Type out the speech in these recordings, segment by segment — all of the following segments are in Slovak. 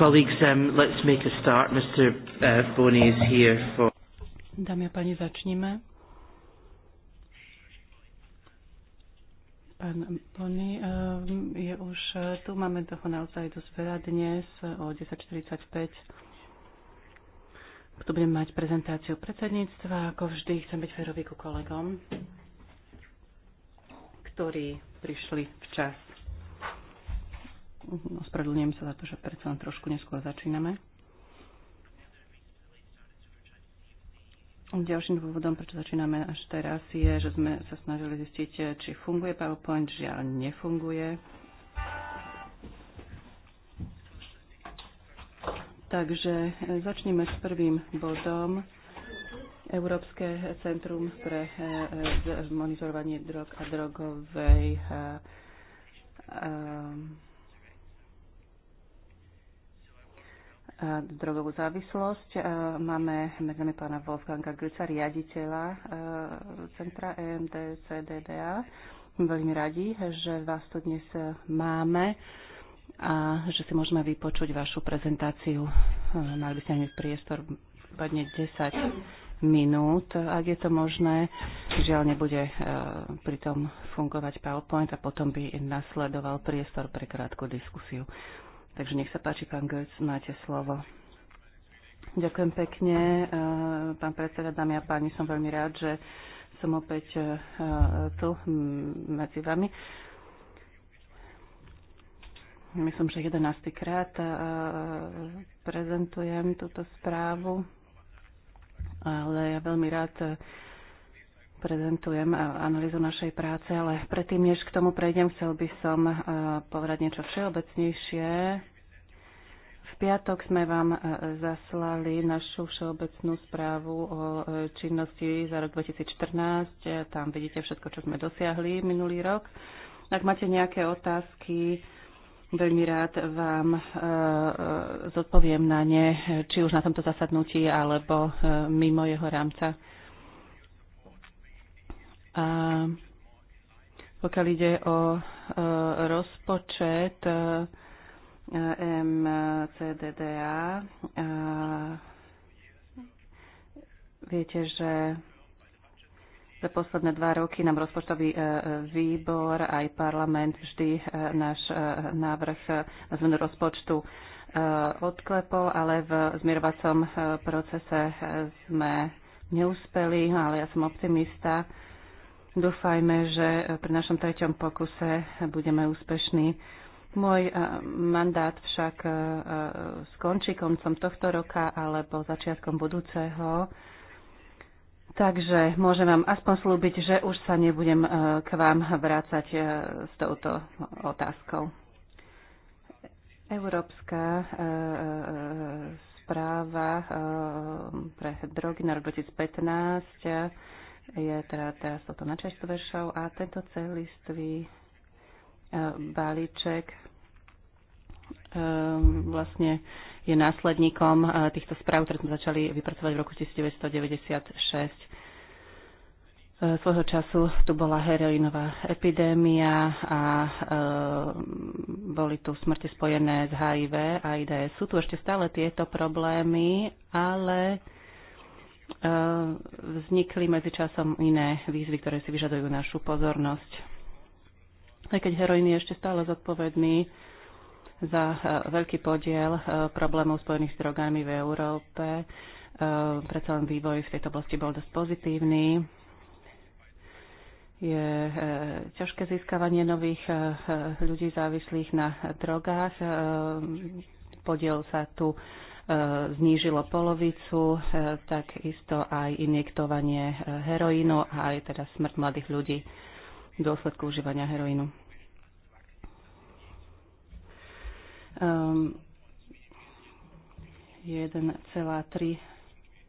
Colleagues, um, let's make a start. Mr. Uh, Boney is here for... Dámy a páni, začníme. Pán Bony um, je už uh, tu. Máme toho naozaj dosť veľa dnes o 10.45. Tu budem mať prezentáciu predsedníctva. Ako vždy chcem byť ferový ku kolegom, ktorí prišli včas. Ospravedlňujem sa za to, že predsa len trošku neskôr začíname. Ďalším dôvodom, prečo začíname až teraz, je, že sme sa snažili zistiť, či funguje PowerPoint, žiaľ nefunguje. Takže začneme s prvým bodom. Európske centrum pre eh, monitorovanie drog a drogovej eh, eh, drogovú závislosť. E, máme medzi nami pána Wolfganga Grica, riaditeľa e, centra EMD CDDA. Veľmi radi, že vás tu dnes máme a že si môžeme vypočuť vašu prezentáciu. E, mali by ste hneď priestor prípadne 10 minút, ak je to možné. Žiaľ, nebude pritom fungovať PowerPoint a potom by nasledoval priestor pre krátku diskusiu. Takže nech sa páči, pán Götz, máte slovo. Ďakujem pekne, eh, pán predseda, dámy a páni, som veľmi rád, že som opäť eh, tu medzi vami. Myslím, že 11. krát eh, prezentujem túto správu, ale ja veľmi rád prezentujem analýzu našej práce, ale predtým, než k tomu prejdem, chcel by som povedať niečo všeobecnejšie piatok sme vám e, zaslali našu všeobecnú správu o e, činnosti za rok 2014. E, tam vidíte všetko, čo sme dosiahli minulý rok. Ak máte nejaké otázky, veľmi rád vám zodpoviem na ne, či už na tomto zasadnutí alebo mimo jeho rámca. A pokiaľ ide o rozpočet, MCDDA. Viete, že za posledné dva roky nám rozpočtový e, výbor aj parlament vždy e, náš e, návrh na zmenu rozpočtu odklepol, ale v zmierovacom procese sme neúspeli, ale ja som optimista. Dúfajme, že pri našom treťom pokuse budeme úspešní. Môj e, mandát však e, e, skončí koncom tohto roka alebo začiatkom budúceho. Takže môžem vám aspoň slúbiť, že už sa nebudem k vám vrácať s touto otázkou. Európska správa pre drogy na rok 2015 je teda teraz toto na Češtovešov a tento celistvý balíček e, vlastne je následníkom e, týchto správ, ktoré sme začali vypracovať v roku 1996. E, svojho času tu bola heroinová epidémia a boli tu smrti spojené s HIV a IDS. Sú tu ešte stále tieto problémy, ale vznikli medzičasom iné výzvy, ktoré si vyžadujú našu pozornosť aj keď heroin je ešte stále zodpovedný za eh, veľký podiel eh, problémov spojených s drogami v Európe. Eh, predsa len vývoj v tejto oblasti bol dosť pozitívny. Je ťažké získavanie nových ľudí závislých na drogách. Podiel sa tu znížilo polovicu, takisto aj injektovanie heroínu a aj teda smrť mladých ľudí v dôsledku užívania heroínu. 1,3 ehm,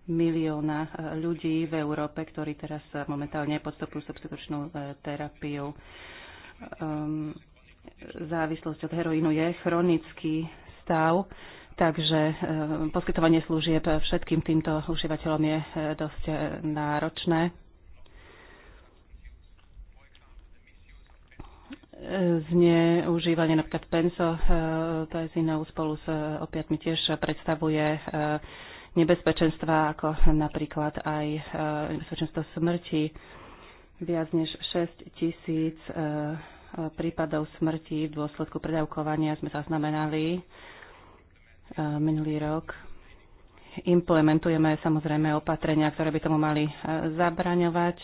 milióna e, ľudí v Európe, ktorí teraz e, momentálne podstupujú substitučnú e, terapiu. Ehm, závislosť od heroínu je chronický stav, takže poskytovanie služieb všetkým týmto užívateľom je dosť náročné. zneužívanie napríklad penso eh, tazinov spolu s opiatmi tiež predstavuje eh, nebezpečenstva, ako napríklad aj eh, nebezpečenstvo smrti. Viac než 6 tisíc prípadov smrti v dôsledku predávkovania sme zaznamenali minulý rok. Implementujeme samozrejme opatrenia, ktoré by tomu mali zabraňovať.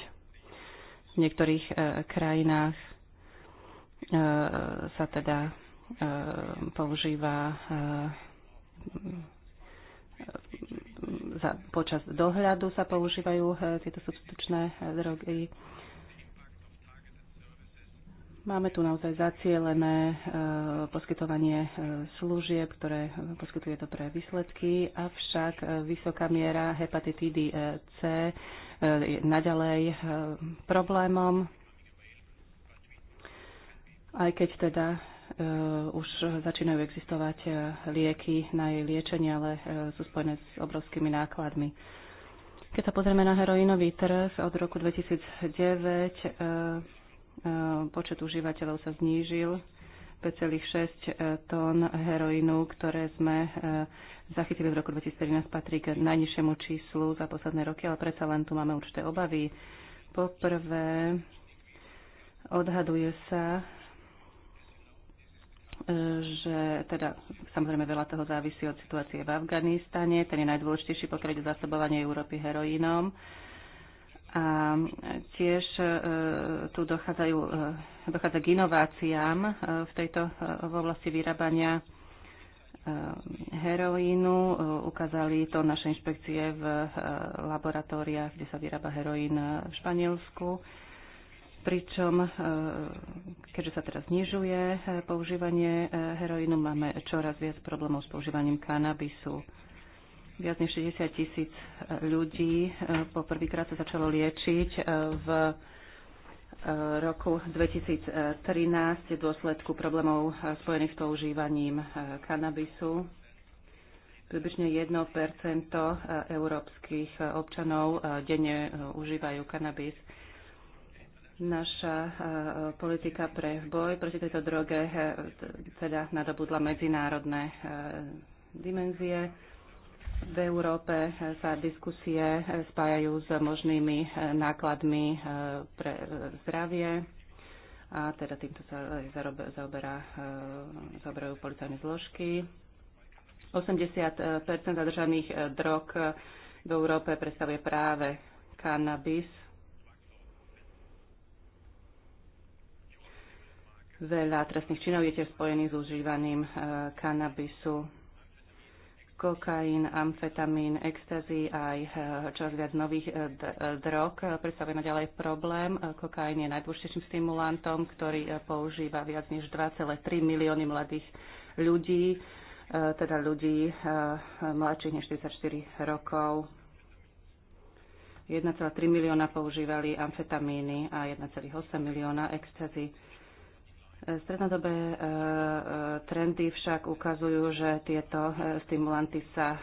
V niektorých krajinách E, sa teda e, používa e, za, počas dohľadu sa používajú tieto substitučné drogy. Máme tu naozaj zacielené poskytovanie služieb, ktoré poskytuje to pre výsledky, avšak vysoká miera hepatitídy C je naďalej problémom aj keď teda e, už začínajú existovať e, lieky na jej liečenie, ale e, sú spojené s obrovskými nákladmi. Keď sa pozrieme na heroinový trh, od roku 2009 počet užívateľov sa znížil 5,6 tón heroínu, ktoré sme zachytili v roku 2013, patrí k najnižšiemu číslu za posledné roky, ale predsa len tu máme určité obavy. Poprvé, odhaduje sa, E, že teda samozrejme veľa toho závisí od situácie v Afganistane, ten je najdôležitejší pokiaľ zasobovanie zásobovanie Európy heroínom. A tiež e, tu dochádzajú, e, dochádza k inováciám v tejto v oblasti vyrábania heroínu. Ukázali to naše inšpekcie v laboratóriách, kde sa vyrába heroín v Španielsku pričom e, keďže sa teraz znižuje e, používanie e, heroínu, máme čoraz viac problémov s používaním kanabisu. Viac než 60 tisíc ľudí poprvýkrát sa začalo liečiť v roku 2013 v dôsledku problémov spojených s používaním kanabisu. Približne 1 európskych občanov denne užívajú kanabis naša e, politika pre boj proti tejto droge e, teda nadobudla medzinárodné e, dimenzie. V Európe sa diskusie spájajú s možnými nákladmi pre zdravie a teda týmto sa zaoberá, zaoberajú policajné zložky. 80 zadržaných drog v Európe predstavuje práve kanabis Veľa trestných činov je tiež spojených s užívaním e, kanabisu. Kokain, amfetamín, extazy a aj e, čoraz viac nových e, drog predstavuje naďalej problém. Kokain je najdôležitejším stimulantom, ktorý používa viac než 2,3 milióny mladých ľudí, teda ľudí mladších než 44 rokov. 1,3 milióna používali amfetamíny a 1,8 milióna extazí. Strednodobé e, e, trendy však ukazujú, že tieto e, stimulanty sa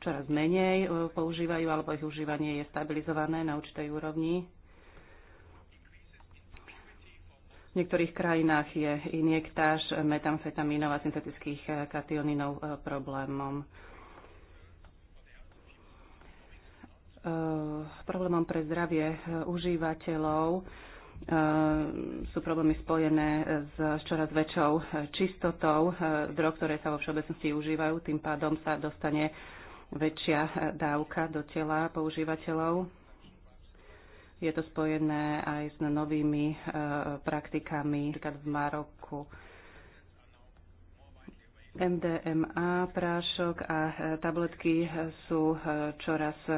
čoraz menej používajú alebo ich užívanie je stabilizované na určitej úrovni. V niektorých krajinách je injektáž metamfetamínov a syntetických kationínov problémom. Problémom pre zdravie užívateľov Eh, sú problémy spojené s čoraz väčšou eh, čistotou eh, drog, ktoré sa vo všeobecnosti užívajú. Tým pádom sa dostane väčšia dávka do tela používateľov. Je to spojené aj s novými praktikami, napríklad v Maroku MDMA, prášok a e, tabletky sú e, čoraz e,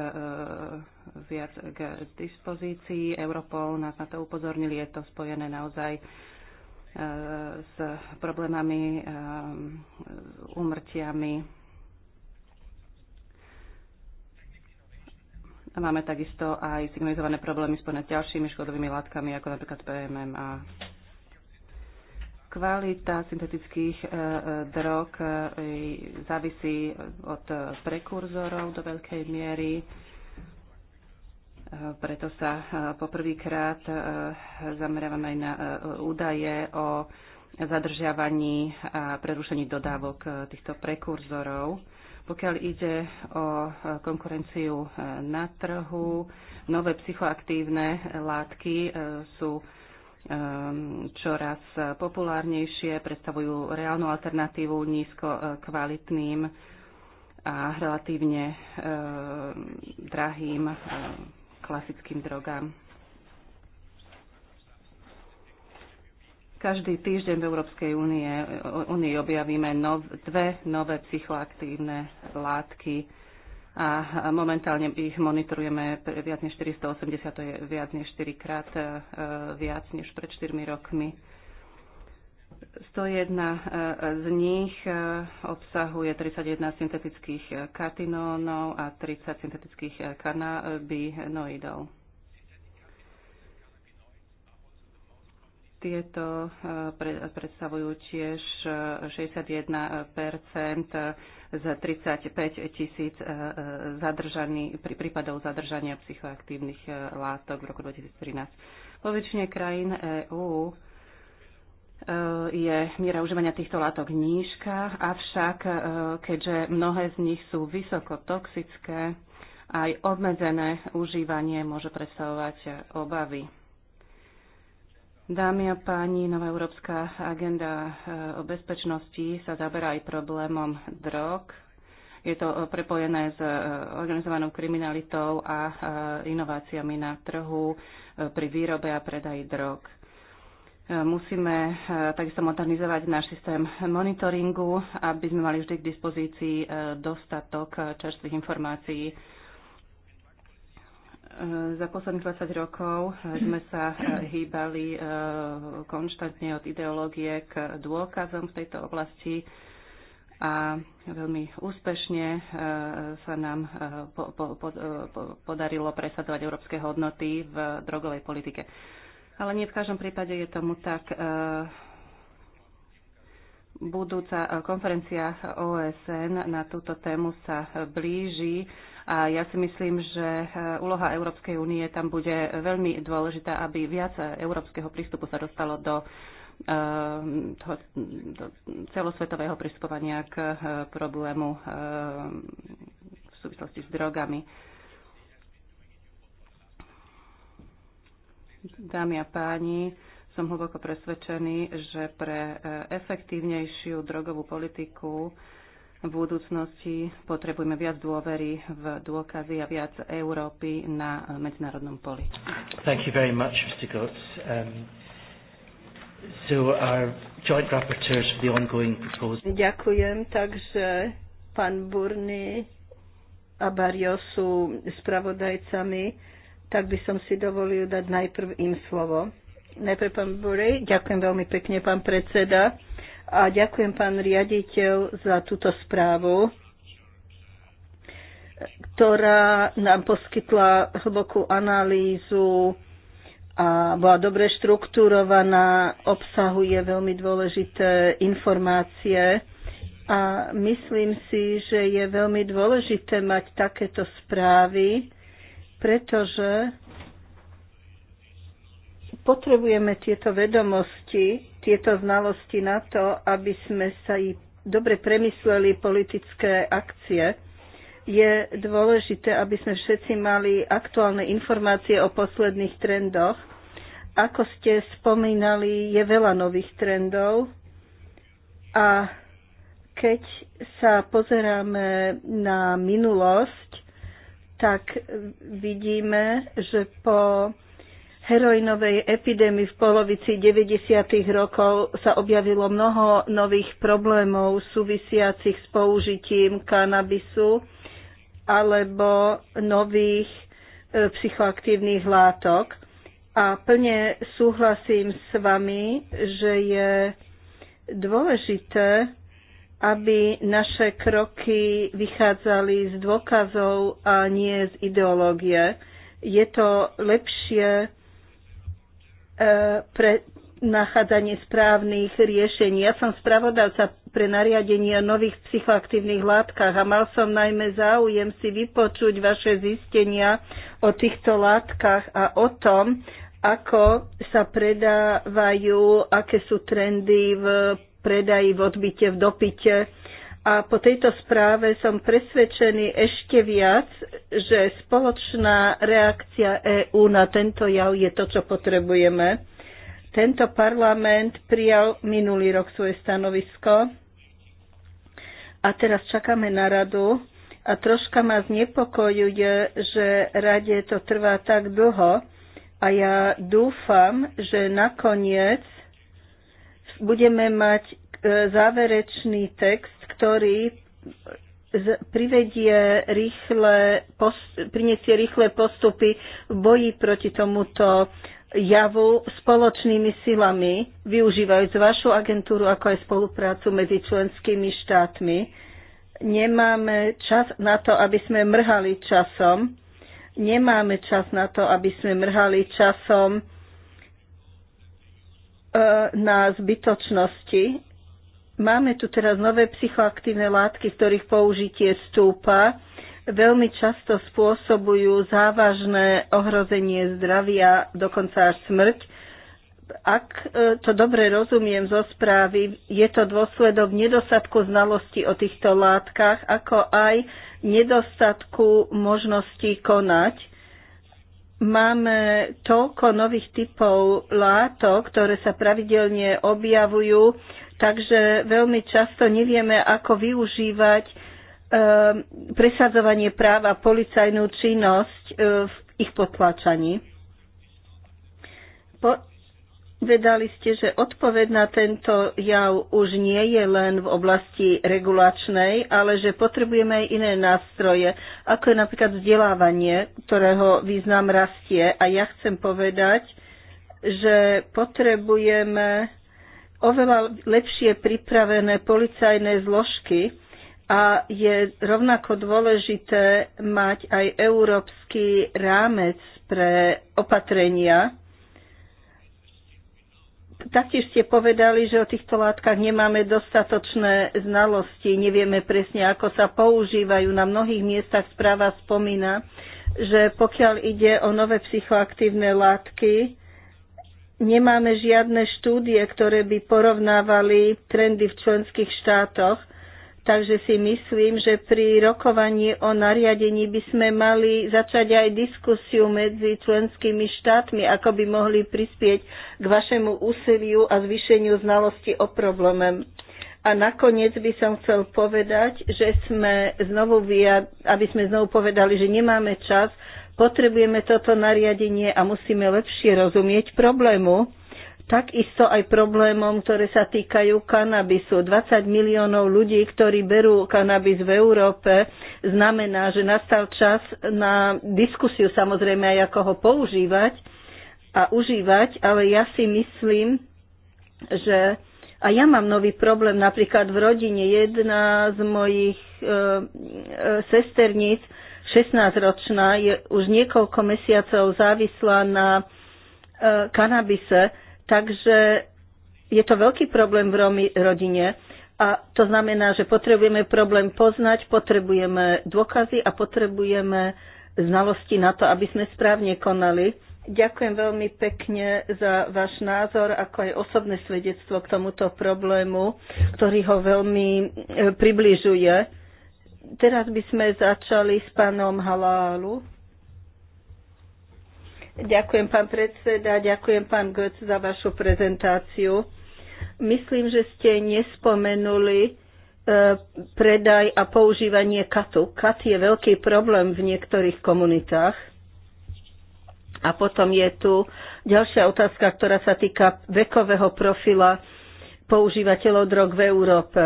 viac k dispozícii. Europol nás na to upozornili, je to spojené naozaj s problémami, umrtiami. máme takisto aj signalizované problémy spojené s ďalšími škodovými látkami, ako napríklad PMMA. Kvalita syntetických e, e, drog e, závisí od prekurzorov do veľkej miery. Preto sa poprvýkrát zameriavame aj na údaje o zadržiavaní a prerušení dodávok týchto prekurzorov. Pokiaľ ide o konkurenciu na trhu, nové psychoaktívne látky sú Ehm, čoraz populárnejšie, predstavujú reálnu alternatívu nízko kvalitným a relatívne ehm, drahým ehm, klasickým drogám. Každý týždeň v Európskej únie, únii objavíme nov, dve nové psychoaktívne látky, a momentálne ich monitorujeme viac než 480, to je viac než 4 krát e, viac než pred 4 rokmi. 101 e, z nich e, obsahuje 31 syntetických katinónov a 30 syntetických kanabinoidov. Tieto e, predstavujú tiež 61 e, z 35 tisíc e, zadržaní, prípadov zadržania psychoaktívnych látok v roku 2013. Po väčšine krajín EÚ je miera užívania týchto látok nížka, avšak keďže mnohé z nich sú vysoko toxické, aj obmedzené užívanie môže predstavovať obavy. Dámy a páni, nová európska agenda e, o bezpečnosti sa zaberá aj problémom drog. Je to e, prepojené s e, organizovanou kriminalitou a inováciami na trhu pri výrobe a predaji drog. Musíme takisto modernizovať náš systém monitoringu, aby sme mali vždy k dispozícii dostatok čerstvých informácií za posledných 20 rokov sme sa eh, hýbali eh, konštantne od ideológie k dôkazom v tejto oblasti a veľmi úspešne eh, sa nám po, po, po, podarilo presadovať európske hodnoty v drogovej politike. Ale nie v každom prípade je tomu tak. Budúca konferencia OSN na túto tému sa blíži a ja si myslím, že e, úloha Európskej únie tam bude veľmi dôležitá, aby viac európskeho prístupu sa dostalo do e, toho celosvetového pristupovania k e, problému v súvislosti s drogami. Dámy a páni, som hlboko presvedčený, že pre efektívnejšiu drogovú politiku v budúcnosti potrebujeme viac dôvery v dôkazy a viac Európy na medzinárodnom poli. Thank you very much, Mr. Goetz. Um, so our joint rapporteurs for the ongoing proposal. Ďakujem, takže pán Burny a Barrio sú spravodajcami, tak by som si dovolil dať najprv im slovo. Najprv pán Burry, ďakujem veľmi pekne, pán predseda a ďakujem pán riaditeľ za túto správu, ktorá nám poskytla hlbokú analýzu a bola dobre štruktúrovaná, obsahuje veľmi dôležité informácie a myslím si, že je veľmi dôležité mať takéto správy, pretože Potrebujeme tieto vedomosti, tieto znalosti na to, aby sme sa i dobre premysleli politické akcie. Je dôležité, aby sme všetci mali aktuálne informácie o posledných trendoch. Ako ste spomínali, je veľa nových trendov a keď sa pozeráme na minulosť, tak vidíme, že po heroinovej epidémii v polovici 90. rokov sa objavilo mnoho nových problémov súvisiacich s použitím kanabisu alebo nových e, psychoaktívnych látok. A plne súhlasím s vami, že je dôležité, aby naše kroky vychádzali z dôkazov a nie z ideológie. Je to lepšie E, pre nachádzanie správnych riešení. Ja som spravodavca pre nariadenie o nových psychoaktívnych látkach a mal som najmä záujem si vypočuť vaše zistenia o týchto látkach a o tom, ako sa predávajú, aké sú trendy v predaji, v odbyte, v dopite a po tejto správe som presvedčený ešte viac, že spoločná reakcia EÚ na tento jav je to, čo potrebujeme. Tento parlament prijal minulý rok svoje stanovisko a teraz čakáme na radu a troška ma znepokojuje, že rade to trvá tak dlho a ja dúfam, že nakoniec budeme mať E, záverečný text, ktorý privedie rýchle, priniesie rýchle postupy v boji proti tomuto javu spoločnými silami, využívajúc vašu agentúru ako aj spoluprácu medzi členskými štátmi. Nemáme čas na to, aby sme mrhali časom. Nemáme čas na to, aby sme mrhali časom e, na zbytočnosti Máme tu teraz nové psychoaktívne látky, ktorých použitie stúpa. Veľmi často spôsobujú závažné ohrozenie zdravia, dokonca až smrť. Ak e, to dobre rozumiem zo správy, je to dôsledok nedostatku znalosti o týchto látkach, ako aj nedostatku možností konať máme toľko nových typov látok, ktoré sa pravidelne objavujú, Takže veľmi často nevieme, ako využívať e, presadzovanie práva policajnú činnosť e, v ich potláčaní. Po, Vedali ste, že odpoveď na tento jav už nie je len v oblasti regulačnej, ale že potrebujeme aj iné nástroje, ako je napríklad vzdelávanie, ktorého význam rastie. A ja chcem povedať, že potrebujeme oveľa lepšie pripravené policajné zložky a je rovnako dôležité mať aj európsky rámec pre opatrenia. Taktiež ste povedali, že o týchto látkach nemáme dostatočné znalosti, nevieme presne, ako sa používajú. Na mnohých miestach správa spomína, že pokiaľ ide o nové psychoaktívne látky, nemáme žiadne štúdie, ktoré by porovnávali trendy v členských štátoch, takže si myslím, že pri rokovaní o nariadení by sme mali začať aj diskusiu medzi členskými štátmi, ako by mohli prispieť k vašemu úsiliu a zvýšeniu znalosti o probléme. A nakoniec by som chcel povedať, že sme znovu, aby sme znovu povedali, že nemáme čas Potrebujeme toto nariadenie a musíme lepšie rozumieť problému. Takisto aj problémom, ktoré sa týkajú kanabisu. 20 miliónov ľudí, ktorí berú kanabis v Európe, znamená, že nastal čas na diskusiu samozrejme aj ako ho používať a užívať, ale ja si myslím, že a ja mám nový problém napríklad v rodine. Jedna z mojich e, e, sesterníc 16-ročná, je už niekoľko mesiacov závislá na e, kanabise, takže je to veľký problém v romi, rodine. A to znamená, že potrebujeme problém poznať, potrebujeme dôkazy a potrebujeme znalosti na to, aby sme správne konali. Ďakujem veľmi pekne za váš názor, ako aj osobné svedectvo k tomuto problému, ktorý ho veľmi e, približuje teraz by sme začali s pánom Halálu. Ďakujem, pán predseda, ďakujem, pán Götz, za vašu prezentáciu. Myslím, že ste nespomenuli e, predaj a používanie katu. Kat je veľký problém v niektorých komunitách. A potom je tu ďalšia otázka, ktorá sa týka vekového profila používateľov drog v Európe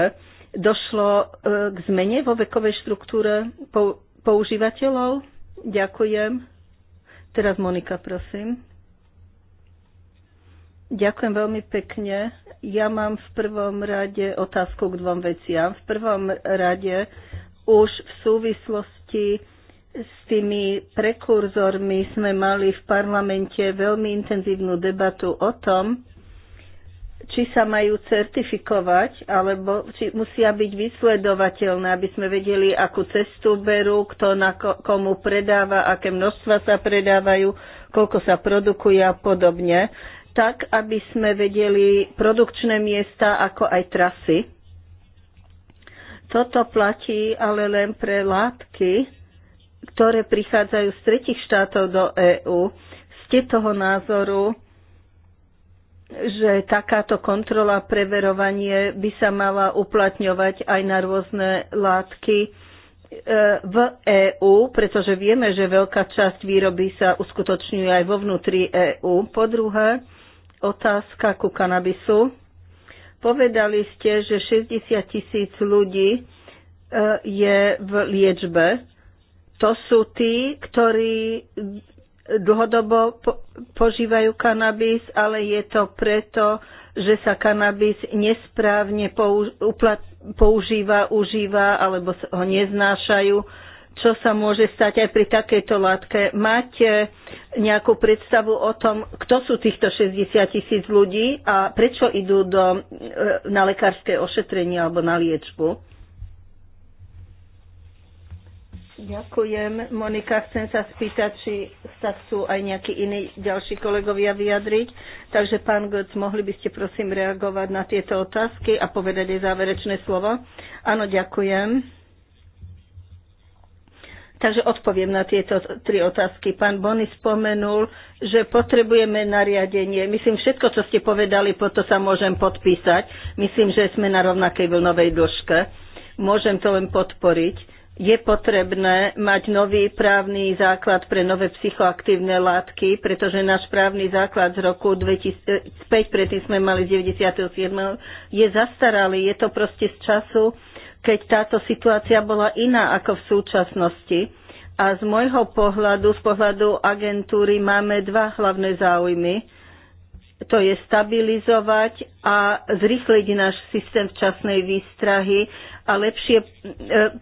došlo e, k zmene vo vekovej štruktúre používateľov? Ďakujem. Teraz Monika, prosím. Ďakujem veľmi pekne. Ja mám v prvom rade otázku k dvom veciam. V prvom rade už v súvislosti s tými prekurzormi sme mali v parlamente veľmi intenzívnu debatu o tom, či sa majú certifikovať, alebo či musia byť vysledovateľné, aby sme vedeli, akú cestu berú, kto na ko, komu predáva, aké množstva sa predávajú, koľko sa produkuje a podobne, tak aby sme vedeli produkčné miesta ako aj trasy. Toto platí ale len pre látky, ktoré prichádzajú z tretich štátov do EÚ. Ste toho názoru, že takáto kontrola, preverovanie by sa mala uplatňovať aj na rôzne látky e, v EÚ, pretože vieme, že veľká časť výroby sa uskutočňuje aj vo vnútri EÚ. Po druhé, otázka ku kanabisu. Povedali ste, že 60 tisíc ľudí e, je v liečbe. To sú tí, ktorí dlhodobo požívajú kanabis, ale je to preto, že sa kanabis nesprávne používa, užíva alebo ho neznášajú. Čo sa môže stať aj pri takejto látke? Máte nejakú predstavu o tom, kto sú týchto 60 tisíc ľudí a prečo idú do, e, na lekárske ošetrenie alebo na liečbu? Ďakujem. Monika, chcem sa spýtať, či sa chcú aj nejakí iní ďalší kolegovia vyjadriť. Takže, pán Götz, mohli by ste prosím reagovať na tieto otázky a povedať aj záverečné slovo? Áno, ďakujem. Takže odpoviem na tieto tri otázky. Pán Bony spomenul, že potrebujeme nariadenie. Myslím, všetko, čo ste povedali, po to sa môžem podpísať. Myslím, že sme na rovnakej vlnovej dĺžke. Môžem to len podporiť je potrebné mať nový právny základ pre nové psychoaktívne látky, pretože náš právny základ z roku 2005, predtým sme mali z 97, je zastaralý. Je to proste z času, keď táto situácia bola iná ako v súčasnosti. A z môjho pohľadu, z pohľadu agentúry, máme dva hlavné záujmy to je stabilizovať a zrýchliť náš systém včasnej výstrahy a lepšie e,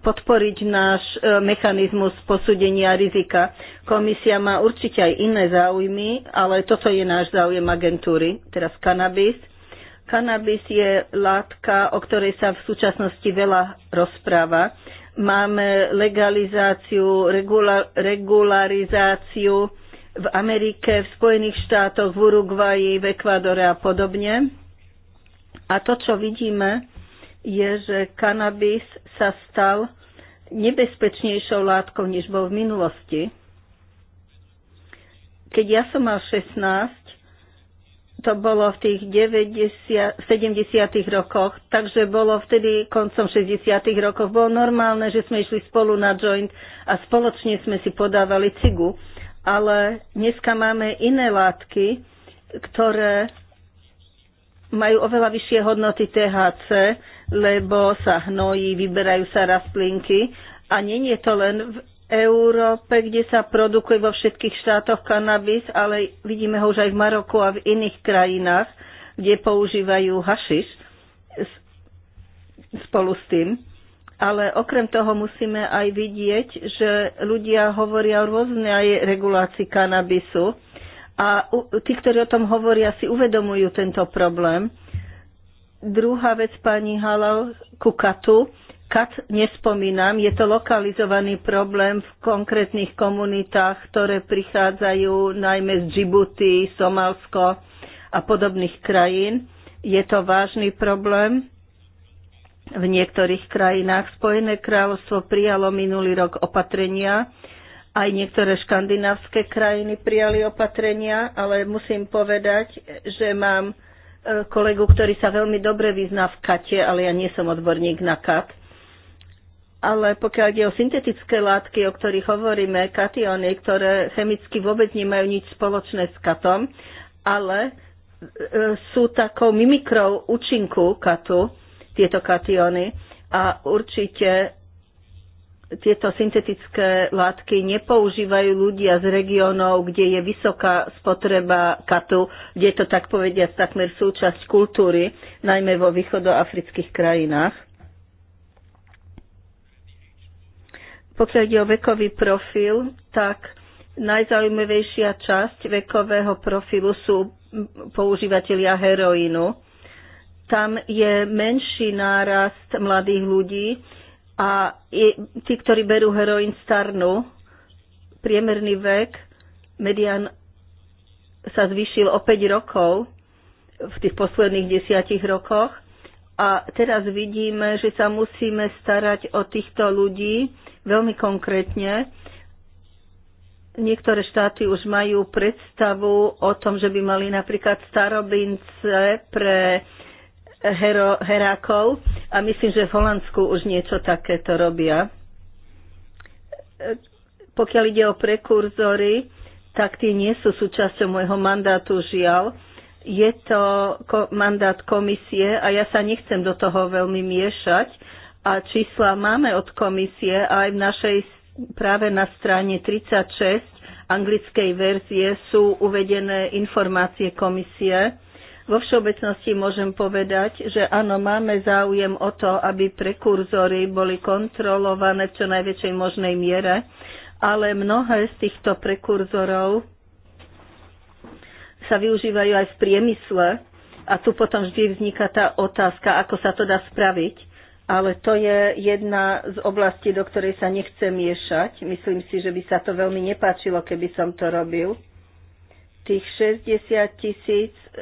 podporiť náš e, mechanizmus posúdenia rizika. Komisia má určite aj iné záujmy, ale toto je náš záujem agentúry, teraz kanabis. Kanabis je látka, o ktorej sa v súčasnosti veľa rozpráva. Máme legalizáciu, regula, regularizáciu, v Amerike, v Spojených štátoch, v Uruguaji, v Ekvádore a podobne. A to, čo vidíme, je, že kanabis sa stal nebezpečnejšou látkou, než bol v minulosti. Keď ja som mal 16, to bolo v tých 90, 70. rokoch, takže bolo vtedy koncom 60. rokov, bolo normálne, že sme išli spolu na joint a spoločne sme si podávali cigu ale dneska máme iné látky, ktoré majú oveľa vyššie hodnoty THC, lebo sa hnojí, vyberajú sa rastlinky a nie je to len v Európe, kde sa produkuje vo všetkých štátoch kanabis, ale vidíme ho už aj v Maroku a v iných krajinách, kde používajú hašiš spolu s tým ale okrem toho musíme aj vidieť, že ľudia hovoria o rôznej regulácii kanabisu a tí, ktorí o tom hovoria, si uvedomujú tento problém. Druhá vec pani Halal ku katu. Kat nespomínam, je to lokalizovaný problém v konkrétnych komunitách, ktoré prichádzajú najmä z Džibuty, Somálsko a podobných krajín. Je to vážny problém v niektorých krajinách. Spojené kráľovstvo prijalo minulý rok opatrenia, aj niektoré škandinávské krajiny prijali opatrenia, ale musím povedať, že mám e, kolegu, ktorý sa veľmi dobre vyzná v kate, ale ja nie som odborník na kat. Ale pokiaľ ide o syntetické látky, o ktorých hovoríme, kationy, ktoré chemicky vôbec nemajú nič spoločné s katom, ale e, e, sú takou mimikrou účinku katu, tieto kationy a určite tieto syntetické látky nepoužívajú ľudia z regiónov, kde je vysoká spotreba katu, kde je to tak povediať takmer súčasť kultúry, najmä vo východoafrických krajinách. Pokiaľ ide o vekový profil, tak najzaujímavejšia časť vekového profilu sú používateľia heroínu tam je menší nárast mladých ľudí a tí, ktorí berú heroin, starnú. Priemerný vek, median sa zvýšil o 5 rokov v tých posledných desiatich rokoch. A teraz vidíme, že sa musíme starať o týchto ľudí veľmi konkrétne. Niektoré štáty už majú predstavu o tom, že by mali napríklad starobince pre hero, herákov a myslím, že v Holandsku už niečo takéto robia. Pokiaľ ide o prekurzory, tak tie nie sú súčasťou môjho mandátu, žiaľ. Je to mandát komisie a ja sa nechcem do toho veľmi miešať. A čísla máme od komisie aj v našej práve na strane 36 anglickej verzie sú uvedené informácie komisie vo všeobecnosti môžem povedať, že áno, máme záujem o to, aby prekurzory boli kontrolované v čo najväčšej možnej miere, ale mnohé z týchto prekurzorov sa využívajú aj v priemysle a tu potom vždy vzniká tá otázka, ako sa to dá spraviť. Ale to je jedna z oblastí, do ktorej sa nechcem miešať. Myslím si, že by sa to veľmi nepáčilo, keby som to robil tých 60 tisíc e,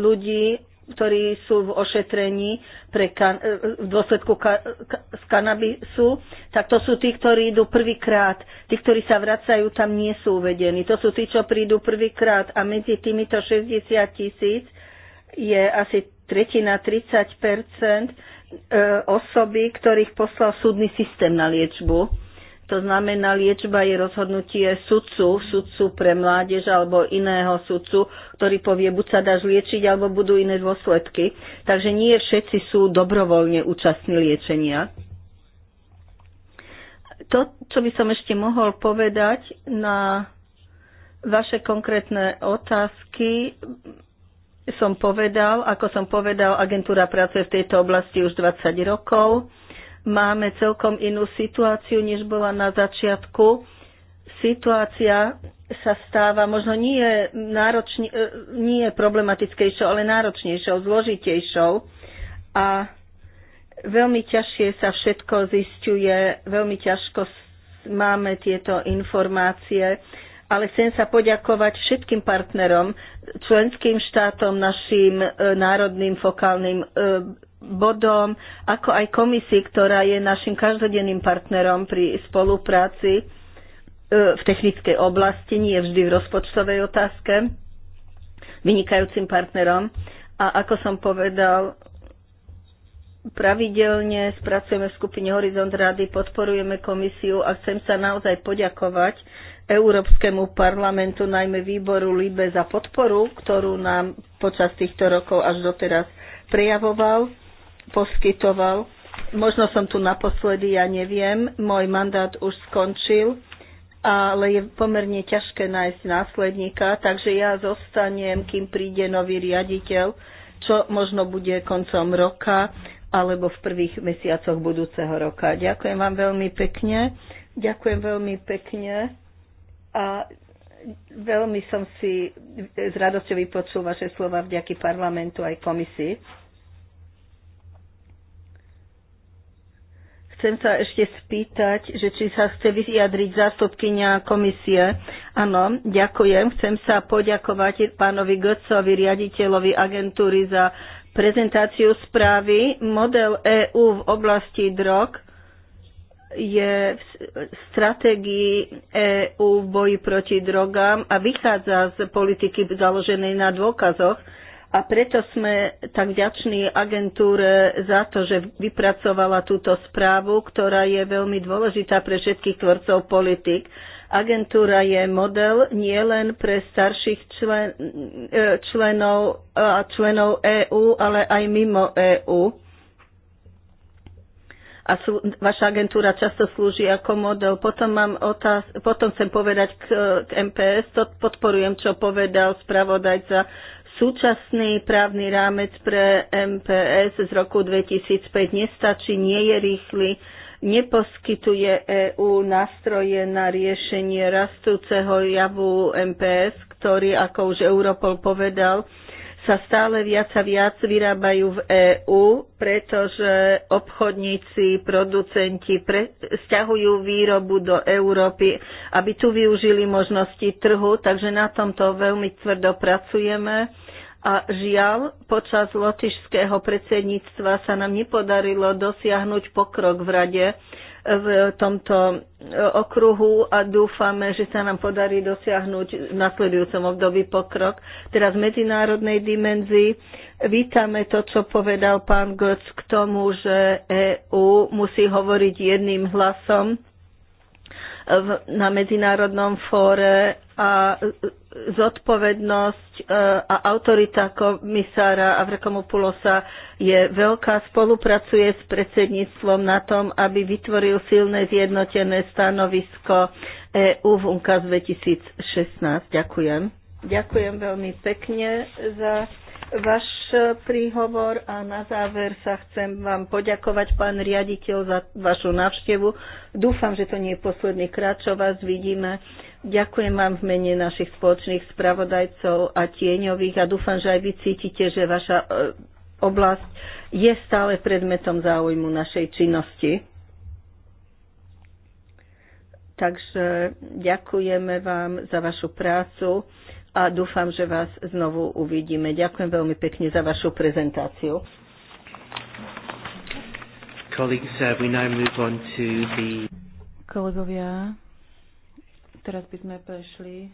ľudí, ktorí sú v ošetrení pre kan- e, v dôsledku ka- ka- z kanabisu, tak to sú tí, ktorí idú prvýkrát. Tí, ktorí sa vracajú, tam nie sú uvedení. To sú tí, čo prídu prvýkrát. A medzi týmito 60 tisíc je asi tretina, 30 e, osoby, ktorých poslal súdny systém na liečbu to znamená, liečba je rozhodnutie sudcu, sudcu pre mládež alebo iného sudcu, ktorý povie, buď sa dáš liečiť, alebo budú iné dôsledky. Takže nie všetci sú dobrovoľne účastní liečenia. To, čo by som ešte mohol povedať na vaše konkrétne otázky, som povedal, ako som povedal, agentúra pracuje v tejto oblasti už 20 rokov máme celkom inú situáciu, než bola na začiatku. Situácia sa stáva možno nie, náročne, e, nie problematickejšou, ale náročnejšou, zložitejšou. A veľmi ťažšie sa všetko zistuje, veľmi ťažko máme tieto informácie ale chcem sa poďakovať všetkým partnerom, členským štátom, našim e, národným fokálnym e, bodom, ako aj komisii, ktorá je našim každodenným partnerom pri spolupráci e, v technickej oblasti, nie vždy v rozpočtovej otázke, vynikajúcim partnerom. A ako som povedal, pravidelne spracujeme v skupine Horizont Rady, podporujeme komisiu a chcem sa naozaj poďakovať Európskemu parlamentu, najmä výboru LIBE za podporu, ktorú nám počas týchto rokov až doteraz prejavoval poskytoval. Možno som tu naposledy, ja neviem. Môj mandát už skončil, ale je pomerne ťažké nájsť následníka, takže ja zostanem, kým príde nový riaditeľ, čo možno bude koncom roka alebo v prvých mesiacoch budúceho roka. Ďakujem vám veľmi pekne. Ďakujem veľmi pekne. A veľmi som si s radosťou vypočul vaše slova vďaky parlamentu aj komisii. Chcem sa ešte spýtať, že či sa chce vyjadriť zástupkynia komisie. Áno, ďakujem. Chcem sa poďakovať pánovi Götzovi, riaditeľovi agentúry za prezentáciu správy. Model EÚ v oblasti drog je v stratégii EÚ v boji proti drogám a vychádza z politiky založenej na dôkazoch a preto sme tak vďační agentúre za to, že vypracovala túto správu, ktorá je veľmi dôležitá pre všetkých tvorcov politik. Agentúra je model nie len pre starších člen, e, členov a e, členov EÚ, ale aj mimo EÚ. A sú, vaša agentúra často slúži ako model. Potom, mám otáz, potom chcem povedať k, k MPS, to podporujem, čo povedal spravodajca Súčasný právny rámec pre MPS z roku 2005 nestačí, nie je rýchly, neposkytuje EÚ nástroje na riešenie rastúceho javu MPS, ktorý, ako už Europol povedal, sa stále viac a viac vyrábajú v EÚ, pretože obchodníci, producenti pre, stiahujú výrobu do Európy, aby tu využili možnosti trhu, takže na tomto veľmi tvrdo pracujeme a žiaľ, počas lotišského predsedníctva sa nám nepodarilo dosiahnuť pokrok v rade e, v tomto e, okruhu a dúfame, že sa nám podarí dosiahnuť v nasledujúcom období pokrok. Teraz v medzinárodnej dimenzii vítame to, čo povedal pán Götz k tomu, že EÚ musí hovoriť jedným hlasom v, na medzinárodnom fóre a zodpovednosť e, a autorita komisára Avrakomopulosa je veľká. Spolupracuje s predsedníctvom na tom, aby vytvoril silné zjednotené stanovisko EU v UNCAS 2016. Ďakujem. Ďakujem veľmi pekne za váš e, príhovor a na záver sa chcem vám poďakovať, pán riaditeľ, za vašu návštevu. Dúfam, že to nie je posledný krát, čo vás vidíme. Ďakujem vám v mene našich spoločných spravodajcov a tieňových a dúfam, že aj vy cítite, že vaša e, oblasť je stále predmetom záujmu našej činnosti. Takže ďakujeme vám za vašu prácu a dúfam, že vás znovu uvidíme. Ďakujem veľmi pekne za vašu prezentáciu. Uh, Kolegovia, teraz by sme prešli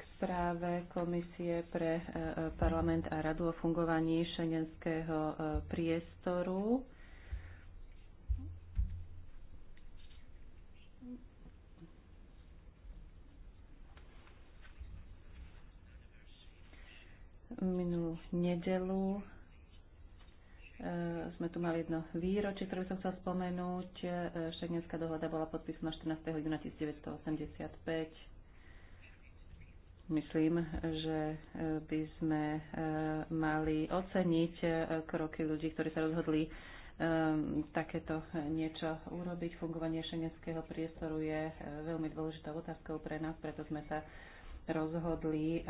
k správe Komisie pre uh, uh, parlament a radu o fungovaní šengenského priestoru. Minulú nedelu e, sme tu mali jedno výročie, ktoré som chcel spomenúť. E, Šengenská dohoda bola podpísaná 14. júna 1985. Myslím, že e, by sme mali oceniť kroky ľudí, ktorí sa rozhodli takéto niečo urobiť. Fungovanie šengenského priestoru je veľmi dôležitou otázkou pre nás, preto sme sa rozhodli eh,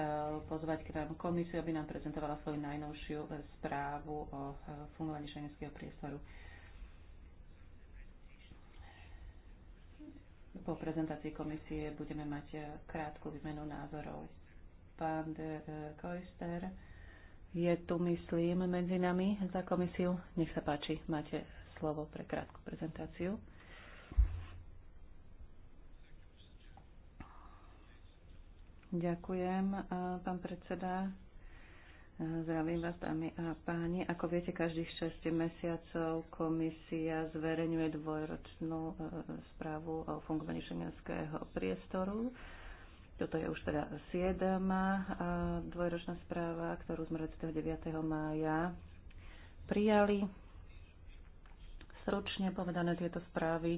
pozvať k nám komisiu, aby nám prezentovala svoju najnovšiu eh, správu o eh, fungovaní šengenského priestoru. Po prezentácii komisie budeme mať krátku výmenu názorov. Pán de Koister je tu, myslím, medzi nami za komisiu. Nech sa páči, máte slovo pre krátku prezentáciu. Ďakujem, eh, pán predseda. Eh, zdravím vás, dámy a páni. Ako viete, každých 6 mesiacov komisia zverejňuje dvojročnú eh, správu o fungovaní šengenského priestoru. Toto je už teda 7. dvojročná správa, ktorú sme 29. mája prijali. Stručne povedané tieto správy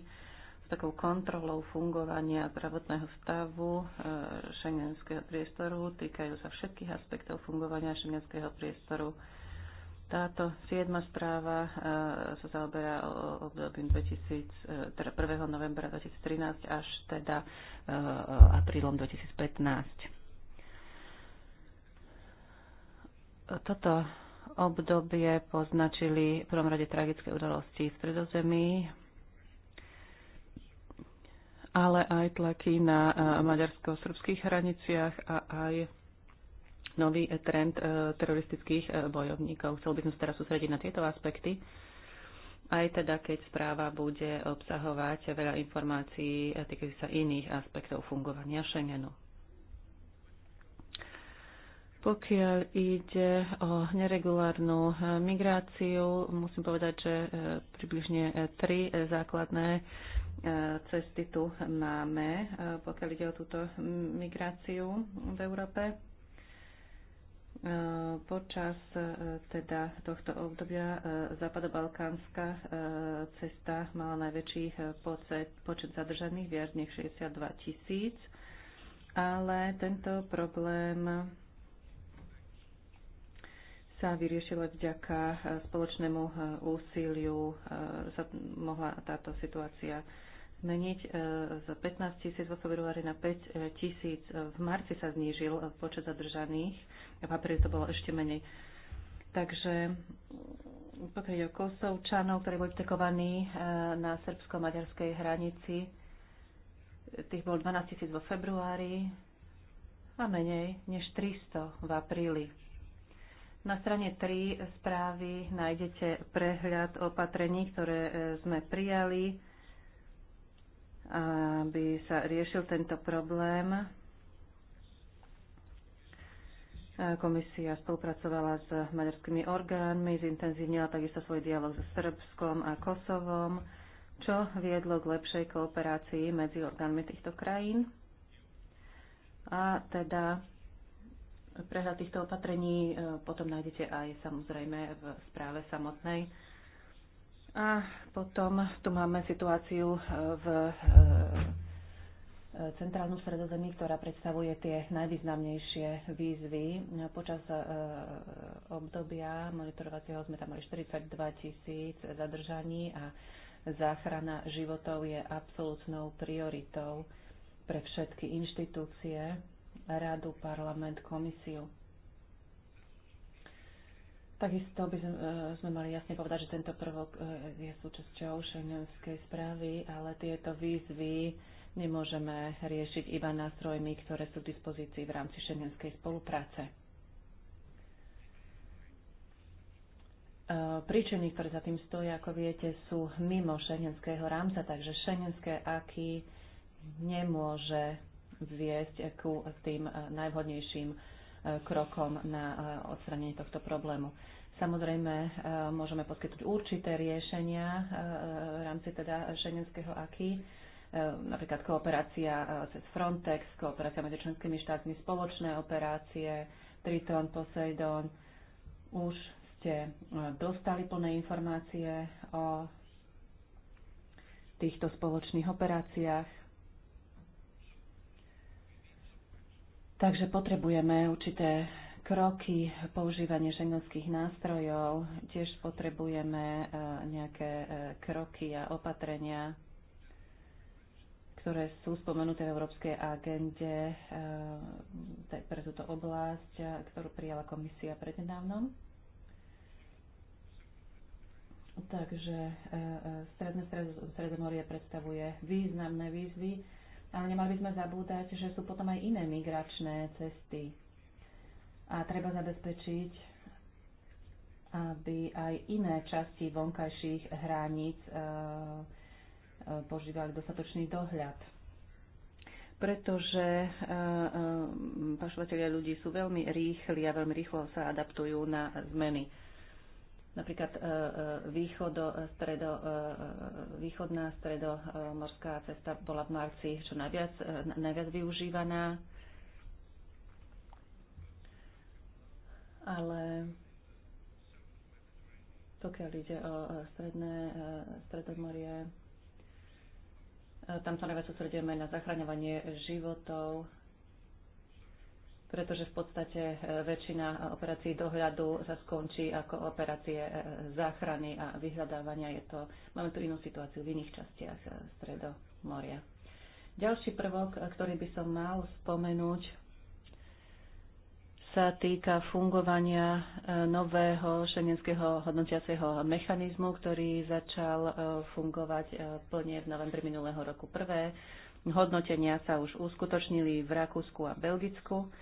takou kontrolou fungovania zdravotného stavu e, šengenského priestoru. Týkajú sa všetkých aspektov fungovania šengenského priestoru. Táto siedma správa e, sa zaoberá obdobím 2000, e, teda 1. novembra 2013 až teda aprílom 2015. Toto obdobie poznačili v prvom rade tragické udalosti v Stredozemí, ale aj tlaky na e, maďarsko-srbských hraniciach a aj nový trend e, teroristických e, bojovníkov. Chcel by som sa teraz sústrediť na tieto aspekty, aj teda keď správa bude obsahovať veľa informácií týkajúcich sa iných aspektov fungovania Schengenu. Pokiaľ ide o neregulárnu migráciu, musím povedať, že približne tri základné cesty tu máme, eh, pokiaľ ide o túto migráciu v Európe. Eh, počas eh, teda tohto obdobia západobalkánska cesta mala najväčší počet, počet zadržaných, viac než 62 tisíc, ale tento problém sa vyriešila vďaka eh, spoločnému eh, úsiliu, sa eh, mohla táto situácia zmeniť z 15 tisíc vo februári na 5 tisíc. V marci sa znížil počet zadržaných, v apríli to bolo ešte menej. Takže pokiaľ ide o Kosovčanov, ktorí boli vtekovaní na srbsko-maďarskej hranici, tých bolo 12 tisíc vo februári a menej než 300 v apríli. Na strane 3 správy nájdete prehľad opatrení, ktoré e, sme prijali, aby sa riešil tento problém. E, komisia spolupracovala s maďarskými orgánmi, zintenzívnila takisto svoj dialog so Srbskom a Kosovom, čo viedlo k lepšej kooperácii medzi orgánmi týchto krajín. A teda Prehľad týchto opatrení e, potom nájdete aj samozrejme v správe samotnej. A potom tu máme situáciu e, v e, centrálnom stredozemí, ktorá predstavuje tie najvýznamnejšie výzvy. No, počas obdobia monitorovacieho sme tam mali 42 tisíc zadržaní a záchrana životov je absolútnou prioritou pre všetky inštitúcie radu, parlament, komisiu. Takisto by sme, e, sme mali jasne povedať, že tento prvok e, je súčasťou šengenskej správy, ale tieto výzvy nemôžeme riešiť iba nástrojmi, ktoré sú k dispozícii v rámci šengenskej spolupráce. E, príčiny, ktoré za tým stojí, ako viete, sú mimo šengenského rámca, takže šengenské aky nemôže viesť ku tým eh, najvhodnejším eh, krokom na eh, odstranenie tohto problému. Samozrejme, môžeme poskytnúť určité riešenia v rámci teda šengenského aky, napríklad kooperácia cez Frontex, kooperácia medzi členskými štátmi, spoločné operácie, Triton, Poseidon. Už ste dostali plné informácie o týchto spoločných operáciách. Takže potrebujeme určité kroky, používanie šengenských nástrojov, tiež potrebujeme e, nejaké e, kroky a opatrenia, ktoré sú spomenuté v Európskej agende e, pre túto oblasť, ktorú prijala komisia prednedávnom. Takže Stredné stredomorie predstavuje významné výzvy ale nemali by sme zabúdať, že sú potom aj iné migračné cesty. A treba zabezpečiť, aby aj iné časti vonkajších hraníc e, e, požívali dostatočný dohľad. Pretože e, pašovateľia ľudí sú veľmi rýchli a veľmi rýchlo sa adaptujú na zmeny napríklad e, e, východo, stredo, e, východná stredomorská cesta bola v marci čo najviac, najviac využívaná. Ale pokiaľ ide o stredné, stredomorie, tam sa najviac sústredujeme na zachraňovanie životov pretože v podstate e, väčšina e, operácií dohľadu sa skončí ako operácie e, záchrany a vyhľadávania. Je to, máme tu inú situáciu v iných častiach Stredomoria. Ďalší prvok, ktorý by som mal spomenúť, sa týka fungovania nového šengenského hodnotiaceho mechanizmu, ktorý začal fungovať plne v novembri minulého roku. Prvé hodnotenia sa už uskutočnili v Rakúsku a Belgicku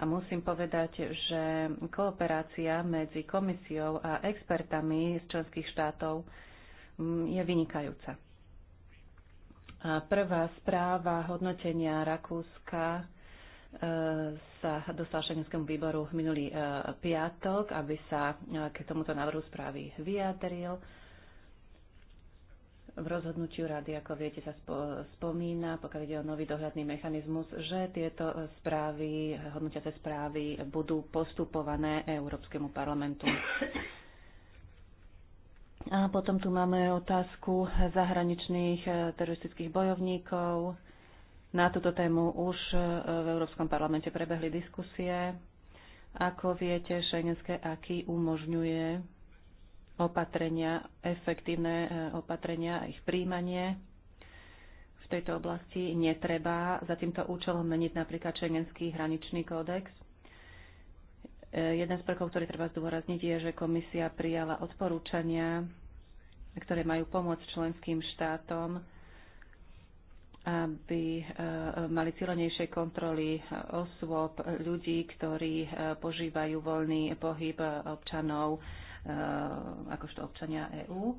a musím povedať, že kooperácia medzi komisiou a expertami z členských štátov mm, je vynikajúca. A prvá správa hodnotenia Rakúska e, sa dostal Šengenskému výboru minulý e, piatok, aby sa e, k tomuto návrhu správy vyjadril v rozhodnutiu rady, ako viete, sa spo, spomína, pokiaľ ide o nový dohľadný mechanizmus, že tieto správy, hodnotiace správy budú postupované Európskemu parlamentu. A potom tu máme otázku zahraničných eh, teroristických bojovníkov. Na túto tému už eh, v Európskom parlamente prebehli diskusie. Ako viete, šengenské aký umožňuje opatrenia, efektívne e, opatrenia a ich príjmanie v tejto oblasti netreba za týmto účelom meniť napríklad Schengenský hraničný kódex. E, jeden z prvkov, ktorý treba zdôrazniť, je, že komisia prijala odporúčania, ktoré majú pomôcť členským štátom, aby e, mali cílenejšie kontroly osôb, ľudí, ktorí požívajú voľný pohyb občanov Eh, akožto občania EÚ.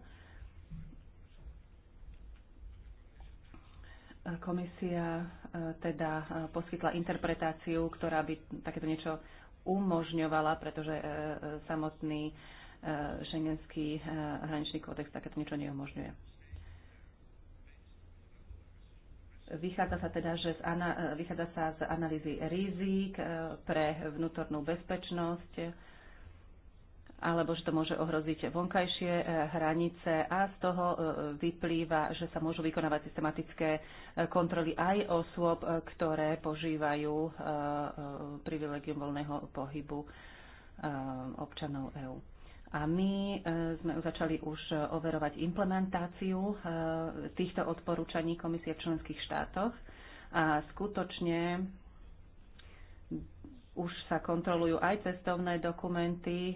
Komisia eh, teda eh, poskytla interpretáciu, ktorá by takéto niečo umožňovala, pretože samotný šengenský hraničný kódex takéto niečo neumožňuje. Vychádza sa teda, že z, ana, vychádza sa z analýzy rizík pre vnútornú bezpečnosť alebo že to môže ohroziť vonkajšie eh, hranice a z toho eh, vyplýva, že sa môžu vykonávať systematické eh, kontroly aj osôb, ktoré požívajú privilegium voľného pohybu občanov EÚ. A my sme začali už overovať implementáciu týchto odporúčaní Komisie v členských štátoch a skutočne už sa kontrolujú aj cestovné dokumenty e,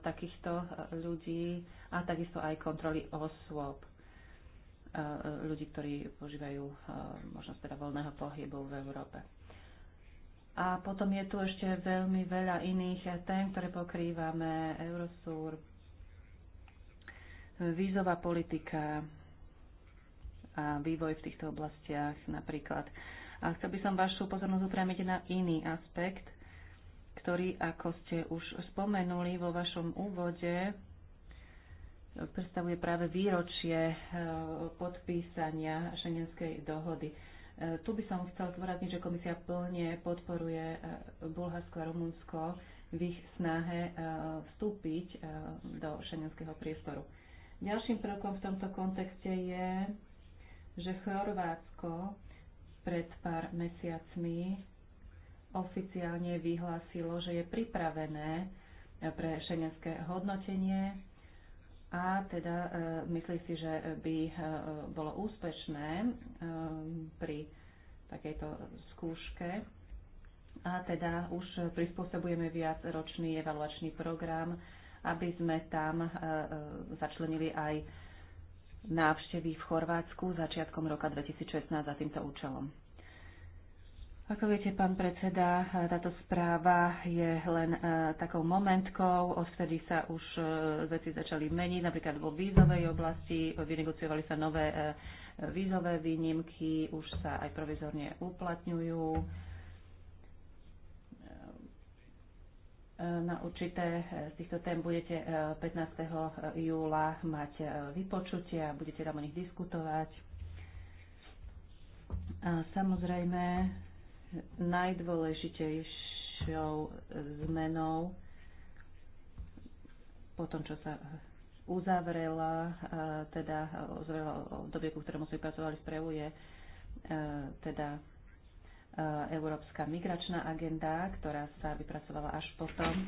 takýchto e, ľudí a takisto aj kontroly osôb e, ľudí, ktorí požívajú možnosť teda voľného pohybu v Európe. A potom je tu ešte veľmi veľa iných tém, ktoré pokrývame. Eurosur, vízová politika a vývoj v týchto oblastiach napríklad. A chcel by som vašu pozornosť upriamiť na iný aspekt, ktorý, ako ste už spomenuli vo vašom úvode, predstavuje práve výročie e, podpísania šengenskej dohody. E, tu by som chcel zdôrazniť, že komisia plne podporuje e, Bulharsko a Rumunsko v ich snahe vstúpiť do šengenského priestoru. Ďalším prvkom v tomto kontexte je, že Chorvátsko pred pár mesiacmi oficiálne vyhlásilo, že je pripravené e, pre šengenské hodnotenie a teda e, myslí si, že by e, bolo úspešné pri takejto skúške. A teda už prispôsobujeme viac ročný evaluačný program, aby sme tam začlenili aj návštevy v Chorvátsku začiatkom roka 2016 za týmto účelom. Ako viete, pán predseda, táto správa je len e, takou momentkou, odvtedy sa už e, veci začali meniť, napríklad vo vízovej oblasti, vynegociovali sa nové e, vízové výnimky, už sa aj provizorne uplatňujú. Na určité z týchto tém budete 15. júla mať vypočutie a budete tam o nich diskutovať. samozrejme, najdôležitejšou zmenou po tom, čo sa uzavrela, e, teda uzavrela obdobie, ku ktorému sme pracovali správu, je e, teda e, Európska migračná agenda, ktorá sa vypracovala až potom.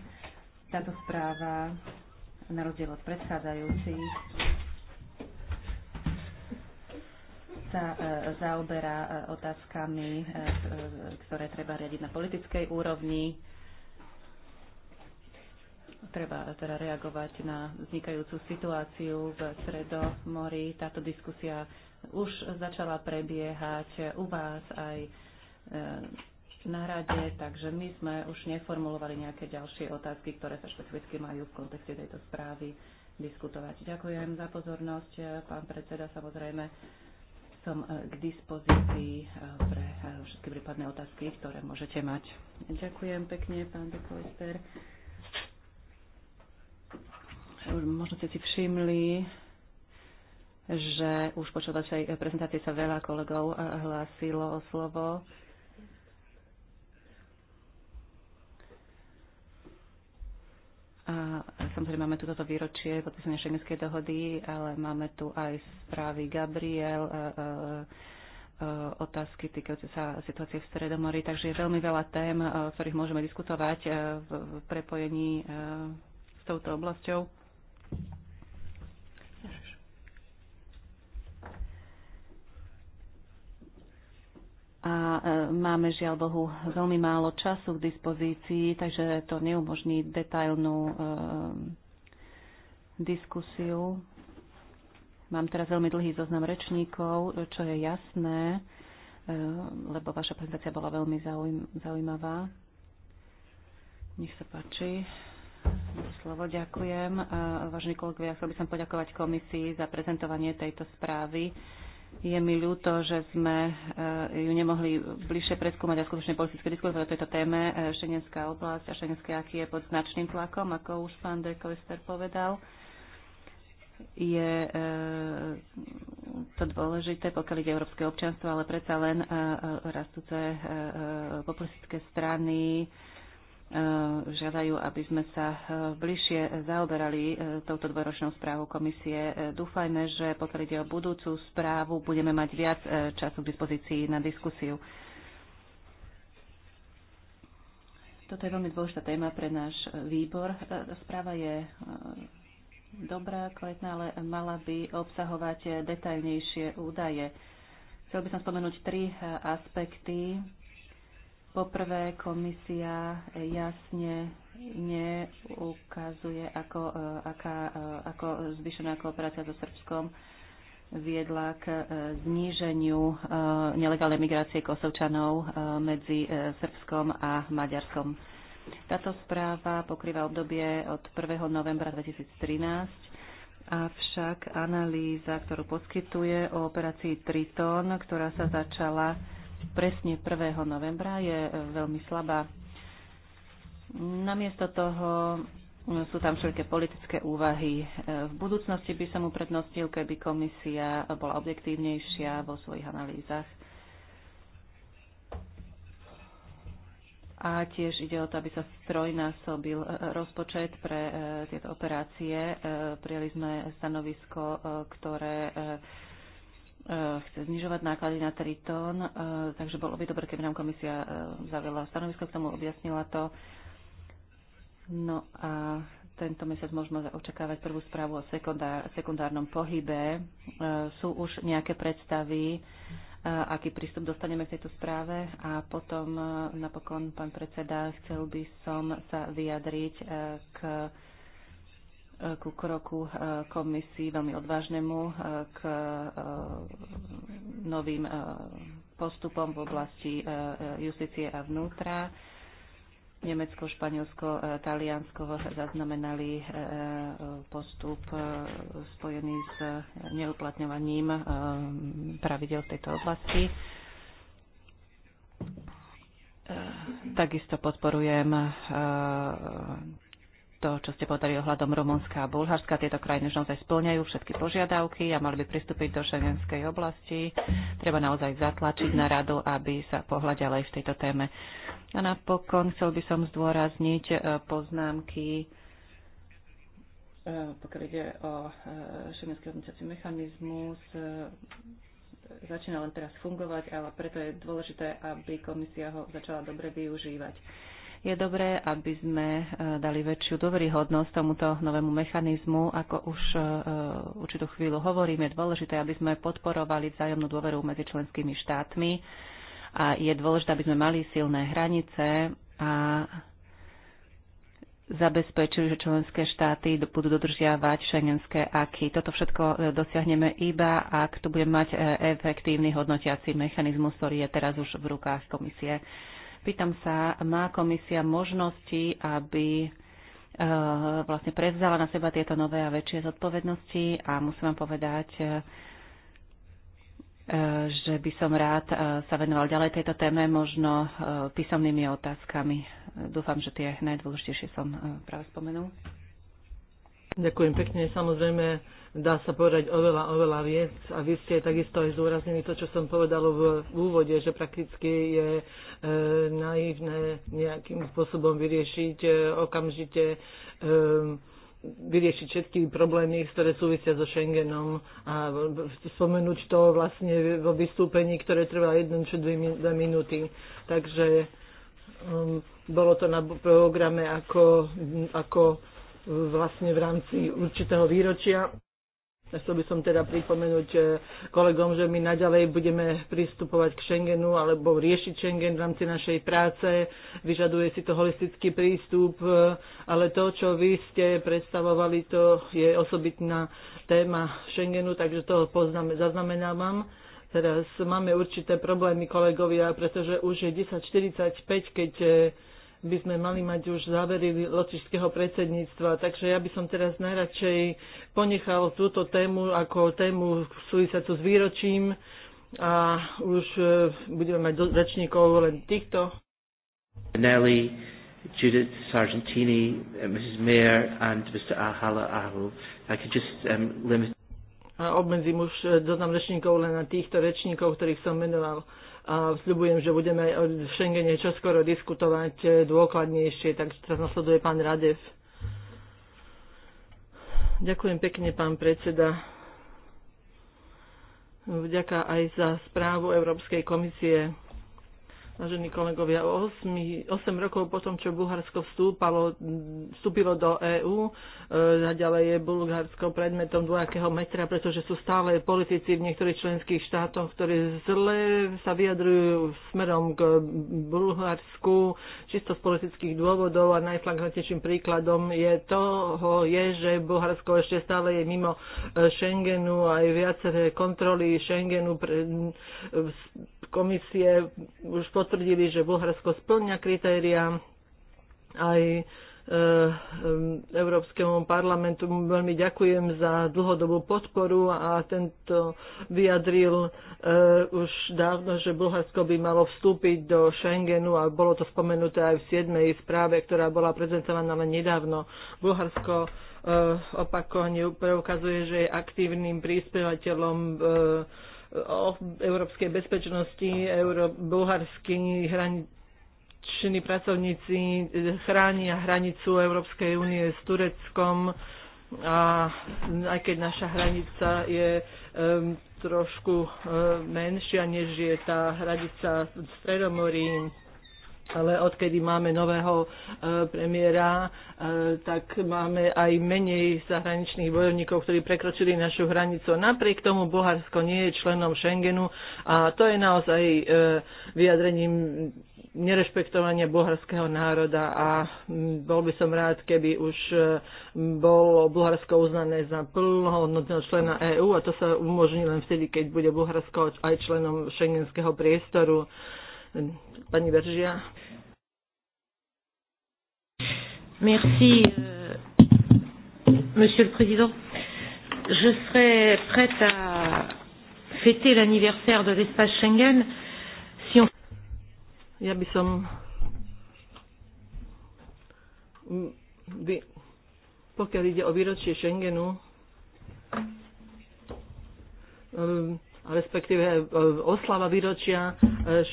Táto správa, na rozdiel od predchádzajúcich, sa e, zaoberá e, otázkami, e, ktoré treba riadiť na politickej úrovni. Treba teda reagovať na vznikajúcu situáciu v Sredomori. Táto diskusia už začala prebiehať u vás aj na rade, takže my sme už neformulovali nejaké ďalšie otázky, ktoré sa špecificky majú v kontexte tejto správy diskutovať. Ďakujem za pozornosť, pán predseda, samozrejme som eh, k dispozícii eh, pre eh, všetky prípadné otázky, ktoré môžete mať. Ďakujem pekne, pán Dekolister. Možno ste si všimli, že už počas vašej prezentácie sa veľa kolegov hlásilo o slovo. A samozrejme máme tu toto výročie podpísania šengenskej dohody, ale máme tu aj správy Gabriel, e, e, e, otázky týkajúce sa situácie v Stredomorí, takže je veľmi veľa tém, o ktorých môžeme diskutovať v prepojení s touto oblasťou. a e, máme žiaľ Bohu veľmi málo času k dispozícii, takže to neumožní detailnú e, diskusiu. Mám teraz veľmi dlhý zoznam rečníkov, čo je jasné, e, lebo vaša prezentácia bola veľmi zaujímavá. Nech sa páči. Slovo ďakujem. Vážení kolegovia, chcel by som poďakovať komisii za prezentovanie tejto správy je mi ľúto, že sme eh, ju nemohli bližšie preskúmať a skutočne politické diskusie o tejto téme. Eh, Šenenská oblasť a Šenenské aký je pod značným tlakom, ako už pán de Koester povedal. Je eh, to dôležité, pokiaľ ide európske občanstvo, ale predsa len rastúce populistické strany, E, žiadajú, aby sme sa e, bližšie zaoberali e, touto dvoročnou správou komisie. Dúfajme, že pokiaľ ide o budúcu správu, budeme mať viac času k dispozícii na diskusiu. Toto je veľmi dôležitá téma pre náš výbor. Správa je dobrá, kvalitná, ale mala by obsahovať detailnejšie údaje. Chcel by som spomenúť tri aspekty Poprvé, komisia jasne neukazuje, ako, e, aká, e, ako zvyšená kooperácia so Srbskom viedla k e, zníženiu nelegálnej migrácie kosovčanov medzi Srbskom a Maďarskom. Táto správa pokrýva obdobie od 1. novembra 2013, avšak analýza, ktorú poskytuje o operácii Triton, ktorá sa začala presne 1. novembra je e, veľmi slabá. Namiesto toho e, sú tam všelijaké politické úvahy. E, v budúcnosti by som uprednostil, keby komisia bola objektívnejšia vo svojich analýzach. A tiež ide o to, aby sa strojnásobil rozpočet pre tieto operácie. Prijeli sme stanovisko, ktoré Eh, chce znižovať náklady na tritón, eh, takže bolo by dobre, keby nám komisia eh, zaviela stanovisko k tomu, objasnila to. No a tento mesiac môžeme očakávať prvú správu o sekundárnom pohybe. Sú už nejaké predstavy, aký prístup dostaneme k tejto správe a potom napokon, pán predseda, chcel by som sa vyjadriť k Eh, ku kroku eh, komisii veľmi odvážnemu eh, k novým postupom v oblasti justície a vnútra. Nemecko, Španielsko, Taliansko zaznamenali postup spojený s neuplatňovaním pravidel v tejto oblasti. Takisto podporujem to, čo ste povedali ohľadom Rumunska a Bulharska. Tieto krajiny už naozaj splňajú všetky požiadavky a mali by pristúpiť do šengenskej oblasti. Treba naozaj zatlačiť na radu, aby sa pohľa ďalej v tejto téme. A napokon chcel by som zdôrazniť e, poznámky e, pokiaľ ide o e, šengenský hodnotiací mechanizmus, začína len teraz fungovať, ale preto je dôležité, aby komisia ho začala dobre využívať je dobré, aby sme e, dali väčšiu dôveryhodnosť tomuto novému mechanizmu. Ako už e, e, určitú chvíľu hovorím, je dôležité, aby sme podporovali vzájomnú dôveru medzi členskými štátmi a je dôležité, aby sme mali silné hranice a zabezpečujú, že členské štáty budú dodržiavať šengenské aky. Toto všetko dosiahneme iba, ak tu bude mať efektívny hodnotiaci mechanizmus, ktorý je teraz už v rukách komisie. Pýtam sa, má komisia možnosti, aby e, vlastne prevzala na seba tieto nové a väčšie zodpovednosti a musím vám povedať, e, že by som rád e, sa venoval ďalej tejto téme, možno písomnými otázkami. Dúfam, že tie najdôležitejšie som práve spomenul. Ďakujem pekne. Samozrejme, dá sa povedať oveľa, oveľa viac. A vy ste takisto aj zdôraznili to, čo som povedal v úvode, že prakticky je e, naivné nejakým spôsobom vyriešiť e, okamžite e, vyriešiť všetky problémy, ktoré súvisia so Schengenom a spomenúť to vlastne vo vystúpení, ktoré trvá jednu či dve, dve minúty. Takže um, bolo to na programe ako, ako vlastne v rámci určitého výročia. Chcel by som teda pripomenúť eh, kolegom, že my naďalej budeme pristupovať k Schengenu alebo riešiť Schengen v rámci našej práce. Vyžaduje si to holistický prístup, eh, ale to, čo vy ste predstavovali, to je osobitná téma Schengenu, takže to poznáme, zaznamenávam. Teraz máme určité problémy kolegovia, pretože už je 10.45, keď eh, by sme mali mať už závery lotišského predsedníctva. Takže ja by som teraz najradšej ponechal túto tému ako tému súvisiacu s výročím a už e, budeme mať rečníkov len týchto. Nelly, Judith Sargentini, uh, Mrs. Mayer and Mr. Ahala Ahu. I could just um, limit... A obmedzím už dodám e, rečníkov len na týchto rečníkov, ktorých som menoval a sľubujem, že budeme v Schengene čoskoro diskutovať e, dôkladnejšie, takže teraz nasleduje pán Radev. Ďakujem pekne, pán predseda. Vďaka aj za správu Európskej komisie. Vážení kolegovia, 8, 8 rokov potom, čo Bulharsko vstúpalo, vstúpilo do EÚ, e, naďalej je Bulharsko predmetom dvojakého metra, pretože sú stále politici v niektorých členských štátoch, ktorí zle sa vyjadrujú smerom k Bulharsku, čisto z politických dôvodov a najflagrantnejším príkladom je toho, je, že Bulharsko ešte stále je mimo e, Schengenu aj viaceré kontroly Schengenu pre, e, komisie už pod potvrdili, že Bulharsko splňa kritéria aj e, e, Európskemu parlamentu veľmi ďakujem za dlhodobú podporu a tento vyjadril e, už dávno, že Bulharsko by malo vstúpiť do Schengenu a bolo to spomenuté aj v 7. správe, ktorá bola prezentovaná len nedávno. Bulharsko opakovane preukazuje, že je aktívnym príspevateľom o európskej bezpečnosti, euro, bulharskí hraniční pracovníci chránia hranicu Európskej únie s Tureckom a aj keď naša hranica je um, trošku um, menšia, než je tá hranica v Stredomorí, ale odkedy máme nového e, premiéra, e, tak máme aj menej zahraničných bojovníkov, ktorí prekročili našu hranicu. Napriek tomu Bulharsko nie je členom Schengenu a to je naozaj e, vyjadrením nerešpektovania bulharského národa a bol by som rád, keby už e, bolo Bulharsko uznané za plnohodnotného člena EÚ a to sa umožní len vtedy, keď bude Bulharsko aj členom šengenského priestoru. Pani Veržia. Merci, euh, Monsieur le Président. Je serai prête à fêter l'anniversaire de l'espace Schengen si on... Ja by som... pokiaľ ide o výročie Schengenu, um, respektíve e, oslava výročia e,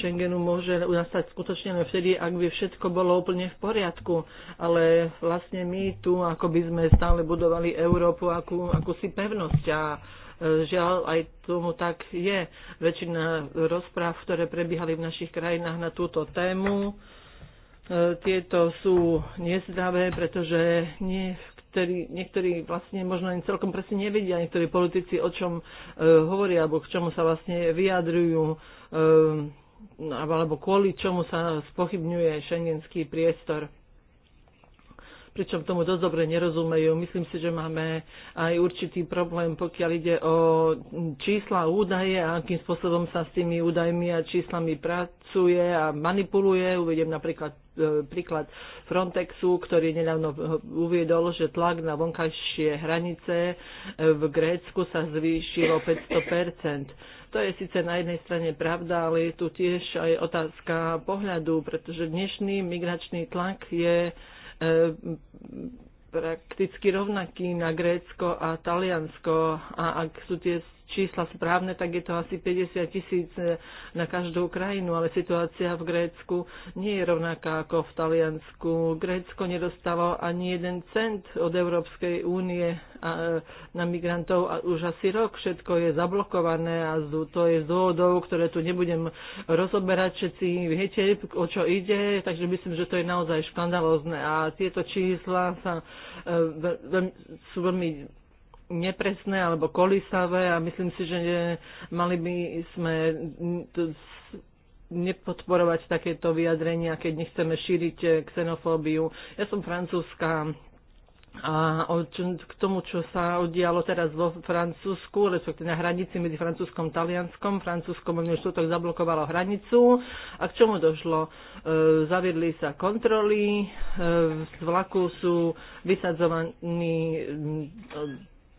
Schengenu môže nastať skutočne len vtedy, ak by všetko bolo úplne v poriadku. Ale vlastne my tu, ako by sme stále budovali Európu, akú, akú si pevnosť a e, Žiaľ, aj tomu tak je. Väčšina rozpráv, ktoré prebiehali v našich krajinách na túto tému, tieto sú nezdravé, pretože nie niektorí, niektorí vlastne možno ani celkom presne nevedia, niektorí politici o čom e, hovoria alebo k čomu sa vlastne vyjadrujú. E, no, alebo kvôli čomu sa spochybňuje šengenský priestor pričom tomu dosť dobre nerozumejú. Myslím si, že máme aj určitý problém, pokiaľ ide o čísla, údaje a akým spôsobom sa s tými údajmi a číslami pracuje a manipuluje. Uvediem napríklad e, príklad Frontexu, ktorý nedávno uviedol, že tlak na vonkajšie hranice e, v Grécku sa zvýšil o 500 to je síce na jednej strane pravda, ale je tu tiež aj otázka pohľadu, pretože dnešný migračný tlak je E, prakticky rovnaký na Grécko a Taliansko a ak sú tie čísla správne, tak je to asi 50 tisíc e, na každú krajinu, ale situácia v Grécku nie je rovnaká ako v Taliansku. Grécko nedostalo ani jeden cent od Európskej únie e, na migrantov a už asi rok všetko je zablokované a to je z dôvodov, ktoré tu nebudem rozoberať, všetci viete, o čo ide, takže myslím, že to je naozaj škandalózne a tieto čísla sa, e, sú veľmi nepresné alebo kolísavé a myslím si, že mali by sme nepodporovať takéto vyjadrenia, keď nechceme šíriť xenofóbiu. Ja som francúzska a k tomu, čo sa udialo teraz vo Francúzsku, respektíve na hranici medzi Francúzskom a Talianskom. Francúzsko minulý štvrtok zablokovalo hranicu. A k čomu došlo? E, zaviedli sa kontroly, z e, vlaku sú vysadzovaní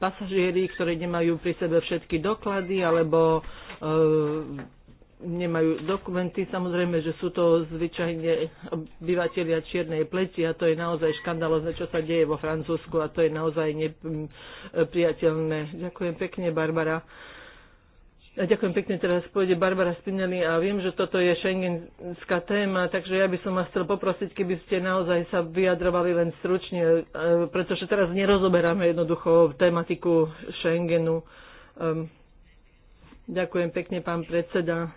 pasažieri, ktorí nemajú pri sebe všetky doklady alebo e, nemajú dokumenty. Samozrejme, že sú to zvyčajne obyvateľia čiernej pleti a to je naozaj škandalozne, čo sa deje vo Francúzsku a to je naozaj nepriateľné. E, Ďakujem pekne, Barbara. A ďakujem pekne, teraz pôjde Barbara Spinelli a viem, že toto je šengenská téma, takže ja by som vás chcel poprosiť, keby ste naozaj sa vyjadrovali len stručne, e, pretože teraz nerozoberáme jednoducho tematiku Schengenu. Ehm, ďakujem pekne, pán predseda.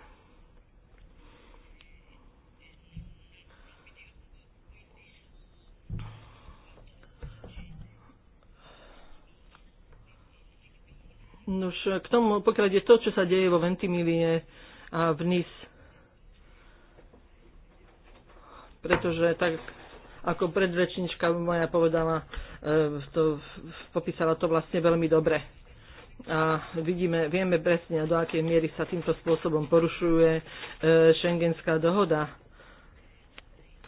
Už k tomu, pokiaľ je to, čo sa deje vo Ventimilie a v NIS, pretože tak ako predrečnička moja povedala, e, to, popísala to vlastne veľmi dobre. A vidíme, vieme presne, do akej miery sa týmto spôsobom porušuje e, šengenská dohoda.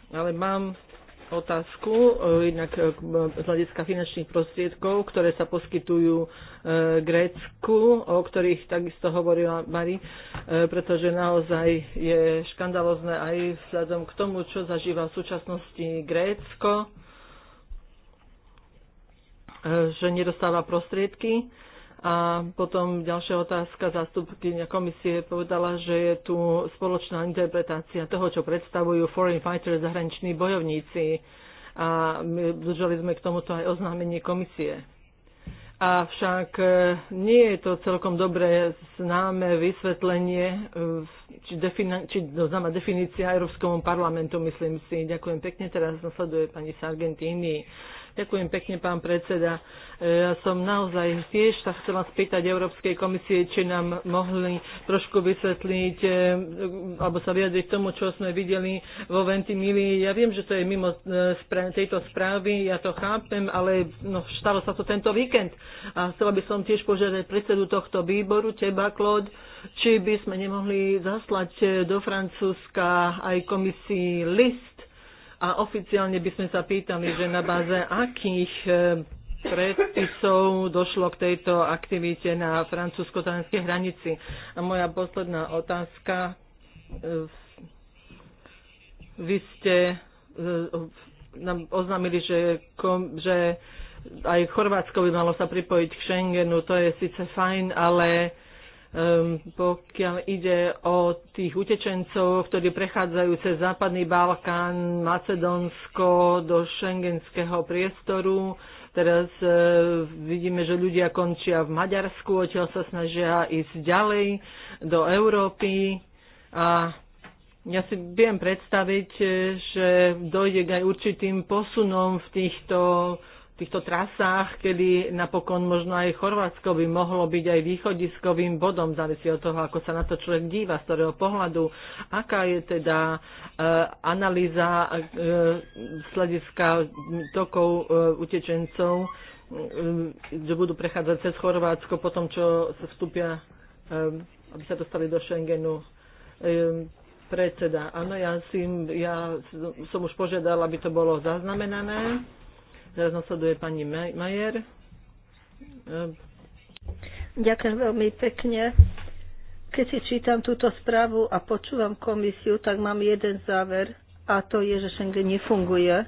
Ale mám otázku, jednak e, z hľadiska finančných prostriedkov, ktoré sa poskytujú e, Grécku, o ktorých takisto hovorila Mari, e, pretože naozaj je škandalozne aj vzhľadom k tomu, čo zažíva v súčasnosti Grécko, že nedostáva prostriedky a potom ďalšia otázka zástupkynia komisie povedala, že je tu spoločná interpretácia toho, čo predstavujú foreign fighters, zahraniční bojovníci. A my držali sme k tomuto aj oznámenie komisie. Avšak e, nie je to celkom dobre známe vysvetlenie, e, či, defini- či no, známa definícia Európskomu parlamentu, myslím si. Ďakujem pekne. Teraz nasleduje pani Sargentini. Ďakujem pekne, pán predseda. E, ja som naozaj tiež sa chcela spýtať Európskej komisie, či nám mohli trošku vysvetliť e, alebo sa vyjadriť tomu, čo sme videli vo Ventimili. Ja viem, že to je mimo e, tejto správy, ja to chápem, ale no, stalo sa to tento víkend. A chcela by som tiež požiadať predsedu tohto výboru, teba, Claude, či by sme nemohli zaslať do Francúzska aj komisii list, a oficiálne by sme sa pýtali, že na báze akých e, predpisov došlo k tejto aktivite na francúzsko-talianskej hranici. A moja posledná otázka. E, vy ste e, nám oznámili, že, že aj Chorvátsko by malo sa pripojiť k Schengenu. To je síce fajn, ale Ehm, pokiaľ ide o tých utečencov, ktorí prechádzajú cez Západný Balkán, Macedónsko do šengenského priestoru. Teraz e, vidíme, že ľudia končia v Maďarsku, odtiaľ sa snažia ísť ďalej do Európy. A ja si viem predstaviť, e, že dojde aj určitým posunom v týchto týchto trasách, kedy napokon možno aj Chorvátsko by mohlo byť aj východiskovým bodom, závisí od toho, ako sa na to človek díva, z ktorého pohľadu, aká je teda e, analýza e, z tokov e, utečencov, e, že budú prechádzať cez Chorvátsko po tom, čo sa vstúpia, e, aby sa dostali do Schengenu. E, predseda. Áno, ja, si, ja som už požiadala, aby to bolo zaznamenané. Teraz nasleduje pani Majer. Ehm. Ďakujem veľmi pekne. Keď si čítam túto správu a počúvam komisiu, tak mám jeden záver a to je, že Schengen nefunguje.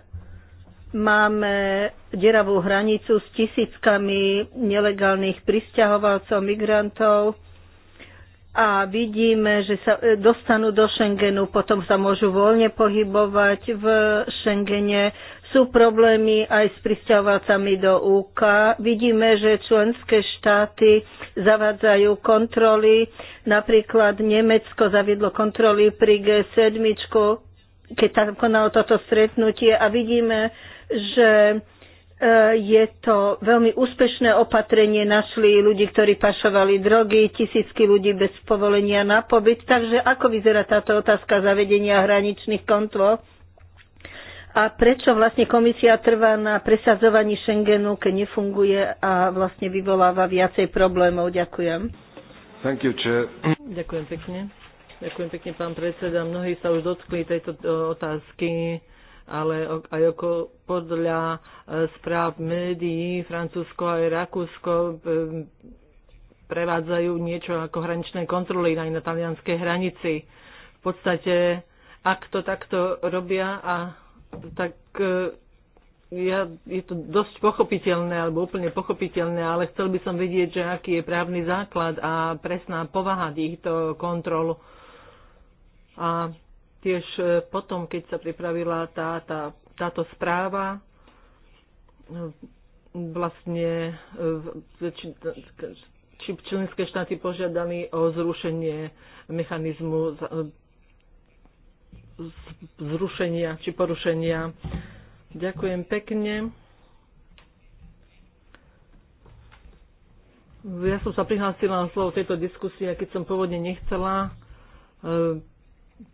Máme deravú hranicu s tisíckami nelegálnych pristahovalcov, migrantov a vidíme, že sa e, dostanú do Schengenu, potom sa môžu voľne pohybovať v Schengene, sú problémy aj s pristahovalcami do UK. Vidíme, že členské štáty zavádzajú kontroly. Napríklad Nemecko zaviedlo kontroly pri G7, keď tam konalo toto stretnutie a vidíme, že e, je to veľmi úspešné opatrenie. Našli ľudí, ktorí pašovali drogy, tisícky ľudí bez povolenia na pobyt. Takže ako vyzerá táto otázka zavedenia hraničných kontrol? A prečo vlastne komisia trvá na presadzovaní Schengenu, keď nefunguje a vlastne vyvoláva viacej problémov? Ďakujem. Thank you, chair. Ďakujem pekne. Ďakujem pekne, pán predseda. Mnohí sa už dotkli tejto e, otázky, ale aj ako podľa e, správ médií Francúzsko a Rakúsko e, prevádzajú niečo ako hraničné kontroly aj na talianskej hranici. V podstate, ak to takto robia a tak e, ja, je to dosť pochopiteľné, alebo úplne pochopiteľné, ale chcel by som vidieť, že aký je právny základ a presná povaha týchto kontrol. A tiež e, potom, keď sa pripravila tá, tá, táto správa, vlastne e, či, či členské štáty požiadali o zrušenie mechanizmu zrušenia či porušenia. Ďakujem pekne. Ja som sa prihlásila na slovo tejto diskusie, keď som pôvodne nechcela, e,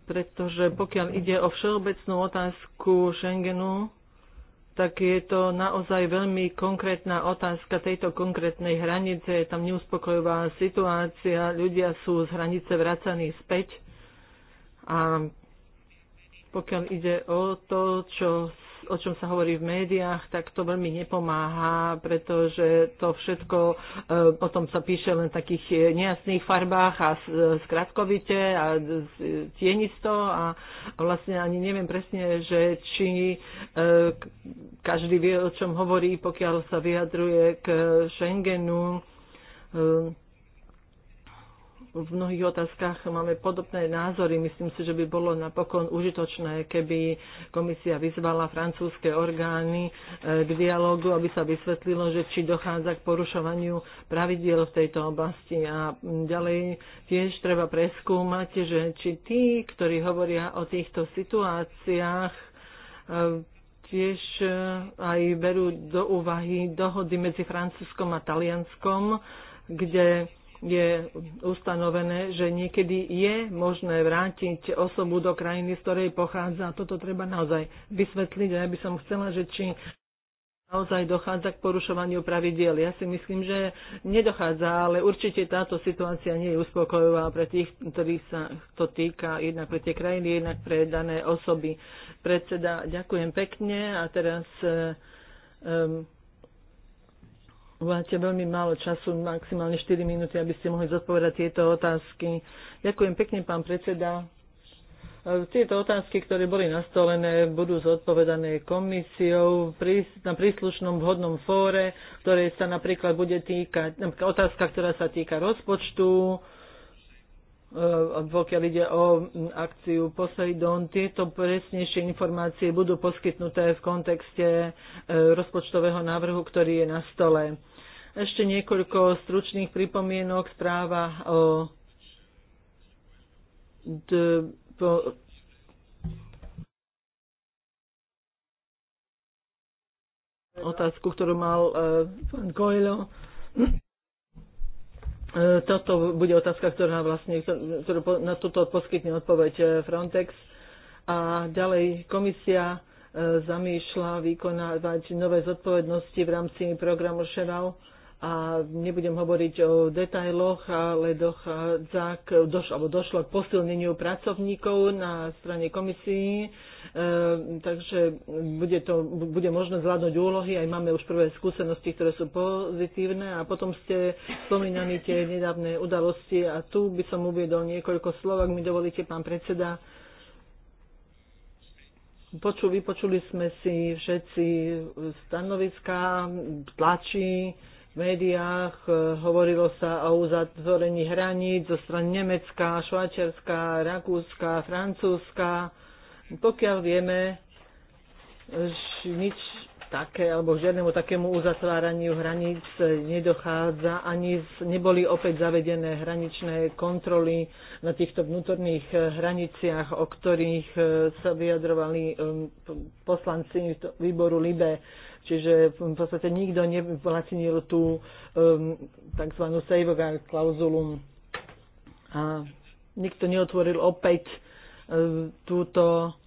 pretože pokiaľ ide o všeobecnú otázku Schengenu, tak je to naozaj veľmi konkrétna otázka tejto konkrétnej hranice. Je tam neuspokojová situácia, ľudia sú z hranice vracaní späť a pokiaľ ide o to, čo, o čom sa hovorí v médiách, tak to veľmi nepomáha, pretože to všetko eh, o tom sa píše len v takých eh, nejasných farbách a eh, skratkovite a tienisto a vlastne ani neviem presne, že či každý vie, o čom hovorí, pokiaľ sa vyjadruje k Schengenu v mnohých otázkach máme podobné názory. Myslím si, že by bolo napokon užitočné, keby komisia vyzvala francúzske orgány eh, k dialogu, aby sa vysvetlilo, že či dochádza k porušovaniu pravidiel v tejto oblasti. A mm, ďalej tiež treba preskúmať, že či tí, ktorí hovoria o týchto situáciách, eh, tiež eh, aj berú do úvahy dohody medzi Francúzskom a Talianskom, kde je ustanovené, že niekedy je možné vrátiť osobu do krajiny, z ktorej pochádza. Toto treba naozaj vysvetliť a ja by som chcela, že či naozaj dochádza k porušovaniu pravidiel. Ja si myslím, že nedochádza, ale určite táto situácia nie je uspokojová pre tých, ktorých sa to týka, jednak pre tie krajiny, jednak pre dané osoby. Predseda, ďakujem pekne a teraz um, Máte veľmi málo času, maximálne 4 minúty, aby ste mohli zodpovedať tieto otázky. Ďakujem pekne, pán predseda. E, tieto otázky, ktoré boli nastolené, budú zodpovedané komisiou na príslušnom vhodnom fóre, ktoré sa napríklad bude týkať, otázka, ktorá sa týka rozpočtu, E, pokiaľ ide o akciu Poseidon, tieto presnejšie informácie budú poskytnuté v kontexte e, rozpočtového návrhu, ktorý je na stole. Ešte niekoľko stručných pripomienok. Správa o d, po, otázku, ktorú mal uh, pán Coelho E, toto bude otázka, ktorá vlastne, ktorú na toto poskytne odpoveď e, Frontex. A ďalej komisia e, zamýšľa vykonávať nové zodpovednosti v rámci programu Šeral a nebudem hovoriť o detailoch, ale dochádza k, doš, alebo došlo k posilneniu pracovníkov na strane komisii, e, takže bude, to, bude možné zvládnuť úlohy, aj máme už prvé skúsenosti, ktoré sú pozitívne a potom ste spomínali tie nedávne udalosti a tu by som uviedol niekoľko slov, ak mi dovolíte, pán predseda. Poču, vypočuli sme si všetci stanoviská, tlačí, médiách, e, hovorilo sa o uzatvorení hraníc zo strany Nemecka, Švajčiarska, Rakúska, Francúzska. Pokiaľ vieme, že nič také, alebo žiadnemu takému uzatváraniu hraníc nedochádza, ani neboli opäť zavedené hraničné kontroly na týchto vnútorných e, hraniciach, o ktorých e, sa vyjadrovali poslanci výboru LIBE Čiže v podstate nikto nevlastnil tú um, tzv. safeguard klauzulu a nikto neotvoril opäť um, túto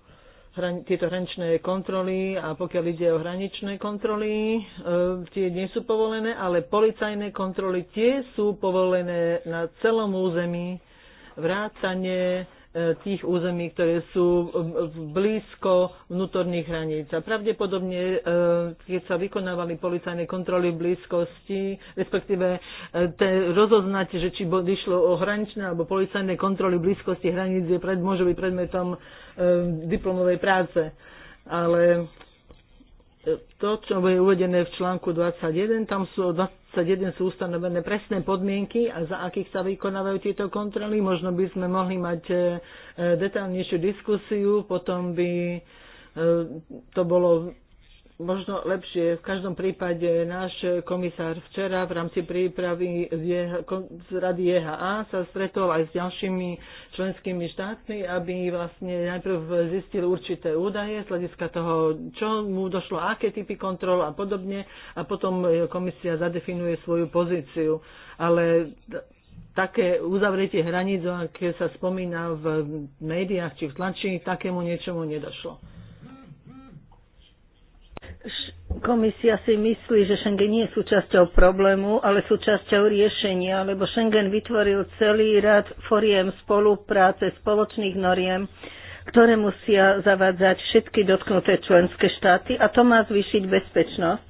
hran- tieto hraničné kontroly a pokiaľ ide o hraničné kontroly, e, tie nie sú povolené, ale policajné kontroly tie sú povolené na celom území, vrátanie E, tých území, ktoré sú blízko vnútorných hraníc. A pravdepodobne, e, keď sa vykonávali policajné kontroly v blízkosti, respektíve e, te, rozoznať, že či išlo o hraničné alebo policajné kontroly v blízkosti hraníc, je pred, môže byť predmetom diplomovej práce. Ale to, čo je uvedené v článku 21, tam sú 21 sú ustanovené presné podmienky a za akých sa vykonávajú tieto kontroly. Možno by sme mohli mať e, e, detálnejšiu diskusiu, potom by e, to bolo možno lepšie. V každom prípade náš komisár včera v rámci prípravy z Rady EHA sa stretol aj s ďalšími členskými štátmi, aby vlastne najprv zistil určité údaje z hľadiska toho, čo mu došlo, aké typy kontrol a podobne a potom komisia zadefinuje svoju pozíciu. Ale také uzavretie hraníc, aké sa spomína v médiách či v tlači, takému niečomu nedošlo. Komisia si myslí, že Schengen nie je súčasťou problému, ale súčasťou riešenia, lebo Schengen vytvoril celý rad foriem spolupráce, spoločných noriem, ktoré musia zavádzať všetky dotknuté členské štáty a to má zvýšiť bezpečnosť.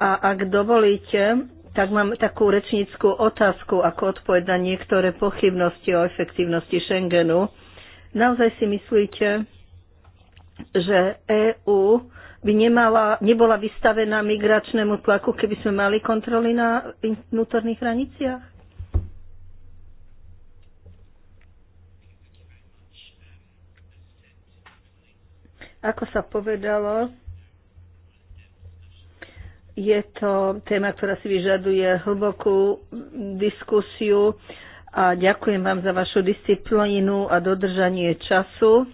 A ak dovolíte, tak mám takú rečníckú otázku ako odpoveď na niektoré pochybnosti o efektívnosti Schengenu. Naozaj si myslíte, že EÚ by nemala, nebola vystavená migračnému tlaku, keby sme mali kontroly na vnútorných hraniciach? Ako sa povedalo, je to téma, ktorá si vyžaduje hlbokú diskusiu a ďakujem vám za vašu disciplínu a dodržanie času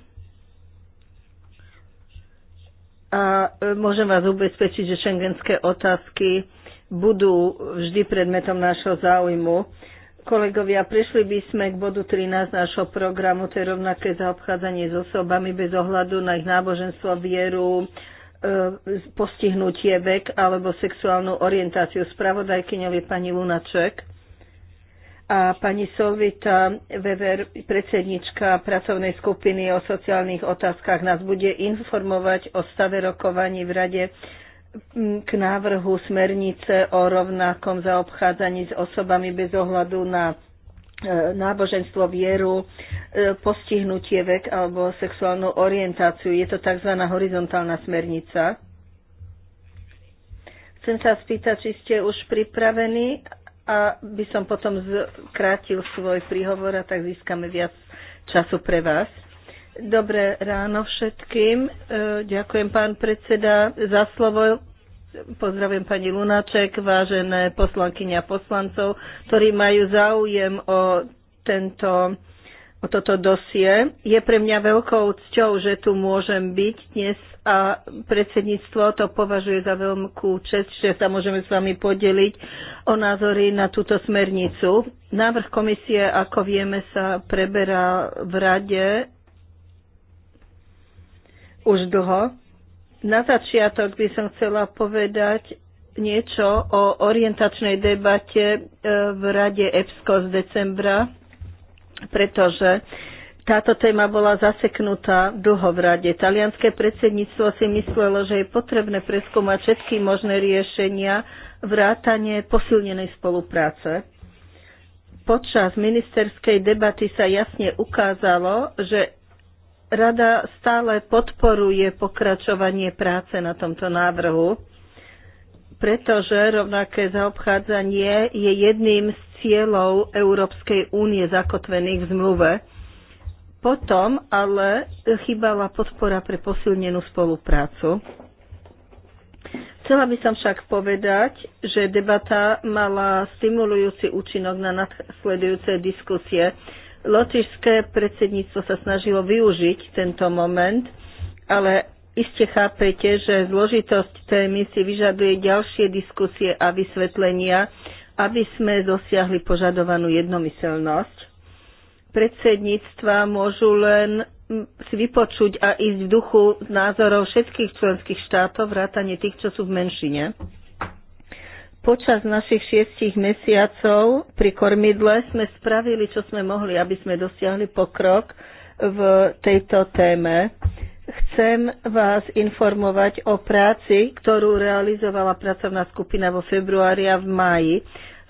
a e, môžem vás ubezpečiť, že šengenské otázky budú vždy predmetom nášho záujmu. Kolegovia, prišli by sme k bodu 13 nášho programu, to je rovnaké zaobchádzanie s osobami bez ohľadu na ich náboženstvo, vieru, e, postihnutie vek alebo sexuálnu orientáciu. Spravodajkyňov je pani Lunaček a pani Solvita Wever, predsednička pracovnej skupiny o sociálnych otázkach, nás bude informovať o stave rokovaní v Rade k návrhu smernice o rovnakom zaobchádzaní s osobami bez ohľadu na e, náboženstvo, vieru, e, postihnutie vek alebo sexuálnu orientáciu. Je to tzv. horizontálna smernica. Chcem sa spýtať, či ste už pripravení a by som potom skrátil svoj príhovor a tak získame viac času pre vás. Dobré ráno všetkým. E, ďakujem pán predseda za slovo. Pozdravím pani Lunaček, vážené poslankyňa a poslancov, ktorí majú záujem o tento o toto dosie. Je pre mňa veľkou cťou, že tu môžem byť dnes a predsedníctvo to považuje za veľkú čest, že sa môžeme s vami podeliť o názory na túto smernicu. Návrh komisie, ako vieme, sa preberá v rade už dlho. Na začiatok by som chcela povedať, niečo o orientačnej debate e, v Rade EPSCO z decembra pretože táto téma bola zaseknutá dlho v rade. Talianské predsedníctvo si myslelo, že je potrebné preskúmať všetky možné riešenia vrátane posilnenej spolupráce. Počas ministerskej debaty sa jasne ukázalo, že rada stále podporuje pokračovanie práce na tomto návrhu pretože rovnaké zaobchádzanie je jedným z cieľov Európskej únie zakotvených v zmluve. Potom ale chýbala podpora pre posilnenú spoluprácu. Chcela by som však povedať, že debata mala stimulujúci účinok na nasledujúce diskusie. Lotyšské predsedníctvo sa snažilo využiť tento moment, ale Iste chápete, že zložitosť témy si vyžaduje ďalšie diskusie a vysvetlenia, aby sme dosiahli požadovanú jednomyselnosť. Predsedníctva môžu len si vypočuť a ísť v duchu názorov všetkých členských štátov, vrátane tých, čo sú v menšine. Počas našich šiestich mesiacov pri kormidle sme spravili, čo sme mohli, aby sme dosiahli pokrok v tejto téme. Chcem vás informovať o práci, ktorú realizovala pracovná skupina vo februári a v máji.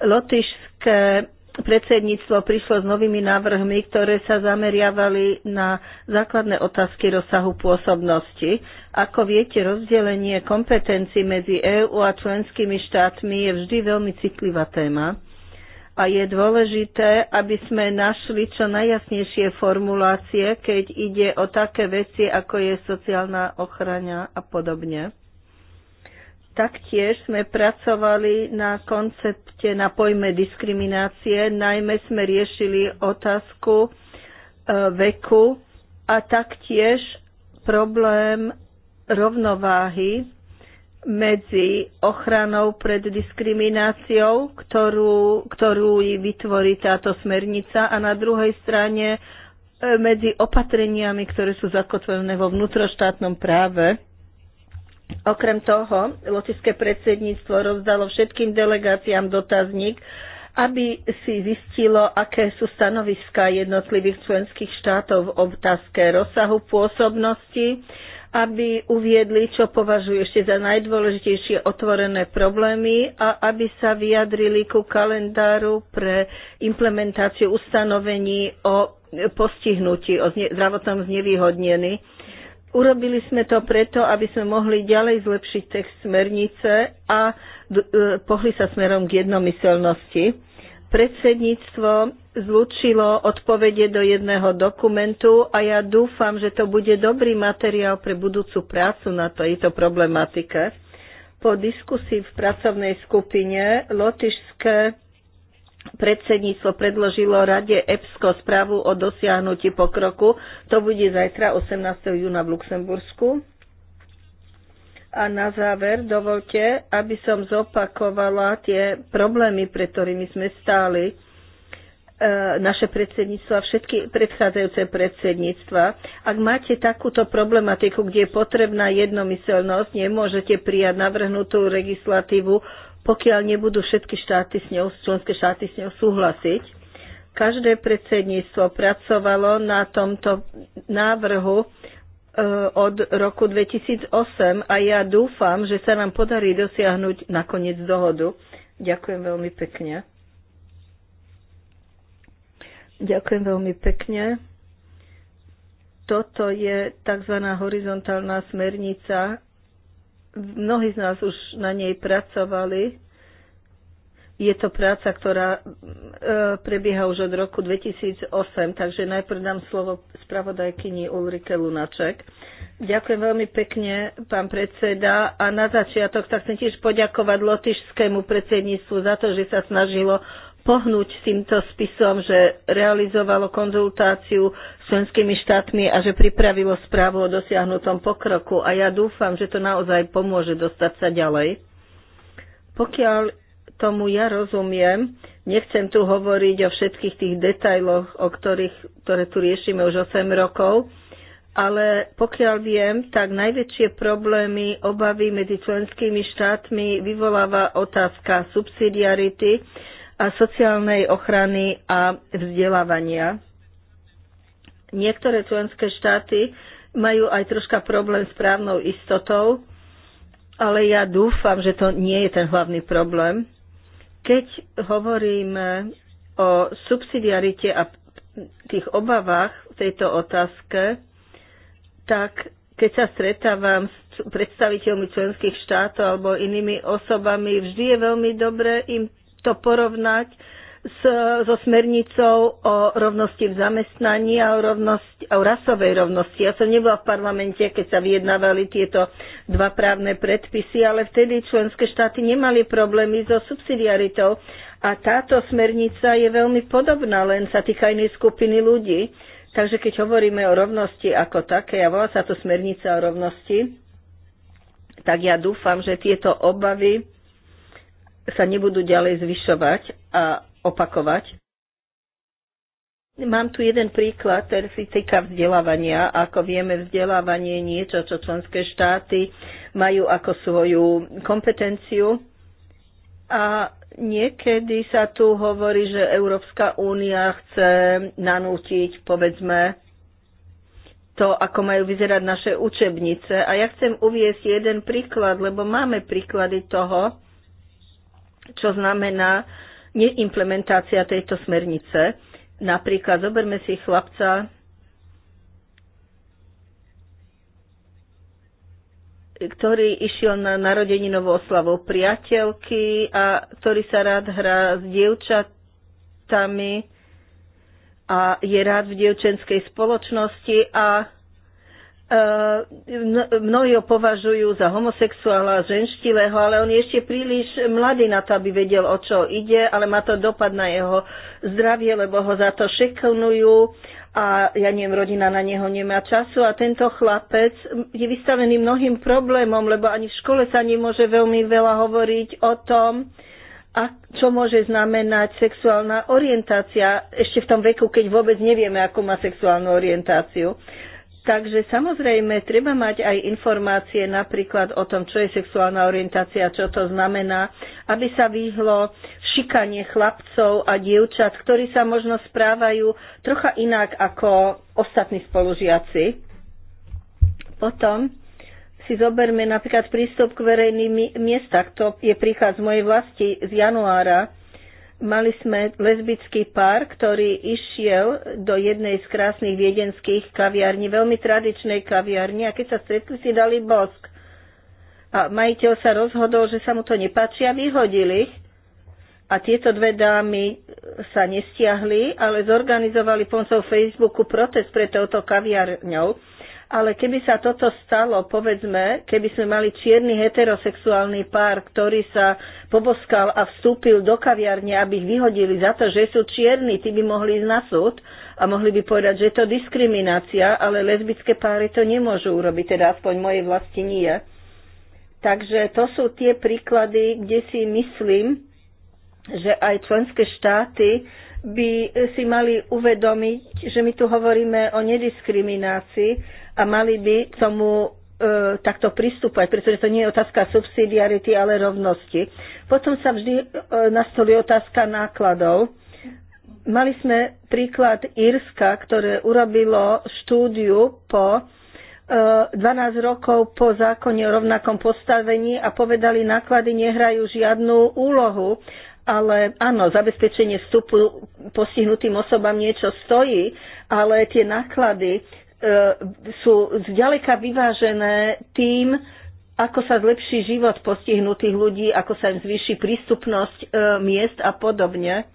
Lotyšské predsedníctvo prišlo s novými návrhmi, ktoré sa zameriavali na základné otázky rozsahu pôsobnosti. Ako viete, rozdelenie kompetencií medzi EÚ a členskými štátmi je vždy veľmi citlivá téma a je dôležité, aby sme našli čo najjasnejšie formulácie, keď ide o také veci, ako je sociálna ochrana a podobne. Taktiež sme pracovali na koncepte, na pojme diskriminácie, najmä sme riešili otázku e, veku a taktiež problém rovnováhy medzi ochranou pred diskrimináciou, ktorú, ktorú vytvorí táto smernica a na druhej strane e, medzi opatreniami, ktoré sú zakotvené vo vnútroštátnom práve. Okrem toho, lotické predsedníctvo rozdalo všetkým delegáciám dotazník, aby si zistilo, aké sú stanoviská jednotlivých členských štátov v otázke rozsahu pôsobnosti, aby uviedli, čo považujú ešte za najdôležitejšie otvorené problémy a aby sa vyjadrili ku kalendáru pre implementáciu ustanovení o postihnutí, o zdravotnom znevýhodnení. Urobili sme to preto, aby sme mohli ďalej zlepšiť text smernice a e, pohli sa smerom k jednomyselnosti. Predsedníctvo zlučilo odpovede do jedného dokumentu a ja dúfam, že to bude dobrý materiál pre budúcu prácu na tejto problematike. Po diskusii v pracovnej skupine lotišské predsedníctvo predložilo Rade EPSCO správu o dosiahnutí pokroku. To bude zajtra 18. júna v Luxembursku. A na záver dovolte, aby som zopakovala tie problémy, pre ktorými sme stáli E, naše predsedníctvo a všetky predchádzajúce predsedníctva. Ak máte takúto problematiku, kde je potrebná jednomyselnosť, nemôžete prijať navrhnutú legislatívu, pokiaľ nebudú všetky štáty s ňou, členské štáty s ňou súhlasiť. Každé predsedníctvo pracovalo na tomto návrhu e, od roku 2008 a ja dúfam, že sa nám podarí dosiahnuť nakoniec dohodu. Ďakujem veľmi pekne. Ďakujem veľmi pekne. Toto je tzv. horizontálna smernica. Mnohí z nás už na nej pracovali. Je to práca, ktorá e, prebieha už od roku 2008, takže najprv dám slovo spravodajkyni Ulrike Lunaček. Ďakujem veľmi pekne, pán predseda. A na začiatok tak chcem tiež poďakovať lotišskému predsedníctvu za to, že sa snažilo pohnúť s týmto spisom, že realizovalo konzultáciu s členskými štátmi a že pripravilo správu o dosiahnutom pokroku a ja dúfam, že to naozaj pomôže dostať sa ďalej. Pokiaľ tomu ja rozumiem, nechcem tu hovoriť o všetkých tých detailoch, o ktorých, ktoré tu riešime už 8 rokov, ale pokiaľ viem, tak najväčšie problémy, obavy medzi členskými štátmi vyvoláva otázka subsidiarity, a sociálnej ochrany a vzdelávania. Niektoré členské štáty majú aj troška problém s právnou istotou, ale ja dúfam, že to nie je ten hlavný problém. Keď hovoríme o subsidiarite a tých obavách v tejto otázke, tak keď sa stretávam s predstaviteľmi členských štátov alebo inými osobami, vždy je veľmi dobré im to porovnať s, so smernicou o rovnosti v zamestnaní a o, rovnosť, o rasovej rovnosti. Ja som nebola v parlamente, keď sa vyjednávali tieto dva právne predpisy, ale vtedy členské štáty nemali problémy so subsidiaritou a táto smernica je veľmi podobná, len sa týka inej skupiny ľudí. Takže keď hovoríme o rovnosti ako také, a volá sa to smernica o rovnosti, tak ja dúfam, že tieto obavy sa nebudú ďalej zvyšovať a opakovať. Mám tu jeden príklad, ktorý si týka vzdelávania. Ako vieme, vzdelávanie je niečo, čo členské štáty majú ako svoju kompetenciu. A niekedy sa tu hovorí, že Európska únia chce nanútiť, povedzme, to, ako majú vyzerať naše učebnice. A ja chcem uviesť jeden príklad, lebo máme príklady toho, čo znamená neimplementácia tejto smernice. Napríklad zoberme si chlapca, ktorý išiel na narodeninovú oslavu priateľky a ktorý sa rád hrá s dievčatami a je rád v dievčenskej spoločnosti a mnohí ho považujú za homosexuála a ženštilého, ale on je ešte príliš mladý na to, aby vedel, o čo ide, ale má to dopad na jeho zdravie, lebo ho za to šeklnujú a ja neviem, rodina na neho nemá času a tento chlapec je vystavený mnohým problémom, lebo ani v škole sa nemôže veľmi veľa hovoriť o tom, a čo môže znamenať sexuálna orientácia ešte v tom veku, keď vôbec nevieme, ako má sexuálnu orientáciu. Takže samozrejme, treba mať aj informácie napríklad o tom, čo je sexuálna orientácia, čo to znamená, aby sa vyhlo šikanie chlapcov a dievčat, ktorí sa možno správajú trocha inak ako ostatní spolužiaci. Potom si zoberme napríklad prístup k verejným miestach. To je príklad z mojej vlasti z januára Mali sme lesbický pár, ktorý išiel do jednej z krásnych viedenských kaviarní, veľmi tradičnej kaviarni a keď sa stretli, si dali bosk. A majiteľ sa rozhodol, že sa mu to nepáči a vyhodili ich. A tieto dve dámy sa nestiahli, ale zorganizovali pomocou Facebooku protest pred touto kaviarňou ale keby sa toto stalo, povedzme, keby sme mali čierny heterosexuálny pár, ktorý sa poboskal a vstúpil do kaviarne, aby ich vyhodili za to, že sú čierni, tí by mohli ísť na súd a mohli by povedať, že je to diskriminácia, ale lesbické páry to nemôžu urobiť, teda aspoň mojej vlasti nie. Takže to sú tie príklady, kde si myslím, že aj členské štáty by si mali uvedomiť, že my tu hovoríme o nediskriminácii a mali by k tomu e, takto pristúpať, pretože to nie je otázka subsidiarity, ale rovnosti. Potom sa vždy e, nastolí otázka nákladov. Mali sme príklad Írska, ktoré urobilo štúdiu po 12 e, rokov po zákone o rovnakom postavení a povedali, náklady nehrajú žiadnu úlohu, ale áno, zabezpečenie vstupu postihnutým osobám niečo stojí, ale tie náklady E, sú zďaleka vyvážené tým, ako sa zlepší život postihnutých ľudí, ako sa im zvýši prístupnosť e, miest a podobne.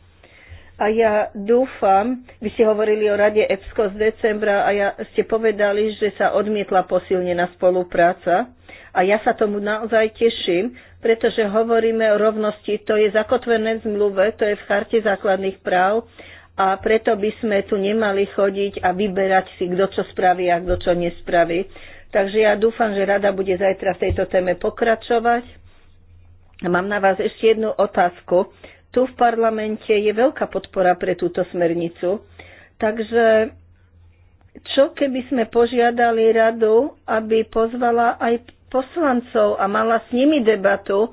A ja dúfam, vy ste hovorili o Rade EPSCO z decembra a ja, ste povedali, že sa odmietla posilnená spolupráca. A ja sa tomu naozaj teším, pretože hovoríme o rovnosti, to je zakotvené v zmluve, to je v charte základných práv a preto by sme tu nemali chodiť a vyberať si, kto čo spraví a kto čo nespraví. Takže ja dúfam, že rada bude zajtra v tejto téme pokračovať. A mám na vás ešte jednu otázku. Tu v parlamente je veľká podpora pre túto smernicu, takže čo keby sme požiadali radu, aby pozvala aj poslancov a mala s nimi debatu,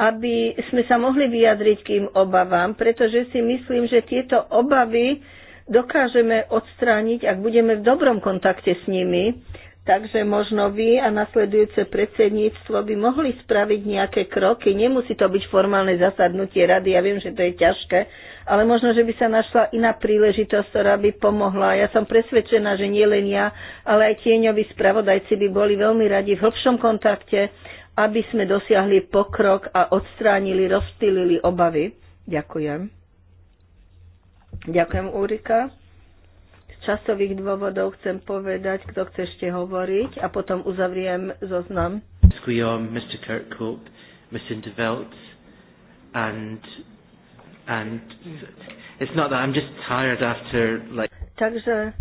aby sme sa mohli vyjadriť k im obavám, pretože si myslím, že tieto obavy dokážeme odstrániť, ak budeme v dobrom kontakte s nimi. Takže možno vy a nasledujúce predsedníctvo by mohli spraviť nejaké kroky. Nemusí to byť formálne zasadnutie rady, ja viem, že to je ťažké, ale možno, že by sa našla iná príležitosť, ktorá by pomohla. Ja som presvedčená, že nie len ja, ale aj tieňoví spravodajci by boli veľmi radi v hlbšom kontakte aby sme dosiahli pokrok a odstránili, rozptýlili obavy. Ďakujem. Ďakujem, Úrika. Z časových dôvodov chcem povedať, kto chce ešte hovoriť a potom uzavriem zoznam. Mr. Kirkhope, Mr. De and, and it's not that I'm just tired after like... Takže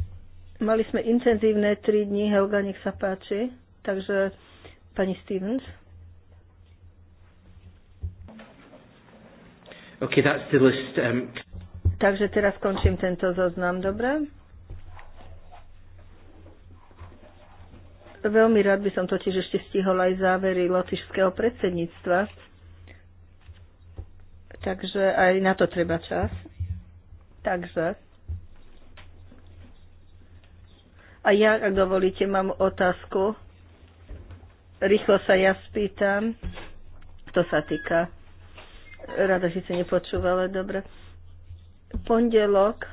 mali sme intenzívne tri dni, Helga, nech sa páči. Takže pani Stevens. Okay, that's the list. Um... Takže teraz končím tento zoznam, dobre? Veľmi rád by som totiž ešte stihol aj závery lotišského predsedníctva. Takže aj na to treba čas. Takže. A ja, ak dovolíte, mám otázku. Rýchlo sa ja spýtam. To sa týka Rada síce nepočúva, ale dobre. Pondelok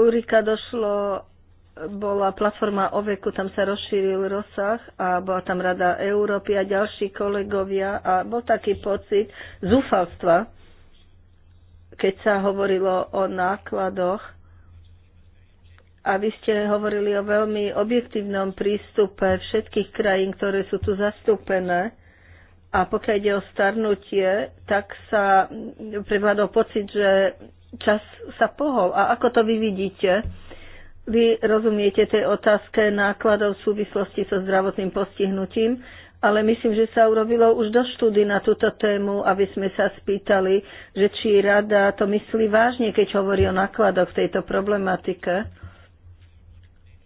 Urika došlo, bola platforma o veku, tam sa rozšíril rozsah a bola tam Rada Európy a ďalší kolegovia a bol taký pocit zúfalstva, keď sa hovorilo o nákladoch a vy ste hovorili o veľmi objektívnom prístupe všetkých krajín, ktoré sú tu zastúpené. A pokiaľ ide o starnutie, tak sa prevládol pocit, že čas sa pohol. A ako to vy vidíte? Vy rozumiete tej otázke nákladov v súvislosti so zdravotným postihnutím, ale myslím, že sa urobilo už do štúdy na túto tému, aby sme sa spýtali, že či rada to myslí vážne, keď hovorí o nákladoch v tejto problematike.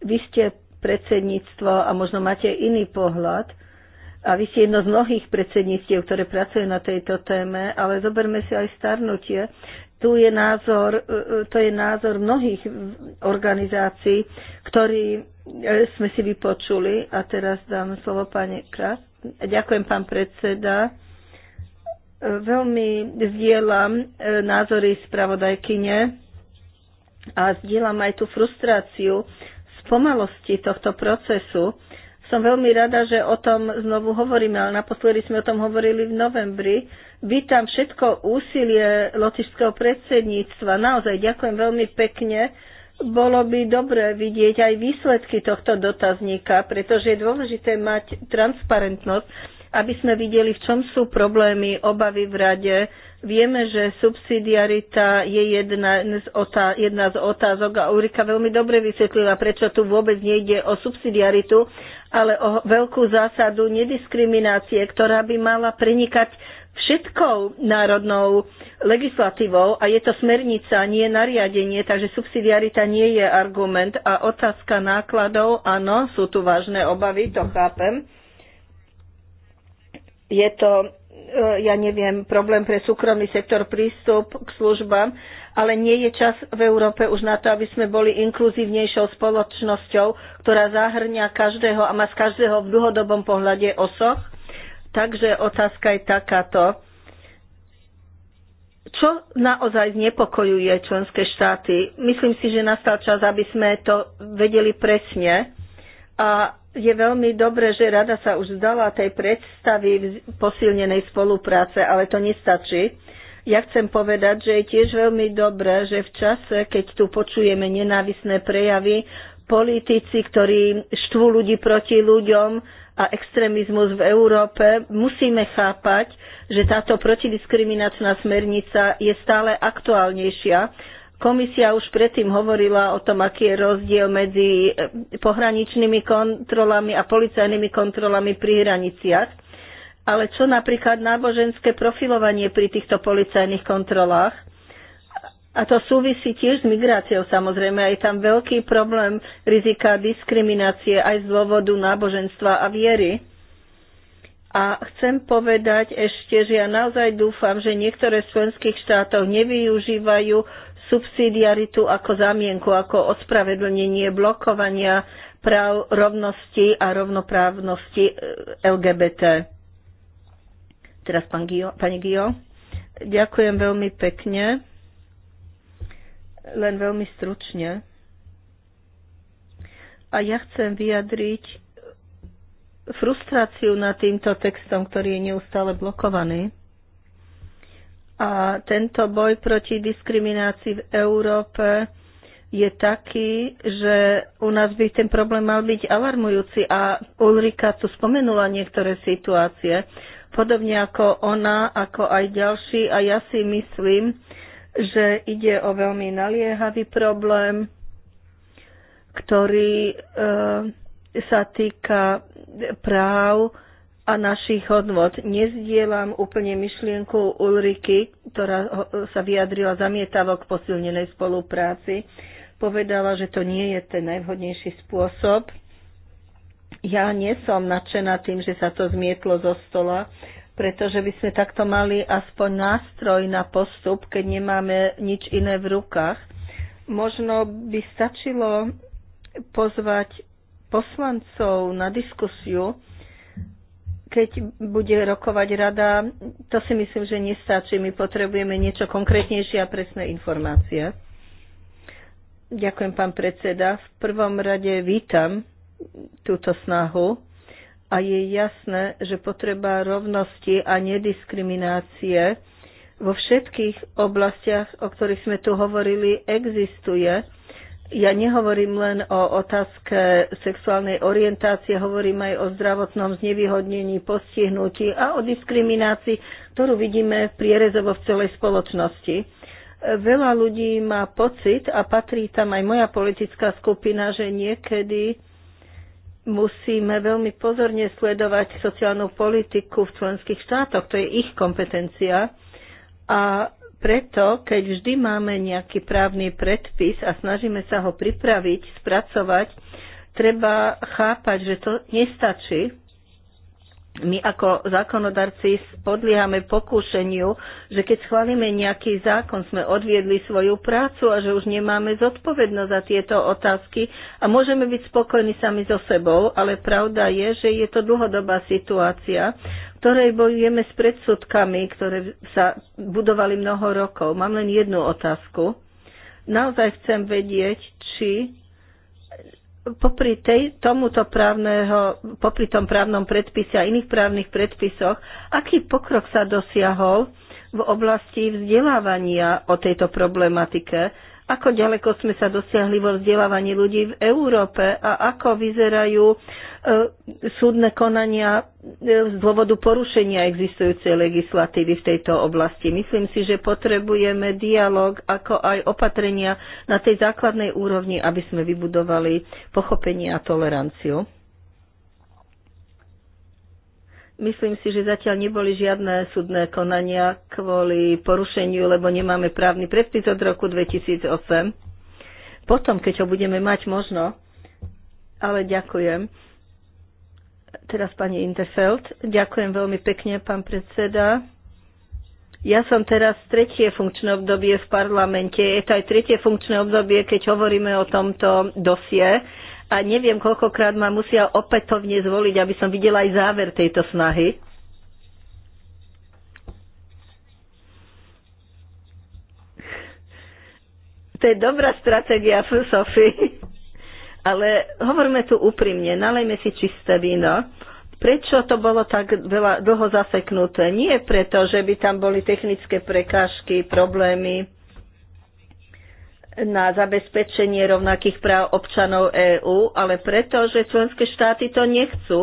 Vy ste predsedníctvo a možno máte iný pohľad a vy ste jedno z mnohých predsedníctiev, ktoré pracujú na tejto téme, ale zoberme si aj starnutie. Tu je názor, e, e, to je názor mnohých organizácií, ktorý e, sme si vypočuli. A teraz dám slovo pani Kras. Ďakujem, pán predseda. Veľmi zdieľam názory spravodajkyne a zdieľam aj tú frustráciu z pomalosti tohto procesu som veľmi rada, že o tom znovu hovoríme, ale naposledy sme o tom hovorili v novembri. Vítam všetko úsilie lotišského predsedníctva. Naozaj ďakujem veľmi pekne. Bolo by dobre vidieť aj výsledky tohto dotazníka, pretože je dôležité mať transparentnosť, aby sme videli, v čom sú problémy, obavy v rade. Vieme, že subsidiarita je jedna z, otá- jedna z otázok a Urika veľmi dobre vysvetlila, prečo tu vôbec nejde o subsidiaritu, ale o veľkú zásadu nediskriminácie, ktorá by mala prenikať všetkou národnou legislatívou a je to smernica, nie nariadenie, takže subsidiarita nie je argument a otázka nákladov, áno, sú tu vážne obavy, to chápem. Je to, e, ja neviem, problém pre súkromný sektor prístup k službám, ale nie je čas v Európe už na to, aby sme boli inkluzívnejšou spoločnosťou, ktorá zahrňa každého a má z každého v dlhodobom pohľade osoch. Takže otázka je takáto. Čo naozaj znepokojuje členské štáty? Myslím si, že nastal čas, aby sme to vedeli presne. A je veľmi dobré, že rada sa už zdala tej predstavy posilnenej spolupráce, ale to nestačí. Ja chcem povedať, že je tiež veľmi dobré, že v čase, keď tu počujeme nenávisné prejavy, politici, ktorí štvú ľudí proti ľuďom a extrémizmus v Európe, musíme chápať, že táto protidiskriminačná smernica je stále aktuálnejšia. Komisia už predtým hovorila o tom, aký je rozdiel medzi eh, pohraničnými kontrolami a policajnými kontrolami pri hraniciach ale čo napríklad náboženské profilovanie pri týchto policajných kontrolách? A to súvisí tiež s migráciou samozrejme. Je tam veľký problém rizika diskriminácie aj z dôvodu náboženstva a viery. A chcem povedať ešte, že ja naozaj dúfam, že niektoré z členských štátov nevyužívajú subsidiaritu ako zamienku, ako ospravedlnenie blokovania práv rovnosti a rovnoprávnosti eh, LGBT. Teraz pán Gio, pani Gio. Ďakujem veľmi pekne. Len veľmi stručne. A ja chcem vyjadriť frustráciu nad týmto textom, ktorý je neustále blokovaný. A tento boj proti diskriminácii v Európe je taký, že u nás by ten problém mal byť alarmujúci a Ulrika tu spomenula niektoré situácie podobne ako ona, ako aj ďalší. A ja si myslím, že ide o veľmi naliehavý problém, ktorý e, sa týka práv a našich hodnot. Nezdielam úplne myšlienku Ulriky, ktorá sa vyjadrila zamietavok posilnenej spolupráci. Povedala, že to nie je ten najvhodnejší spôsob ja nie som nadšená tým, že sa to zmietlo zo stola, pretože by sme takto mali aspoň nástroj na postup, keď nemáme nič iné v rukách. Možno by stačilo pozvať poslancov na diskusiu, keď bude rokovať rada, to si myslím, že nestačí. My potrebujeme niečo konkrétnejšie a presné informácie. Ďakujem, pán predseda. V prvom rade vítam túto snahu a je jasné, že potreba rovnosti a nediskriminácie vo všetkých oblastiach, o ktorých sme tu hovorili, existuje. Ja nehovorím len o otázke sexuálnej orientácie, hovorím aj o zdravotnom znevýhodnení, postihnutí a o diskriminácii, ktorú vidíme prierezovo v celej spoločnosti. Veľa ľudí má pocit, a patrí tam aj moja politická skupina, že niekedy musíme veľmi pozorne sledovať sociálnu politiku v členských štátoch. To je ich kompetencia. A preto, keď vždy máme nejaký právny predpis a snažíme sa ho pripraviť, spracovať, treba chápať, že to nestačí, my ako zákonodarci podliehame pokúšeniu, že keď schválime nejaký zákon, sme odviedli svoju prácu a že už nemáme zodpovednosť za tieto otázky a môžeme byť spokojní sami so sebou, ale pravda je, že je to dlhodobá situácia, v ktorej bojujeme s predsudkami, ktoré sa budovali mnoho rokov. Mám len jednu otázku. Naozaj chcem vedieť, či popri tej, tomuto právneho, popri tom právnom predpise a iných právnych predpisoch, aký pokrok sa dosiahol v oblasti vzdelávania o tejto problematike, ako ďaleko sme sa dosiahli vo vzdelávaní ľudí v Európe a ako vyzerajú e, súdne konania e, z dôvodu porušenia existujúcej legislatívy v tejto oblasti. Myslím si, že potrebujeme dialog ako aj opatrenia na tej základnej úrovni, aby sme vybudovali pochopenie a toleranciu. Myslím si, že zatiaľ neboli žiadne súdne konania kvôli porušeniu, lebo nemáme právny predpis od roku 2008. Potom, keď ho budeme mať, možno. Ale ďakujem. Teraz pani Interfeld. Ďakujem veľmi pekne, pán predseda. Ja som teraz tretie funkčné obdobie v parlamente. Je to aj tretie funkčné obdobie, keď hovoríme o tomto dosie a neviem, koľkokrát ma musia opätovne zvoliť, aby som videla aj záver tejto snahy. To je dobrá stratégia v ale hovorme tu úprimne, nalejme si čisté víno. Prečo to bolo tak veľa, dlho zaseknuté? Nie preto, že by tam boli technické prekážky, problémy, na zabezpečenie rovnakých práv občanov EÚ, ale preto, že členské štáty to nechcú.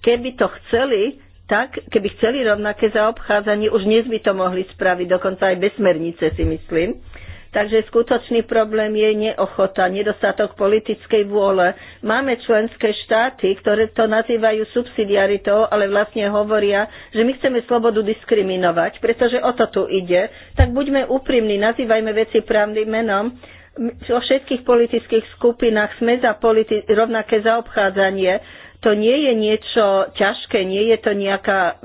Keby to chceli, tak, keby chceli rovnaké zaobchádzanie, už dnes by to mohli spraviť, dokonca aj bez smernice, si myslím. Takže skutočný problém je neochota, nedostatok politickej vôle. Máme členské štáty, ktoré to nazývajú subsidiaritou, ale vlastne hovoria, že my chceme slobodu diskriminovať, pretože o to tu ide. Tak buďme úprimní, nazývajme veci právnym menom vo všetkých politických skupinách sme za politi- rovnaké zaobchádzanie. To nie je niečo ťažké, nie je to nejaká e,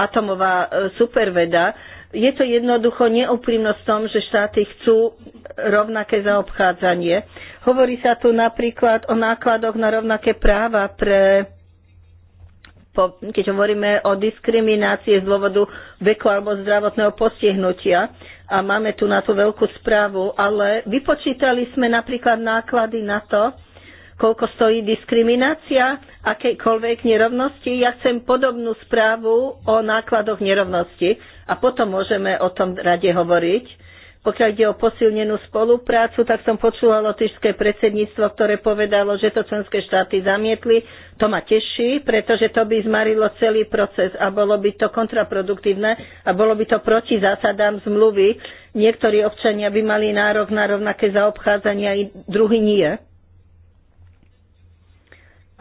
atomová e, superveda. Je to jednoducho neúprimnosť v tom, že štáty chcú rovnaké zaobchádzanie. Hovorí sa tu napríklad o nákladoch na rovnaké práva pre keď hovoríme o diskriminácii z dôvodu veku alebo zdravotného postihnutia, a máme tu na to veľkú správu, ale vypočítali sme napríklad náklady na to, koľko stojí diskriminácia akejkoľvek nerovnosti. Ja chcem podobnú správu o nákladoch nerovnosti a potom môžeme o tom rade hovoriť. Pokiaľ ide o posilnenú spoluprácu, tak som počula lotyšské predsedníctvo, ktoré povedalo, že to členské štáty zamietli. To ma teší, pretože to by zmarilo celý proces a bolo by to kontraproduktívne a bolo by to proti zásadám zmluvy. Niektorí občania by mali nárok na rovnaké zaobchádzania, i druhý nie.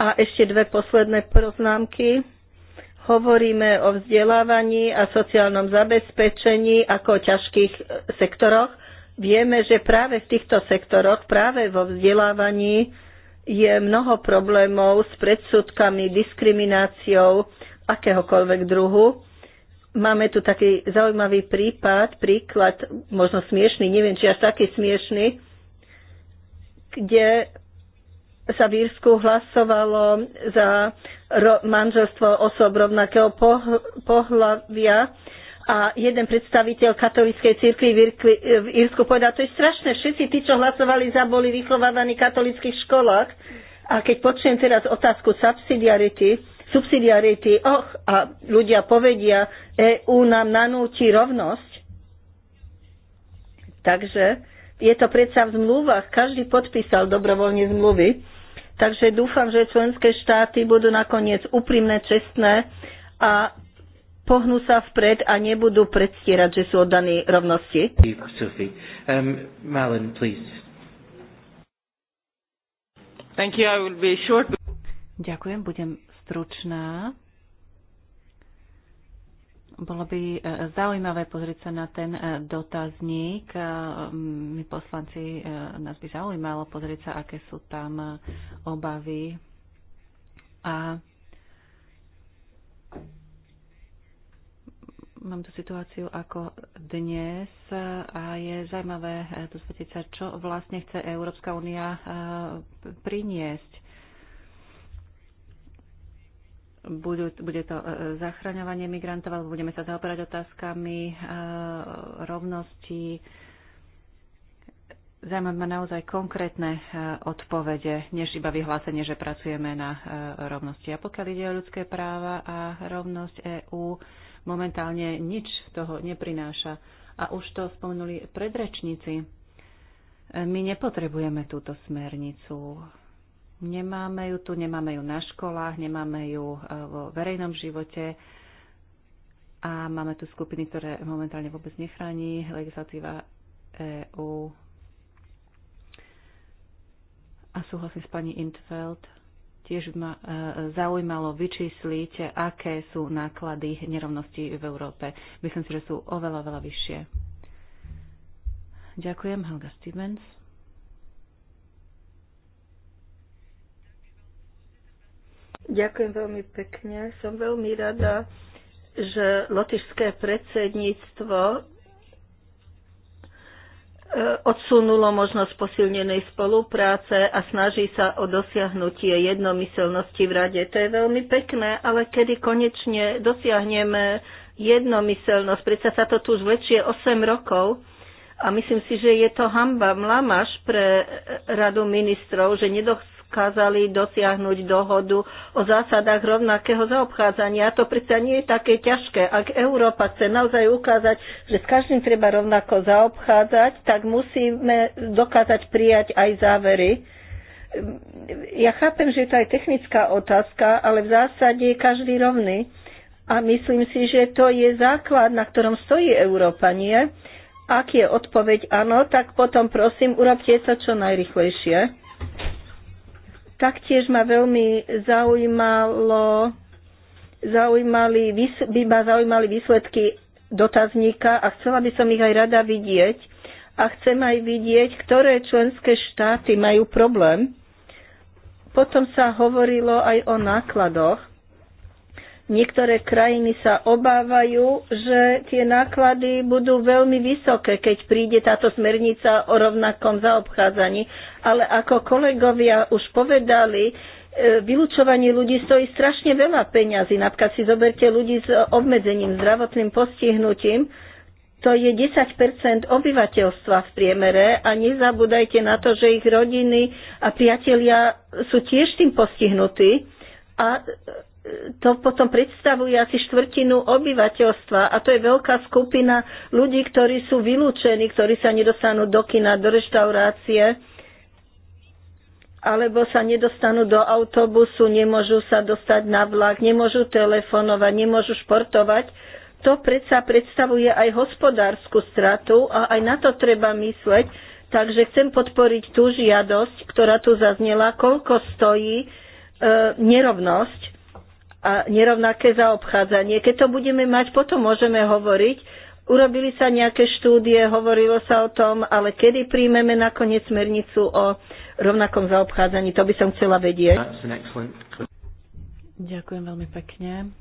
A ešte dve posledné poznámky Hovoríme o vzdelávaní a sociálnom zabezpečení ako o ťažkých e, sektoroch. Vieme, že práve v týchto sektoroch, práve vo vzdelávaní je mnoho problémov s predsudkami, diskrimináciou akéhokoľvek druhu. Máme tu taký zaujímavý prípad, príklad, možno smiešný, neviem, či až taký smiešný, kde sa v Írsku hlasovalo za manželstvo osob rovnakého pohľavia a jeden predstaviteľ katolíckej cirkvi v Írsku povedal, to je strašné, všetci tí, čo hlasovali za, boli vychovávaní v katolických školách. A keď počujem teraz otázku subsidiarity, subsidiarity, och, a ľudia povedia, EU nám nanúti rovnosť. Takže je to predsa v zmluvách, každý podpísal dobrovoľne zmluvy. Takže dúfam, že členské štáty budú nakoniec úprimné, čestné a pohnú sa vpred a nebudú predstierať, že sú oddaní rovnosti. Um, Ďakujem, budem stručná. Bolo by e, zaujímavé pozrieť sa na ten e, dotazník. E, my poslanci, nás by zaujímalo pozrieť sa, aké sú tam obavy. A mám tu situáciu ako dnes a je zaujímavé dozvedieť sa, čo vlastne chce Európska únia priniesť budú, bude to e, e, zachraňovanie migrantov, alebo budeme sa zaoberať otázkami e, rovnosti. Zaujímavé ma naozaj konkrétne odpovede, než iba vyhlásenie, že pracujeme na rovnosti. A pokiaľ ide o ľudské práva a rovnosť EÚ, momentálne nič toho neprináša. A už to spomenuli predrečníci. My nepotrebujeme túto smernicu Nemáme ju tu, nemáme ju na školách, nemáme ju e, vo verejnom živote a máme tu skupiny, ktoré momentálne vôbec nechráni legislatíva EU. A súhlasím s pani Intfeld. Tiež by ma e, zaujímalo vyčísliť, aké sú náklady nerovnosti v Európe. Myslím si, že sú oveľa, veľa vyššie. Ďakujem, Helga Stevens. Ďakujem veľmi pekne. Som veľmi rada, že lotišské predsedníctvo e, odsunulo možnosť posilnenej spolupráce a snaží sa o dosiahnutie jednomyselnosti v rade. To je veľmi pekné, ale kedy konečne dosiahneme jednomyselnosť, predsa sa to tu už väčšie 8 rokov a myslím si, že je to hamba, mlamaš pre radu ministrov, že nedos dokázali dosiahnuť dohodu o zásadách rovnakého zaobchádzania. A To predsa nie je také ťažké. Ak Európa chce naozaj ukázať, že s každým treba rovnako zaobchádzať, tak musíme dokázať prijať aj závery. Ja chápem, že je to aj technická otázka, ale v zásade je každý rovný. A myslím si, že to je základ, na ktorom stojí Európa, nie? Ak je odpoveď áno, tak potom prosím, urobte to čo najrychlejšie. Taktiež ma veľmi zaujímalo, zaujímali, by ma zaujímali výsledky dotazníka a chcela by som ich aj rada vidieť. A chcem aj vidieť, ktoré členské štáty majú problém. Potom sa hovorilo aj o nákladoch. Niektoré krajiny sa obávajú, že tie náklady budú veľmi vysoké, keď príde táto smernica o rovnakom zaobchádzaní. Ale ako kolegovia už povedali, e, vylúčovanie ľudí stojí strašne veľa peňazí. Napríklad si zoberte ľudí s obmedzením, zdravotným postihnutím. To je 10 obyvateľstva v priemere a nezabúdajte na to, že ich rodiny a priatelia sú tiež tým postihnutí a to potom predstavuje asi štvrtinu obyvateľstva a to je veľká skupina ľudí, ktorí sú vylúčení, ktorí sa nedostanú do kina, do reštaurácie alebo sa nedostanú do autobusu, nemôžu sa dostať na vlak, nemôžu telefonovať, nemôžu športovať. To predsa predstavuje aj hospodárskú stratu a aj na to treba mysleť. Takže chcem podporiť tú žiadosť, ktorá tu zaznela, koľko stojí e, nerovnosť a nerovnaké zaobchádzanie. Keď to budeme mať, potom môžeme hovoriť. Urobili sa nejaké štúdie, hovorilo sa o tom, ale kedy príjmeme nakoniec smernicu o rovnakom zaobchádzaní, to by som chcela vedieť. Ďakujem veľmi pekne.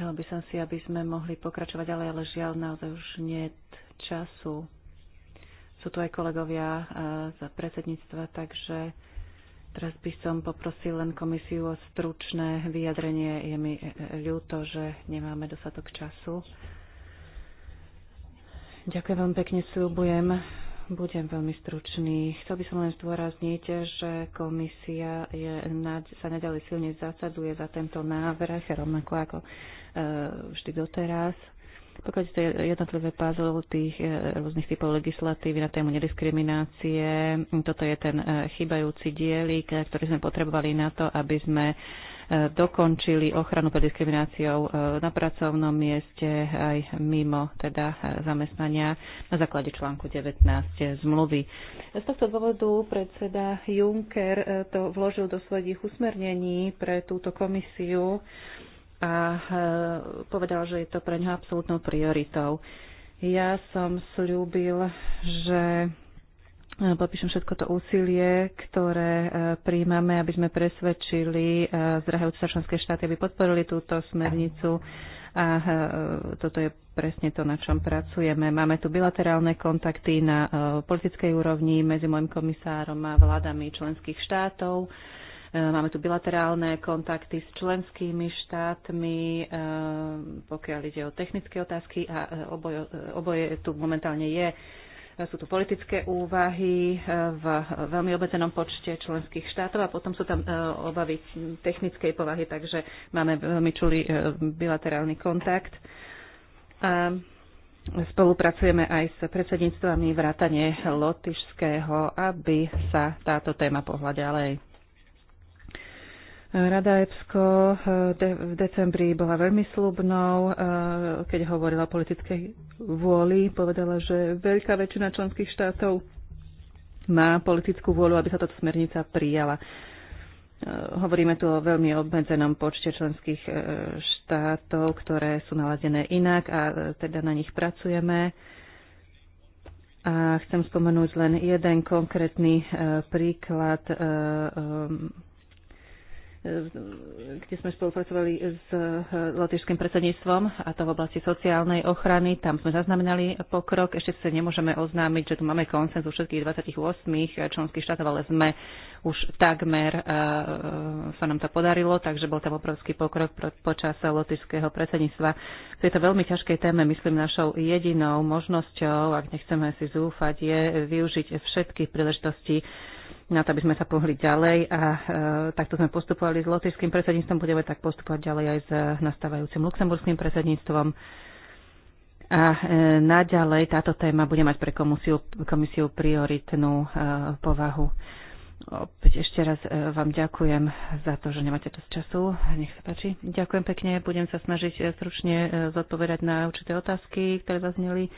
Žal by som si, aby sme mohli pokračovať, ale, ale žiaľ, naozaj už nie času. Sú tu aj kolegovia eh, za predsedníctva, takže Teraz by som poprosil len komisiu o stručné vyjadrenie. Je mi ľúto, že nemáme dostatok času. Ďakujem vám pekne, slúbujem. Budem veľmi stručný. Chcel by som len zdôrazniť, že komisia je, sa nadalej silne zasaduje za tento návrh, rovnako ako e, vždy doteraz. Pokiaľ ste jednotlivé puzzle tých e, rôznych typov legislatívy na tému nediskriminácie, toto je ten e, chýbajúci dielik, e, ktorý sme potrebovali na to, aby sme dokončili ochranu pred diskrimináciou na pracovnom mieste aj mimo teda zamestnania na základe článku 19 zmluvy. Z tohto dôvodu predseda Juncker to vložil do svojich usmernení pre túto komisiu a e, povedal, že je to pre ňa absolútnou prioritou. Ja som slúbil, že e, popíšem všetko to úsilie, ktoré e, príjmame, aby sme presvedčili zdrahajúce členské štáty, aby podporili túto smernicu a toto je presne to, na čom pracujeme. Máme tu bilaterálne kontakty na politickej úrovni medzi môjim komisárom a vládami členských štátov E, máme tu bilaterálne kontakty s členskými štátmi, e, pokiaľ ide o technické otázky a e, oboje, oboje tu momentálne je. Sú tu politické úvahy v veľmi obmedzenom počte členských štátov a potom sú tam obavy technickej povahy, takže máme veľmi čulý bilaterálny kontakt. A spolupracujeme aj s predsedníctvami vrátane Lotyšského, aby sa táto téma pohľa ďalej. Rada EPSCO eh, v decembri bola veľmi slubnou, eh, keď hovorila o politickej vôli. Povedala, že veľká väčšina členských štátov má politickú vôľu, aby sa táto smernica prijala. Eh, hovoríme tu o veľmi obmedzenom počte členských štátov, ktoré sú naladené inak a teda na nich pracujeme. A chcem spomenúť len jeden konkrétny príklad kde sme spolupracovali s eh, lotišským predsedníctvom, a to v oblasti sociálnej ochrany. Tam sme zaznamenali pokrok. Ešte sa nemôžeme oznámiť, že tu máme konsenzus všetkých 28 členských štátov, ale sme už takmer eh, eh, sa nám to podarilo, takže bol tam obrovský pokrok počas lotišského predsedníctva. V tejto veľmi ťažkej téme, myslím, našou jedinou možnosťou, ak nechceme si zúfať, je využiť všetky príležitosti, na to, aby sme sa pohli ďalej a e, takto sme postupovali s lotyšským predsedníctvom, budeme tak postupovať ďalej aj s e, nastávajúcim luxemburským predsedníctvom. A e, naďalej táto téma bude mať pre komisiu, komisiu prioritnú e, povahu. Opäť ešte raz e, vám ďakujem za to, že nemáte dosť času. Nech sa páči. Ďakujem pekne. Budem sa snažiť e, stručne e, zodpovedať na určité otázky, ktoré zazneli.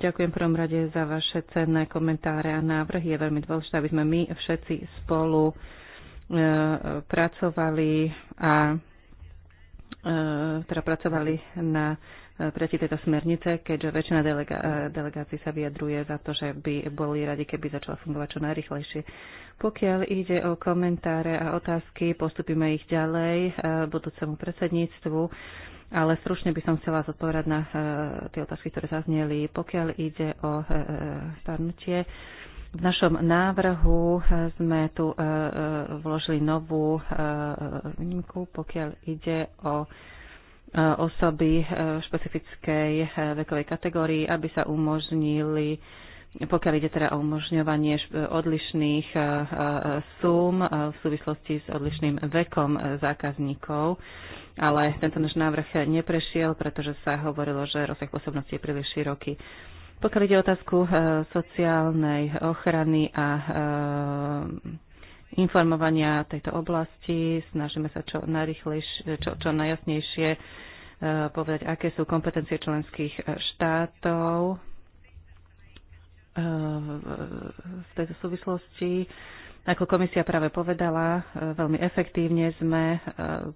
Ďakujem prvom rade za vaše cenné komentáre a návrhy. Je veľmi dôležité, aby sme my všetci spolu e, pracovali a e, teda pracovali na e, proti tejto smernice, keďže väčšina delega- delegácií sa vyjadruje za to, že by boli radi, keby začala fungovať čo najrychlejšie. Pokiaľ ide o komentáre a otázky, postupíme ich ďalej budúcemu predsedníctvu ale stručne by som chcela zodpovedať na e, tie otázky, ktoré zazneli. Pokiaľ ide o e, e, starnutie, v našom návrhu sme tu vložili novú výnimku, pokiaľ ide o osoby v špecifickej vekovej kategórii, aby sa umožnili pokiaľ ide teda o umožňovanie e, odlišných e, e, súm v súvislosti s odlišným vekom zákazníkov. Ale tento náš návrh neprešiel, pretože sa hovorilo, že rozsah pôsobnosti je príliš široký. Pokiaľ ide o otázku sociálnej ochrany a informovania tejto oblasti, snažíme sa čo, čo, čo najjasnejšie povedať, aké sú kompetencie členských štátov Eh, v tejto súvislosti. Ako komisia práve povedala, eh, veľmi efektívne sme eh,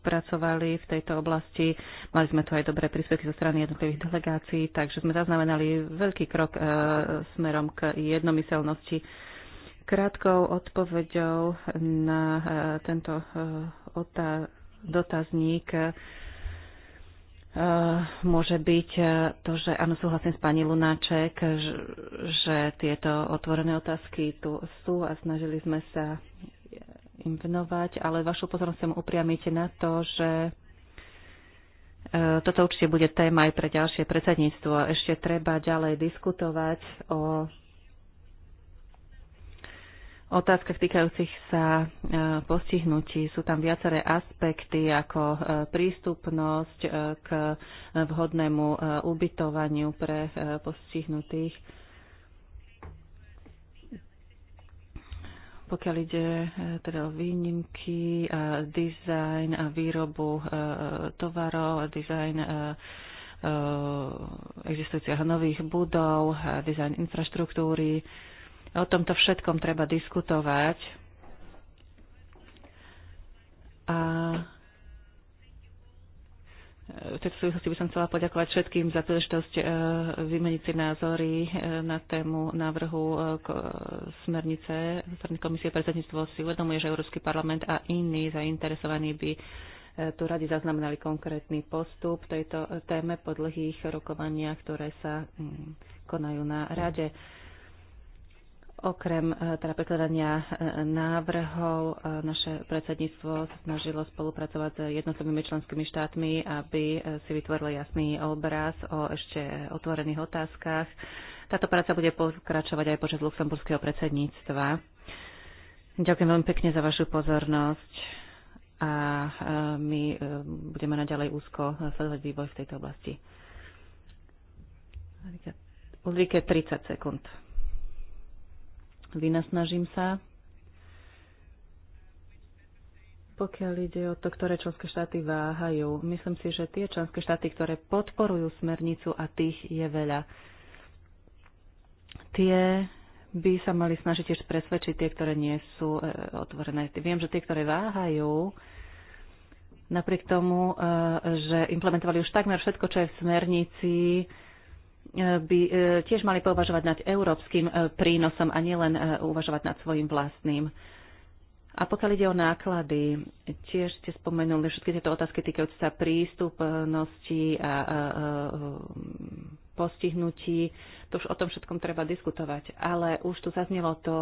pracovali v tejto oblasti. Mali sme tu aj dobré príspevky zo strany jednotlivých delegácií, takže sme zaznamenali veľký krok smerom k jednomyselnosti. Krátkou odpoveďou na tento dotazník Eh, môže byť eh, to, že áno, súhlasím s pani Lunáček, že, že tieto otvorené otázky tu sú a snažili sme sa im venovať, ale vašu pozornosť chcem upriamíte na to, že eh, toto určite bude téma aj pre ďalšie predsedníctvo. Ešte treba ďalej diskutovať o otázkach týkajúcich sa e, postihnutí. Sú tam viaceré aspekty ako e, prístupnosť e, k vhodnému ubytovaniu pre postihnutých. Pokiaľ ide teda o výnimky, dizajn a výrobu tovarov, dizajn existujúcich nových budov, dizajn infraštruktúry, O tomto všetkom treba diskutovať. A v tejto súvislosti by som chcela poďakovať všetkým za príležitosť e, vymeniť si názory e, na tému návrhu e, smernice. Smernice komisie predsedníctvo si uvedomuje, že Európsky parlament a iní zainteresovaní by tu radi zaznamenali konkrétny postup tejto téme po dlhých rokovaniach, ktoré sa mm, konajú na rade. Okrem e, teda prekladania e, návrhov, e, naše predsedníctvo sa snažilo spolupracovať s jednotlivými členskými štátmi, aby si vytvorili jasný obraz o ešte otvorených otázkach. Táto práca bude pokračovať aj počas luxemburského predsedníctva. Ďakujem veľmi pekne za vašu pozornosť a my budeme naďalej úzko sledovať vývoj v tejto oblasti. Ulrike, 30 sekúnd vynasnažím sa. Pokiaľ ide o to, ktoré členské štáty váhajú, myslím si, že tie členské štáty, ktoré podporujú smernicu a tých je veľa, tie by sa mali snažiť tiež presvedčiť tie, ktoré nie sú e, otvorené. Viem, že tie, ktoré váhajú, napriek tomu, e, že implementovali už takmer všetko, čo je v smernici, E, by e, tiež mali považovať nad európskym e, prínosom a nielen uvažovať nad svojim vlastným. A pokiaľ ide o náklady, tiež ste spomenuli všetky tieto otázky týkajúce sa prístupnosti a, a, a postihnutí. To už o tom všetkom treba diskutovať. Ale už tu zaznelo, to,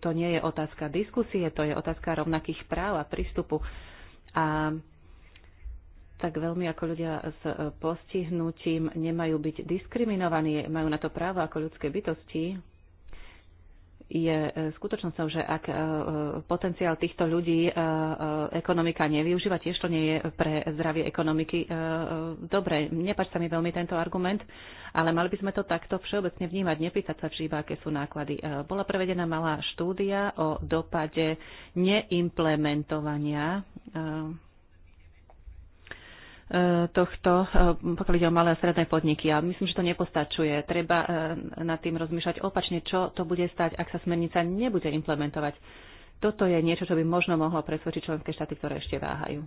to nie je otázka diskusie, to je otázka rovnakých práv a prístupu. A tak veľmi ako ľudia s e, postihnutím nemajú byť diskriminovaní, majú na to právo ako ľudské bytosti, je e, skutočnosťou, že ak e, potenciál týchto ľudí ekonomika nevyužíva, tiež to nie je pre zdravie ekonomiky dobre. Nepač sa mi veľmi tento argument, ale mali by sme to takto všeobecne vnímať, nepýtať sa vždy, aké sú náklady. Bola prevedená malá štúdia o dopade neimplementovania tohto, eh, pokiaľ ide o malé a stredné podniky. A myslím, že to nepostačuje. Treba eh, nad tým rozmýšľať opačne, čo to bude stať, ak sa smernica nebude implementovať. Toto je niečo, čo by možno mohlo presvedčiť členské štáty, ktoré ešte váhajú.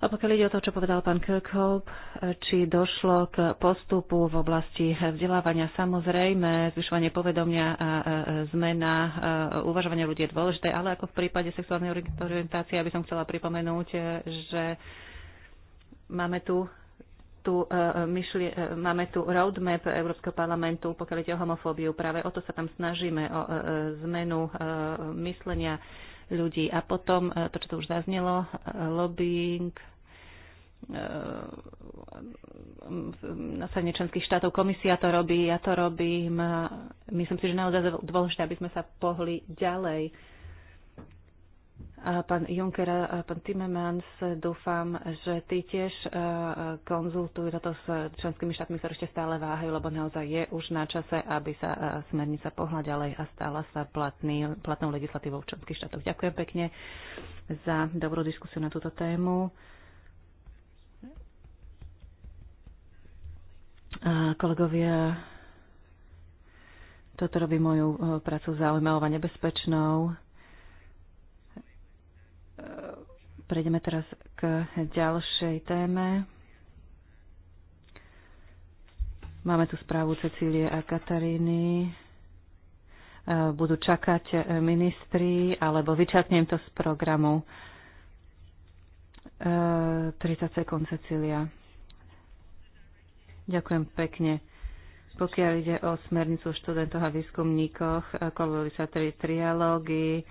A pokiaľ ide o to, čo povedal pán Kirkhope, eh, či došlo k postupu v oblasti vzdelávania, samozrejme, zvyšovanie povedomia a zmena uvažovania ľudí je dôležité, ale ako v prípade sexuálnej orientácie, aby som chcela pripomenúť, že Máme tu tu, e, e, myšlie, e, máme tu roadmap Európskeho parlamentu, pokiaľ ide o homofóbiu. Práve o to sa tam snažíme, o zmenu myslenia ľudí. A potom to, čo tu už zaznelo, lobbying nasadenie členských štátov. Komisia to robí, ja to robím. Myslím si, že naozaj dôležité, aby sme sa pohli ďalej a pán Juncker a pán Timmermans, dúfam, že ty tiež e, konzultujú toto s členskými štátmi, ktoré ešte stále váhajú, lebo naozaj je už na čase, aby sa e, smernica pohľa ďalej a stala sa platný, platnou legislatívou v členských štátoch. Ďakujem pekne za dobrú diskusiu na túto tému. Kolegovia, toto robí moju e, prácu zaujímavou a nebezpečnou. Prejdeme teraz k ďalšej téme. Máme tu správu Cecílie a Kataríny. E, budú čakať ministri, alebo vyčatnem to z programu. 30 e, sekúnd, Cecília. Ďakujem pekne. Pokiaľ ide o smernicu študentov a výskumníkoch, e, kolovali sa tri trialógy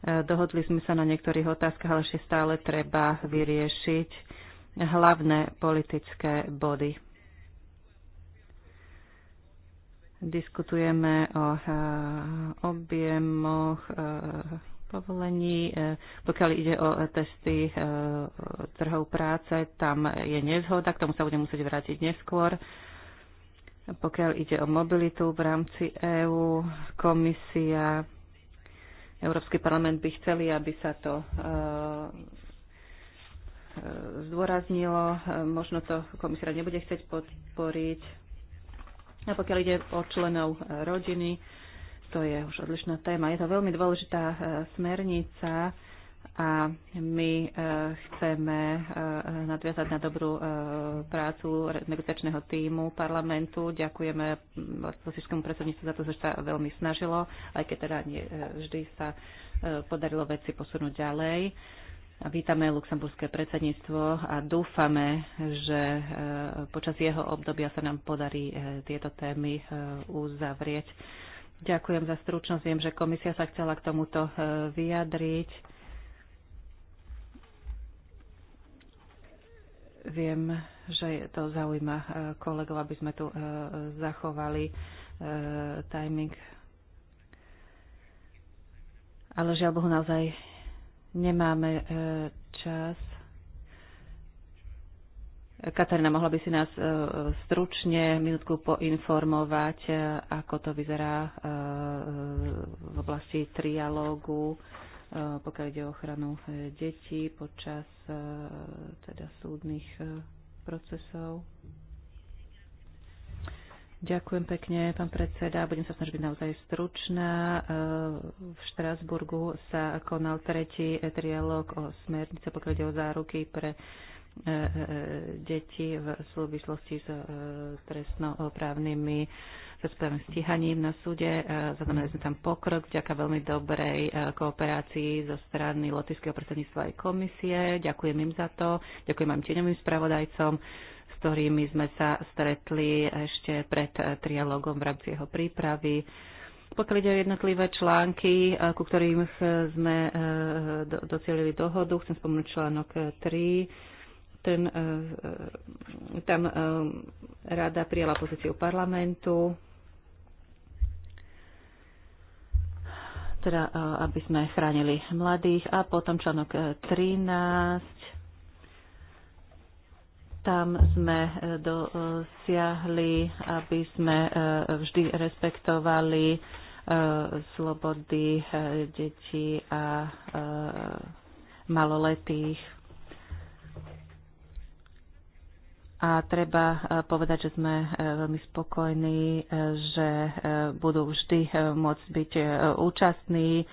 Dohodli sme sa na niektorých otázkach, ale ešte stále treba vyriešiť hlavné politické body. Diskutujeme o eh, objemoch eh, povolení. Eh, pokiaľ ide o testy trhov práce, tam je nezhoda, k tomu sa budem musieť vrátiť neskôr. Pokiaľ ide o mobilitu v rámci EÚ, komisia Európsky parlament by chceli, aby sa to e, e, zdôraznilo. E, možno to komisia nebude chcieť podporiť. A pokiaľ ide o členov rodiny, to je už odlišná téma. Je to veľmi dôležitá smernica, a my e, chceme e, nadviazať na dobrú e, prácu negociačného týmu parlamentu. Ďakujeme Lasišskému predsedníctvu za to, že sa veľmi snažilo, aj keď teda nie vždy sa podarilo veci posunúť ďalej. Vítame luxemburské predsedníctvo a dúfame, že počas jeho obdobia sa nám podarí tieto témy uzavrieť. Ďakujem za stručnosť. Viem, že komisia sa chcela k tomuto vyjadriť Viem, že to zaujíma e, kolegov, aby sme tu e, zachovali e, timing. Ale žiaľ Bohu, naozaj nemáme čas. Katarína, mohla by si nás stručne minútku poinformovať, ako to vyzerá v oblasti trialógu E, pokiaľ ide o ochranu e, detí počas e, teda súdnych procesov. Ďakujem pekne, pán predseda. Budem sa snažiť byť naozaj stručná. V Štrásburgu sa konal tretí trialog o smernice, pokiaľ ide o záruky pre deti v súvislosti s trestnoprávnymi právnymi so správnym stíhaním na súde. E, zaznamenali sme tam pokrok vďaka veľmi dobrej e, kooperácii zo strany Lotyšského predsedníctva aj komisie. Ďakujem im za to. Ďakujem aj tieňovým spravodajcom, s ktorými sme sa stretli ešte pred e, trialogom v rámci jeho prípravy. Pokiaľ ide o jednotlivé články, ku ktorým sme docielili dohodu, chcem spomenúť článok 3 ten, tam rada prijala pozíciu parlamentu teda e, aby sme chránili mladých. A potom článok 13 e, tam sme e, dosiahli, aby sme vždy respektovali slobody detí a maloletých. A treba e, povedať, že sme e, veľmi spokojní, e, že budú vždy môcť byť účastní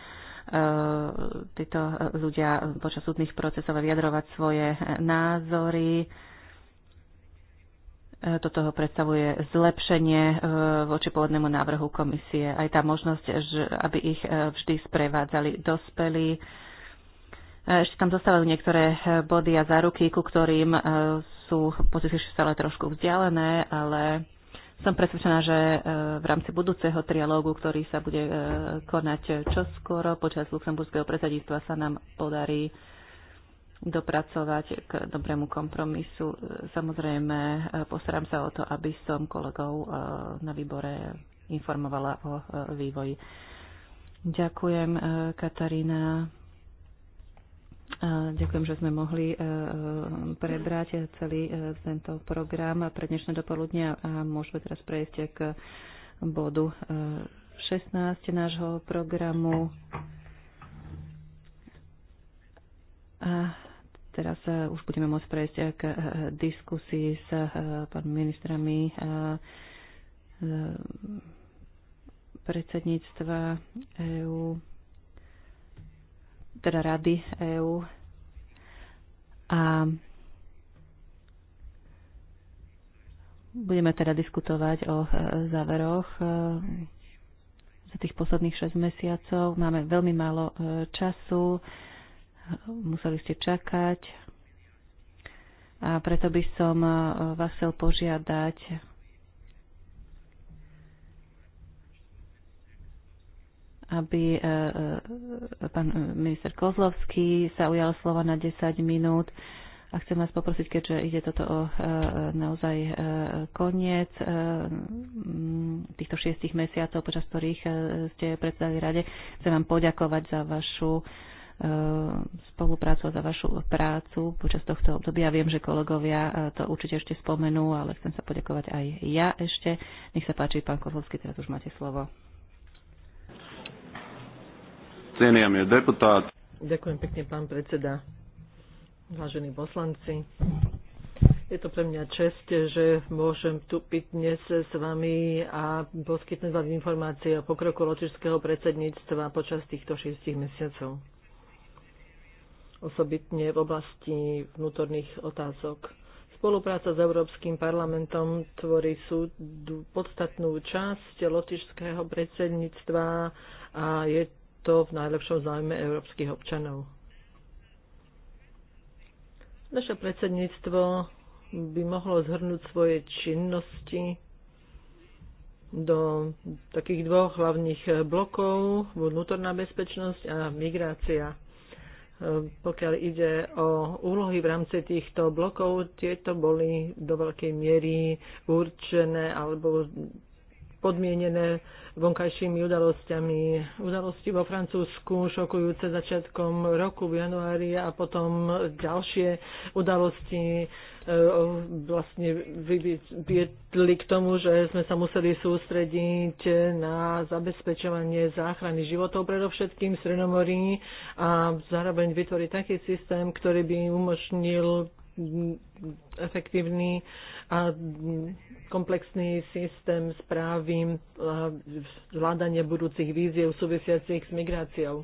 títo ľudia počas súdnych procesov a vyjadrovať svoje názory. Toto predstavuje zlepšenie voči pôvodnému návrhu komisie. Aj tá možnosť, aby ich vždy sprevádzali dospelí. Ešte tam zostávajú niektoré body a záruky, ku ktorým sú pozície stále trošku vzdialené, ale som presvedčená, že e, v rámci budúceho trialógu, ktorý sa bude e, konať čoskoro počas luxemburského predsedníctva, sa nám podarí dopracovať k dobrému kompromisu. Samozrejme, e, postaram sa o to, aby som kolegov na výbore informovala o vývoji. Ďakujem, Katarína. Ďakujem, že sme mohli e, e, prebrať celý e, tento program pre dnešné dopoludne a môžeme teraz prejsť k bodu 16 nášho programu. A teraz už budeme môcť prejsť k diskusii s pán ministrami predsedníctva EÚ teda Rady EÚ. A budeme teda diskutovať o e, záveroch e, za tých posledných 6 mesiacov. Máme veľmi málo e, času, museli ste čakať. A preto by som vás chcel požiadať, aby e, e, pán minister Kozlovský sa ujal slova na 10 minút. A chcem vás poprosiť, keďže ide toto o e, naozaj koniec týchto šiestich mesiacov, počas ktorých ste predstavili rade, chcem vám poďakovať za vašu spoluprácu a za vašu prácu počas tohto obdobia. Viem, že kolegovia to určite ešte spomenú, ale chcem sa poďakovať aj ja ešte. Nech sa páči, pán Kozlovský, teraz už máte slovo. Ďakujem pekne, pán predseda, vážení poslanci. Je to pre mňa čest, že môžem tu byť dnes s vami a poskytnúť vám informácie o pokroku lotišského predsedníctva počas týchto šiestich mesiacov. Osobitne v oblasti vnútorných otázok. Spolupráca s Európskym parlamentom tvorí sú podstatnú časť lotišského predsedníctva a je to v najlepšom záujme európskych občanov. Naše predsedníctvo by mohlo zhrnúť svoje činnosti do takých dvoch hlavných blokov, vnútorná bezpečnosť a migrácia. Pokiaľ ide o úlohy v rámci týchto blokov, tieto boli do veľkej miery určené alebo podmienené vonkajšími udalosťami. Udalosti vo Francúzsku šokujúce začiatkom roku v januári a potom ďalšie udalosti e, vlastne viedli k tomu, že sme sa museli sústrediť na zabezpečovanie záchrany životov predovšetkým v Srednomorí a zároveň vytvoriť taký systém, ktorý by umožnil efektívny a komplexný systém správy zvládania budúcich víziev súvisiacich s migráciou.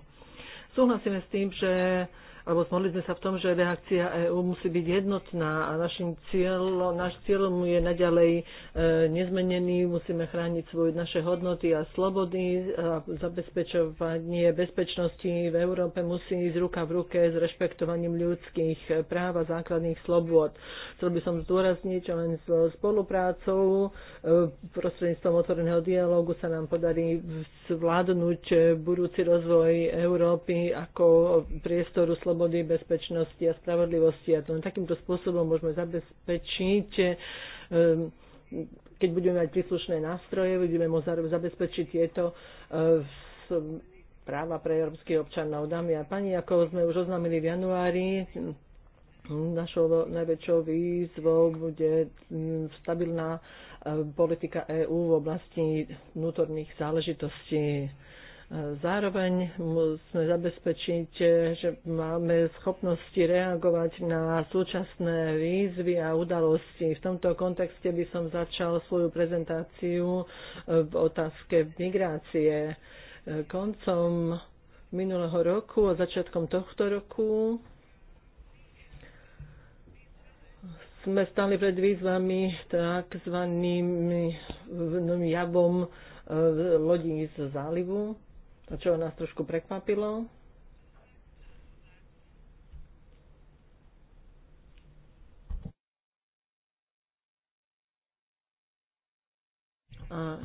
Súhlasíme s tým, že alebo zhodli sme sa v tom, že reakcia EÚ musí byť jednotná a našim cieľom, náš cieľom je naďalej e, nezmenený, musíme chrániť svoje naše hodnoty a slobody a zabezpečovanie bezpečnosti v Európe musí ísť ruka v ruke s rešpektovaním ľudských práv a základných slobôd. Chcel by som zdôrazniť, že len s spoluprácou e, prostredníctvom otvoreného dialógu sa nám podarí zvládnuť budúci rozvoj Európy ako priestoru slobody slobody, bezpečnosti a spravodlivosti. A to takýmto spôsobom môžeme zabezpečiť ehm, keď budeme mať príslušné nástroje, budeme môcť zabezpečiť tieto ehm, práva pre európskych občanov. Dámy a pani, ako sme už oznámili v januári, našou najväčšou výzvou bude mm, stabilná ehm, politika EÚ v oblasti vnútorných záležitostí. Zároveň musíme zabezpečiť, že máme schopnosti reagovať na súčasné výzvy a udalosti. V tomto kontexte by som začal svoju prezentáciu v otázke migrácie. Koncom minulého roku a začiatkom tohto roku sme stali pred výzvami takzvaným javom eh, lodí z zálivu, to, čo nás trošku prekvapilo. A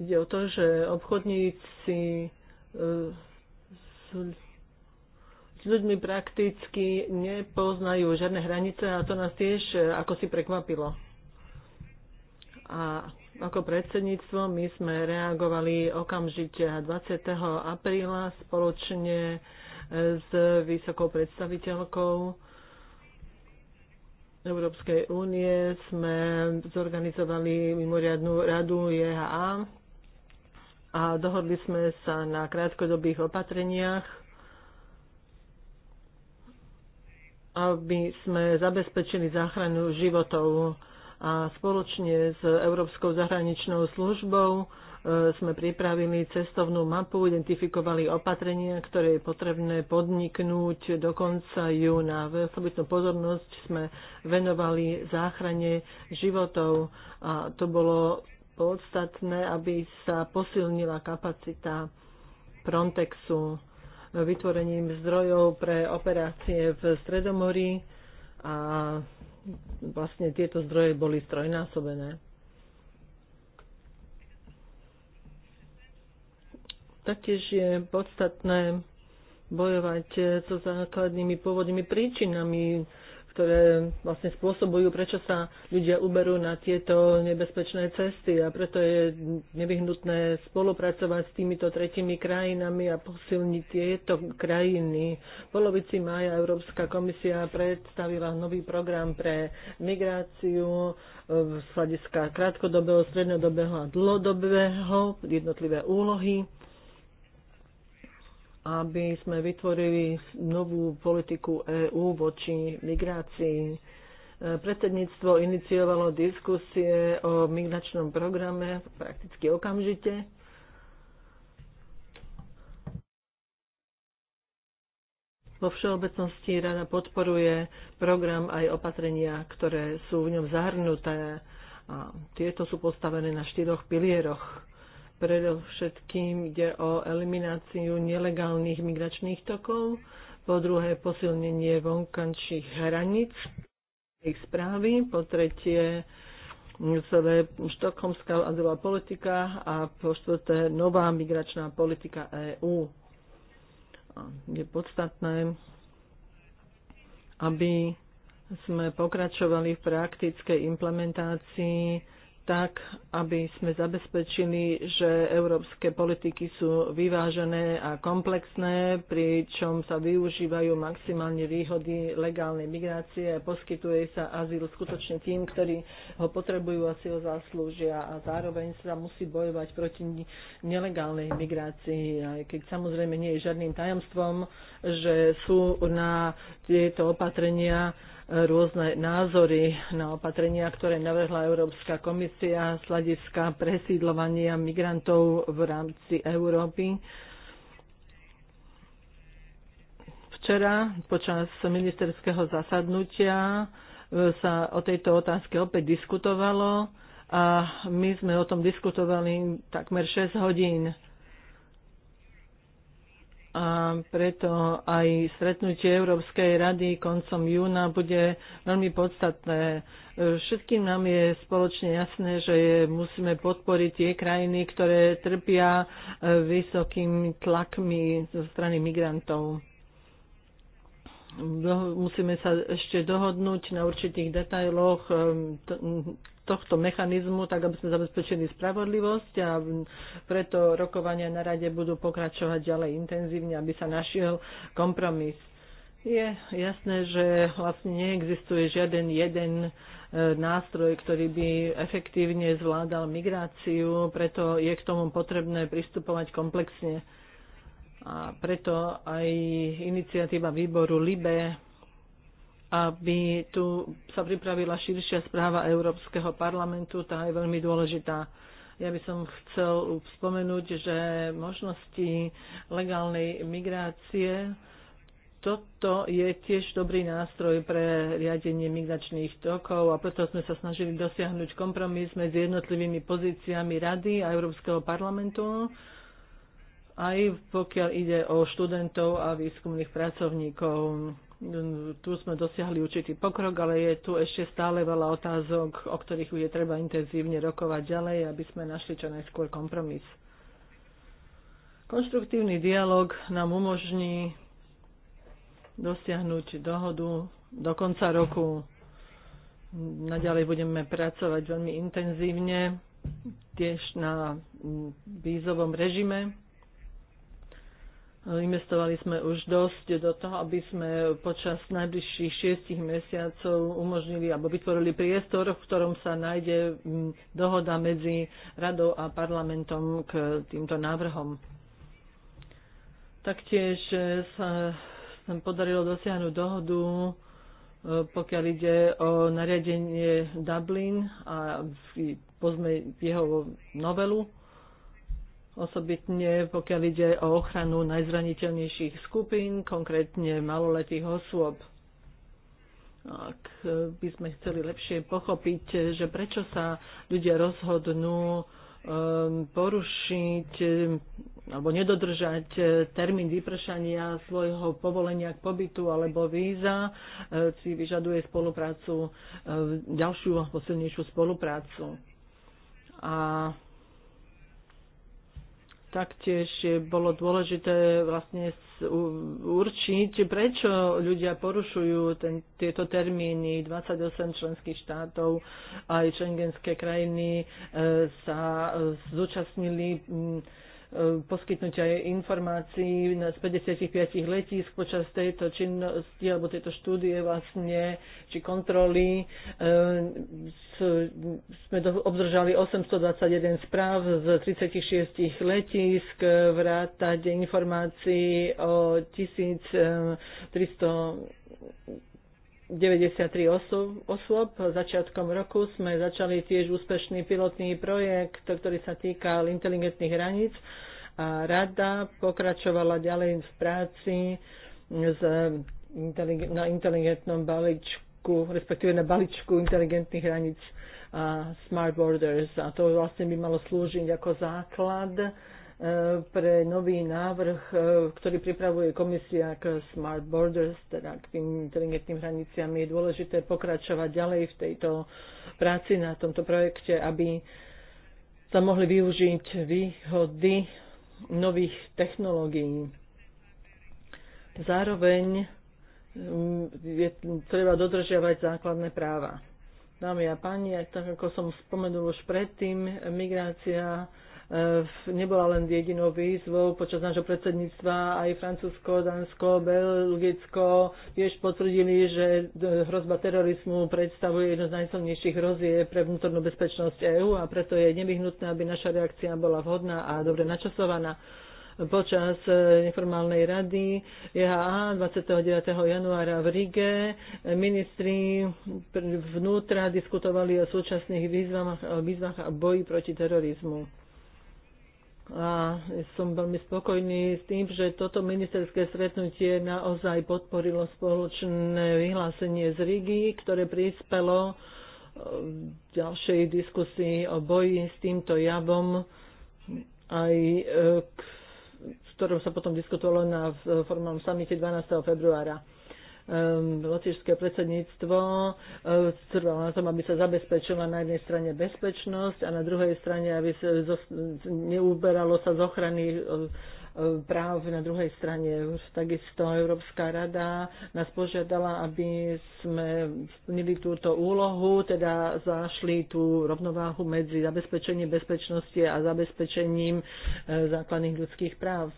ide o to, že obchodníci e, s ľuďmi prakticky nepoznajú žiadne hranice a to nás tiež e, ako si prekvapilo. A ako predsedníctvo my sme reagovali okamžite 20. apríla spoločne e, s vysokou predstaviteľkou Európskej únie sme zorganizovali mimoriadnú radu JHA a dohodli sme sa na krátkodobých opatreniach, aby sme zabezpečili záchranu životov a spoločne s Európskou zahraničnou službou e, sme pripravili cestovnú mapu, identifikovali opatrenia, ktoré je potrebné podniknúť. do konca júna. V Osobitnú pozornosť sme venovali záchrane životov a to bolo podstatné, aby sa posilnila kapacita Frontexu vytvorením zdrojov pre operácie v Stredomorí a vlastne tieto zdroje boli strojnásobené. Taktiež je podstatné bojovať so základnými pôvodnými príčinami ktoré vlastne spôsobujú, prečo sa ľudia uberú na tieto nebezpečné cesty. A preto je nevyhnutné spolupracovať s týmito tretimi krajinami a posilniť tieto krajiny. V polovici mája Európska komisia predstavila nový program pre migráciu e, z hľadiska krátkodobého, strednodobého a dlhodobého, jednotlivé úlohy aby sme vytvorili novú politiku EÚ voči migrácii. Predsedníctvo iniciovalo diskusie o migračnom programe prakticky okamžite. Vo všeobecnosti rada podporuje program aj opatrenia, ktoré sú v ňom zahrnuté. A tieto sú postavené na štyroch pilieroch Predovšetkým ide o elimináciu nelegálnych migračných tokov, po druhé posilnenie vonkančích hraníc ich správy, po tretie celé štokholmská azylová politika a po štvrté nová migračná politika EÚ. Je podstatné, aby sme pokračovali v praktickej implementácii tak, aby sme zabezpečili, že európske politiky sú vyvážené a komplexné, pričom sa využívajú maximálne výhody legálnej migrácie a poskytuje sa azyl skutočne tým, ktorí ho potrebujú a si ho zaslúžia a zároveň sa musí bojovať proti nelegálnej migrácii, aj keď samozrejme nie je žiadnym tajomstvom, že sú na tieto opatrenia rôzne názory na opatrenia, ktoré navrhla Európska komisia z hľadiska presídlovania migrantov v rámci Európy. Včera počas ministerského zasadnutia e, sa o tejto otázke opäť diskutovalo a my sme o tom diskutovali takmer 6 hodín a preto aj stretnutie Európskej rady koncom júna bude veľmi podstatné. Všetkým nám je spoločne jasné, že musíme podporiť tie krajiny, ktoré trpia e, vysokými tlakmi zo strany migrantov musíme sa ešte dohodnúť na určitých detailoch ehm, tohto mechanizmu, tak aby sme zabezpečili spravodlivosť a preto rokovania na rade budú pokračovať ďalej intenzívne, aby sa našiel kompromis. Je jasné, že vlastne neexistuje žiaden jeden e, nástroj, ktorý by efektívne zvládal migráciu, preto je k tomu potrebné pristupovať komplexne. A preto aj iniciatíva výboru LIBE, aby tu sa pripravila širšia správa Európskeho parlamentu, tá je veľmi dôležitá. Ja by som chcel spomenúť, že možnosti legálnej migrácie toto je tiež dobrý nástroj pre riadenie migračných tokov a preto sme sa snažili dosiahnuť kompromis medzi jednotlivými pozíciami Rady a Európskeho parlamentu aj pokiaľ ide o študentov a výskumných pracovníkov. Mm, tu sme dosiahli určitý pokrok, ale je tu ešte stále veľa otázok, o ktorých bude treba intenzívne rokovať ďalej, aby sme našli čo najskôr kompromis. Konštruktívny dialog nám umožní dosiahnuť dohodu do konca roku. Naďalej budeme pracovať veľmi intenzívne tiež na mm, vízovom režime Investovali sme už dosť do toho, aby sme počas najbližších šiestich mesiacov umožnili alebo vytvorili priestor, v ktorom sa nájde mm, dohoda medzi radou a parlamentom k týmto návrhom. Taktiež e, sa nám podarilo dosiahnuť dohodu, e, pokiaľ ide o nariadenie Dublin a pozme jeho novelu osobitne pokiaľ ide o ochranu najzraniteľnejších skupín, konkrétne maloletých osôb. Ak by sme chceli lepšie pochopiť, že prečo sa ľudia rozhodnú um, porušiť alebo nedodržať termín vypršania svojho povolenia k pobytu alebo víza, eh, si vyžaduje spoluprácu, eh, ďalšiu a spoluprácu. A taktiež bolo dôležité vlastne určiť, prečo ľudia porušujú ten, tieto termíny. 28 členských štátov aj šengenské krajiny e, sa e, zúčastnili poskytnutia informácií z 55 letísk počas tejto činnosti alebo tejto štúdie vlastne, či kontroly. E, sme obdržali 821 správ z 36 letísk, vrátať informácií o 1300 93 osôb, osôb. Začiatkom roku sme začali tiež úspešný pilotný projekt, ktorý sa týkal inteligentných hraníc. A rada pokračovala ďalej v práci z, na inteligentnom balíčku, respektíve na balíčku inteligentných hraníc a Smart Borders. A to vlastne by malo slúžiť ako základ pre nový návrh, e, ktorý pripravuje komisia k Smart Borders, teda k tým inteligentným hraniciam. Je dôležité pokračovať ďalej v tejto práci na tomto projekte, aby sa mohli využiť výhody nových technológií. Zároveň mm, je treba dodržiavať základné práva. Dámy a páni, tak ako som spomenul už predtým, migrácia nebola len jedinou výzvou počas nášho predsedníctva. Aj Francúzsko, Dánsko, Belgicko tiež potvrdili, že hrozba terorizmu predstavuje jedno z najsilnejších hrozie pre vnútornú bezpečnosť EÚ a preto je nevyhnutné, aby naša reakcia bola vhodná a dobre načasovaná počas e, neformálnej rady e EHA 29. januára v Rige. Ministri vnútra diskutovali o súčasných výzvach, výzvach a boji proti terorizmu a som veľmi spokojný s tým, že toto ministerské stretnutie naozaj podporilo spoločné vyhlásenie z Rigi, ktoré prispelo e, v ďalšej diskusii o boji s týmto javom, aj e, k, v ktorom sa potom diskutovalo na formálnom samite 12. februára. Ehm, lotišské predsedníctvo ehm, trvalo na tom, aby sa zabezpečila na jednej strane bezpečnosť a na druhej strane, aby sa neuberalo sa z ochrany ehm, práv na druhej strane. Takisto Európska rada nás požiadala, aby sme splnili túto úlohu, teda zašli tú rovnováhu medzi zabezpečením bezpečnosti a zabezpečením základných ľudských práv.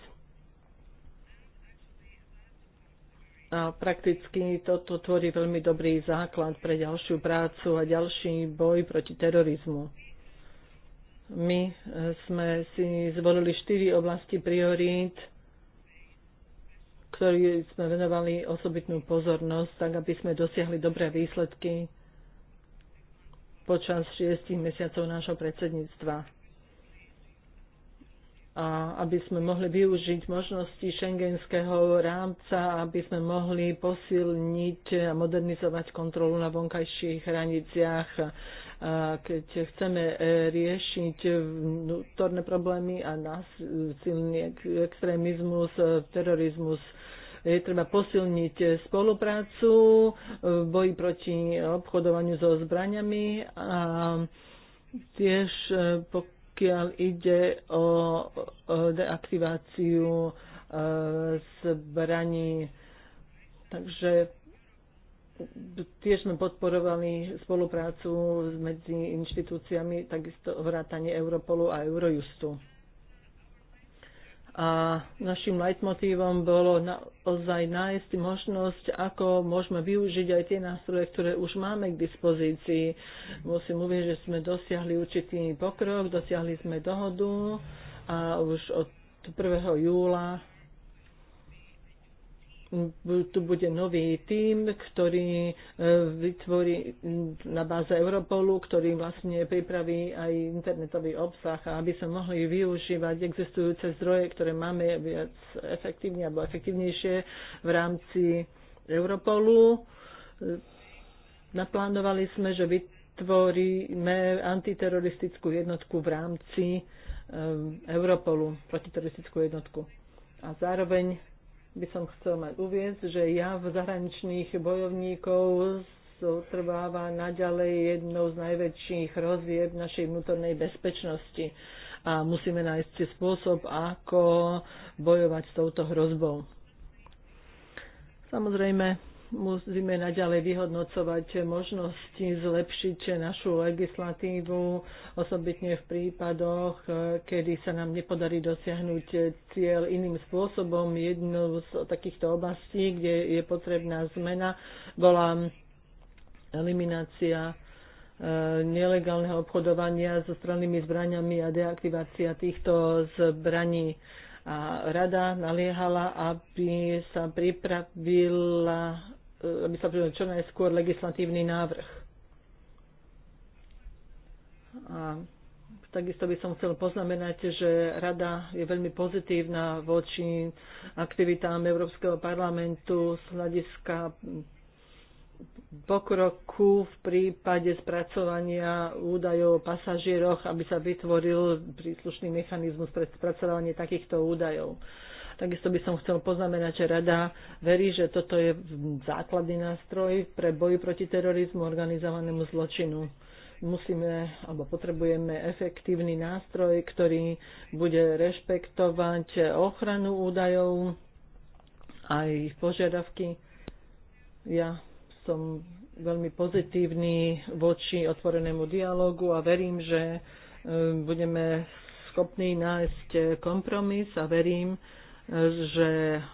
a prakticky toto tvorí veľmi dobrý základ pre ďalšiu prácu a ďalší boj proti terorizmu. My e, sme si zvolili štyri oblasti priorít, ktorým sme venovali osobitnú pozornosť, tak aby sme dosiahli dobré výsledky počas šiestich mesiacov nášho predsedníctva a aby sme mohli využiť možnosti šengenského rámca, aby sme mohli posilniť a modernizovať kontrolu na vonkajších hraniciach. A keď chceme e, riešiť vnútorné problémy a násilný extrémizmus, e, terorizmus, je treba posilniť spoluprácu v boji proti obchodovaniu so zbraniami a tiež e, pokiaľ ide o deaktiváciu e, zbraní. Takže tiež sme podporovali spoluprácu medzi inštitúciami, takisto vrátanie Europolu a Eurojustu a našim leitmotívom bolo naozaj nájsť možnosť, ako môžeme využiť aj tie nástroje, ktoré už máme k dispozícii. Musím uvieť, že sme dosiahli určitý pokrok, dosiahli sme dohodu a už od 1. júla tu bude nový tím, ktorý e, vytvorí na báze Europolu, ktorý vlastne pripraví aj internetový obsah a aby sa mohli využívať existujúce zdroje, ktoré máme viac efektívne alebo efektívnejšie v rámci Europolu. Naplánovali sme, že vytvoríme antiteroristickú jednotku v rámci e, Europolu, protiteroristickú jednotku. A zároveň by som chcel mať uviezť, že ja v zahraničných bojovníkov zotrváva naďalej jednou z najväčších rozvieb našej vnútornej bezpečnosti a musíme nájsť si spôsob, ako bojovať s touto hrozbou. Samozrejme, musíme naďalej vyhodnocovať možnosti zlepšiť našu legislatívu, osobitne v prípadoch, kedy sa nám nepodarí dosiahnuť cieľ iným spôsobom. Jednou z takýchto oblastí, kde je potrebná zmena, bola eliminácia e, nelegálneho obchodovania so strannými zbraniami a deaktivácia týchto zbraní a rada naliehala, aby sa pripravila E, aby sa prijal čo najskôr legislatívny návrh. A Takisto by som chcel poznamenať, že Rada je veľmi pozitívna voči aktivitám Európskeho parlamentu z hľadiska pokroku v prípade spracovania údajov o pasažieroch, aby sa vytvoril príslušný mechanizmus pre spracovanie takýchto údajov. Takisto by som chcel poznamenať, že rada verí, že toto je základný nástroj pre boj proti terorizmu organizovanému zločinu musíme alebo potrebujeme efektívny nástroj, ktorý bude rešpektovať ochranu údajov a ich požiadavky. Ja som veľmi pozitívny voči otvorenému dialogu a verím, že e, budeme schopní nájsť kompromis a verím, že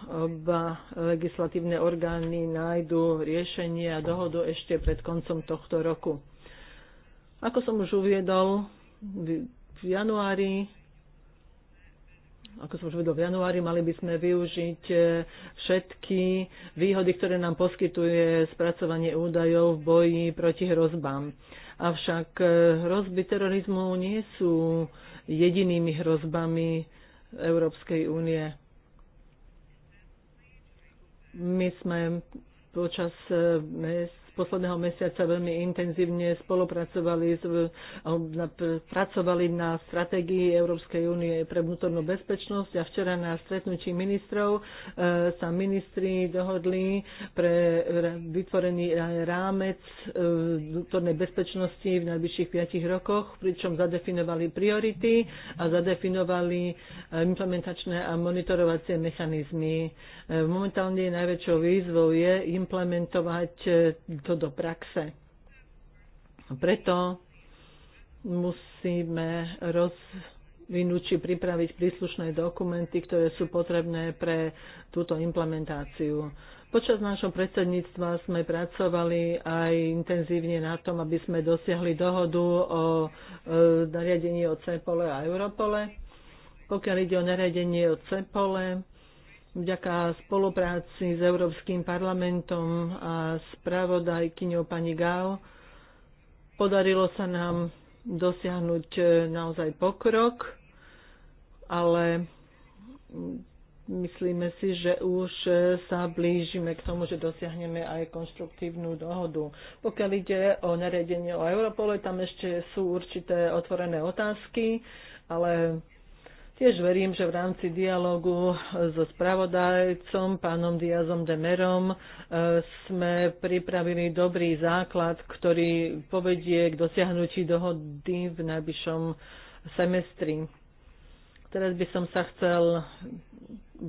oba legislatívne orgány nájdu riešenie a dohodu ešte pred koncom tohto roku. Ako som už uviedol, v januári ako som už vedel v januári, mali by sme využiť e, všetky výhody, ktoré nám poskytuje spracovanie údajov v boji proti hrozbám. Avšak e, hrozby terorizmu nie sú jedinými hrozbami Európskej únie my sme počas eh, posledného mesiaca veľmi intenzívne spolupracovali na, pracovali na stratégii Európskej únie pre vnútornú bezpečnosť a včera na stretnutí ministrov e, sa ministri dohodli pre vytvorený rámec e, vnútornej bezpečnosti v najbližších 5 rokoch, pričom zadefinovali priority a zadefinovali e, implementačné a monitorovacie mechanizmy. Momentálne najväčšou výzvou je implementovať to do praxe. Preto musíme rozvinúť či pripraviť príslušné dokumenty, ktoré sú potrebné pre túto implementáciu. Počas nášho predsedníctva sme pracovali aj intenzívne na tom, aby sme dosiahli dohodu o e, nariadení o CEPOLE a Europole. Pokiaľ ide o nariadenie o CEPOLE, vďaka spolupráci s Európskym parlamentom a spravodajkyňou pani Gao podarilo sa nám dosiahnuť e, naozaj pokrok, ale myslíme si, že už e, sa blížime k tomu, že dosiahneme aj konštruktívnu dohodu. Pokiaľ ide o nariadenie o Europole, tam ešte sú určité otvorené otázky, ale Tiež verím, že v rámci dialogu so spravodajcom, pánom Diazom Demerom, e, sme pripravili dobrý základ, ktorý povedie k dosiahnutí dohody v najbližšom semestri. Teraz by som sa chcel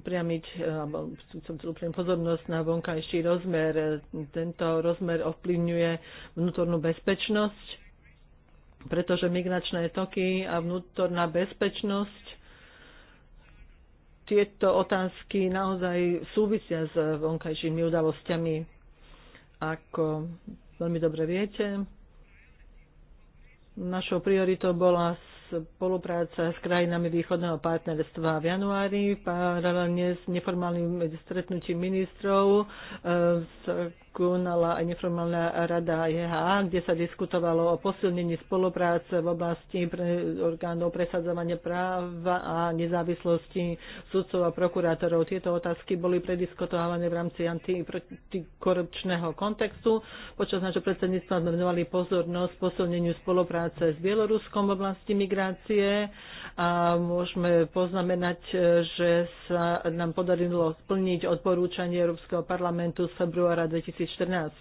upriamiť, e, alebo som chcel upriamiť pozornosť na vonkajší rozmer. E, tento rozmer ovplyvňuje vnútornú bezpečnosť, pretože migračné toky a vnútorná bezpečnosť tieto otázky naozaj súvisia s vonkajšími udalosťami. Ako veľmi dobre viete, našou prioritou bola spolupráca s krajinami východného partnerstva v januári, paralelne s neformálnym stretnutím ministrov, e, s konala aj neformálna rada EH, kde sa diskutovalo o posilnení spolupráce v oblasti pre orgánov presadzovania práva a nezávislosti sudcov a prokurátorov. Tieto otázky boli prediskutované v rámci antikorupčného kontextu. Počas nášho predsedníctva sme venovali pozornosť posilneniu spolupráce s Bieloruskom v oblasti migrácie a môžeme poznamenať, že sa nám podarilo splniť odporúčanie Európskeho parlamentu z februára 2000 2014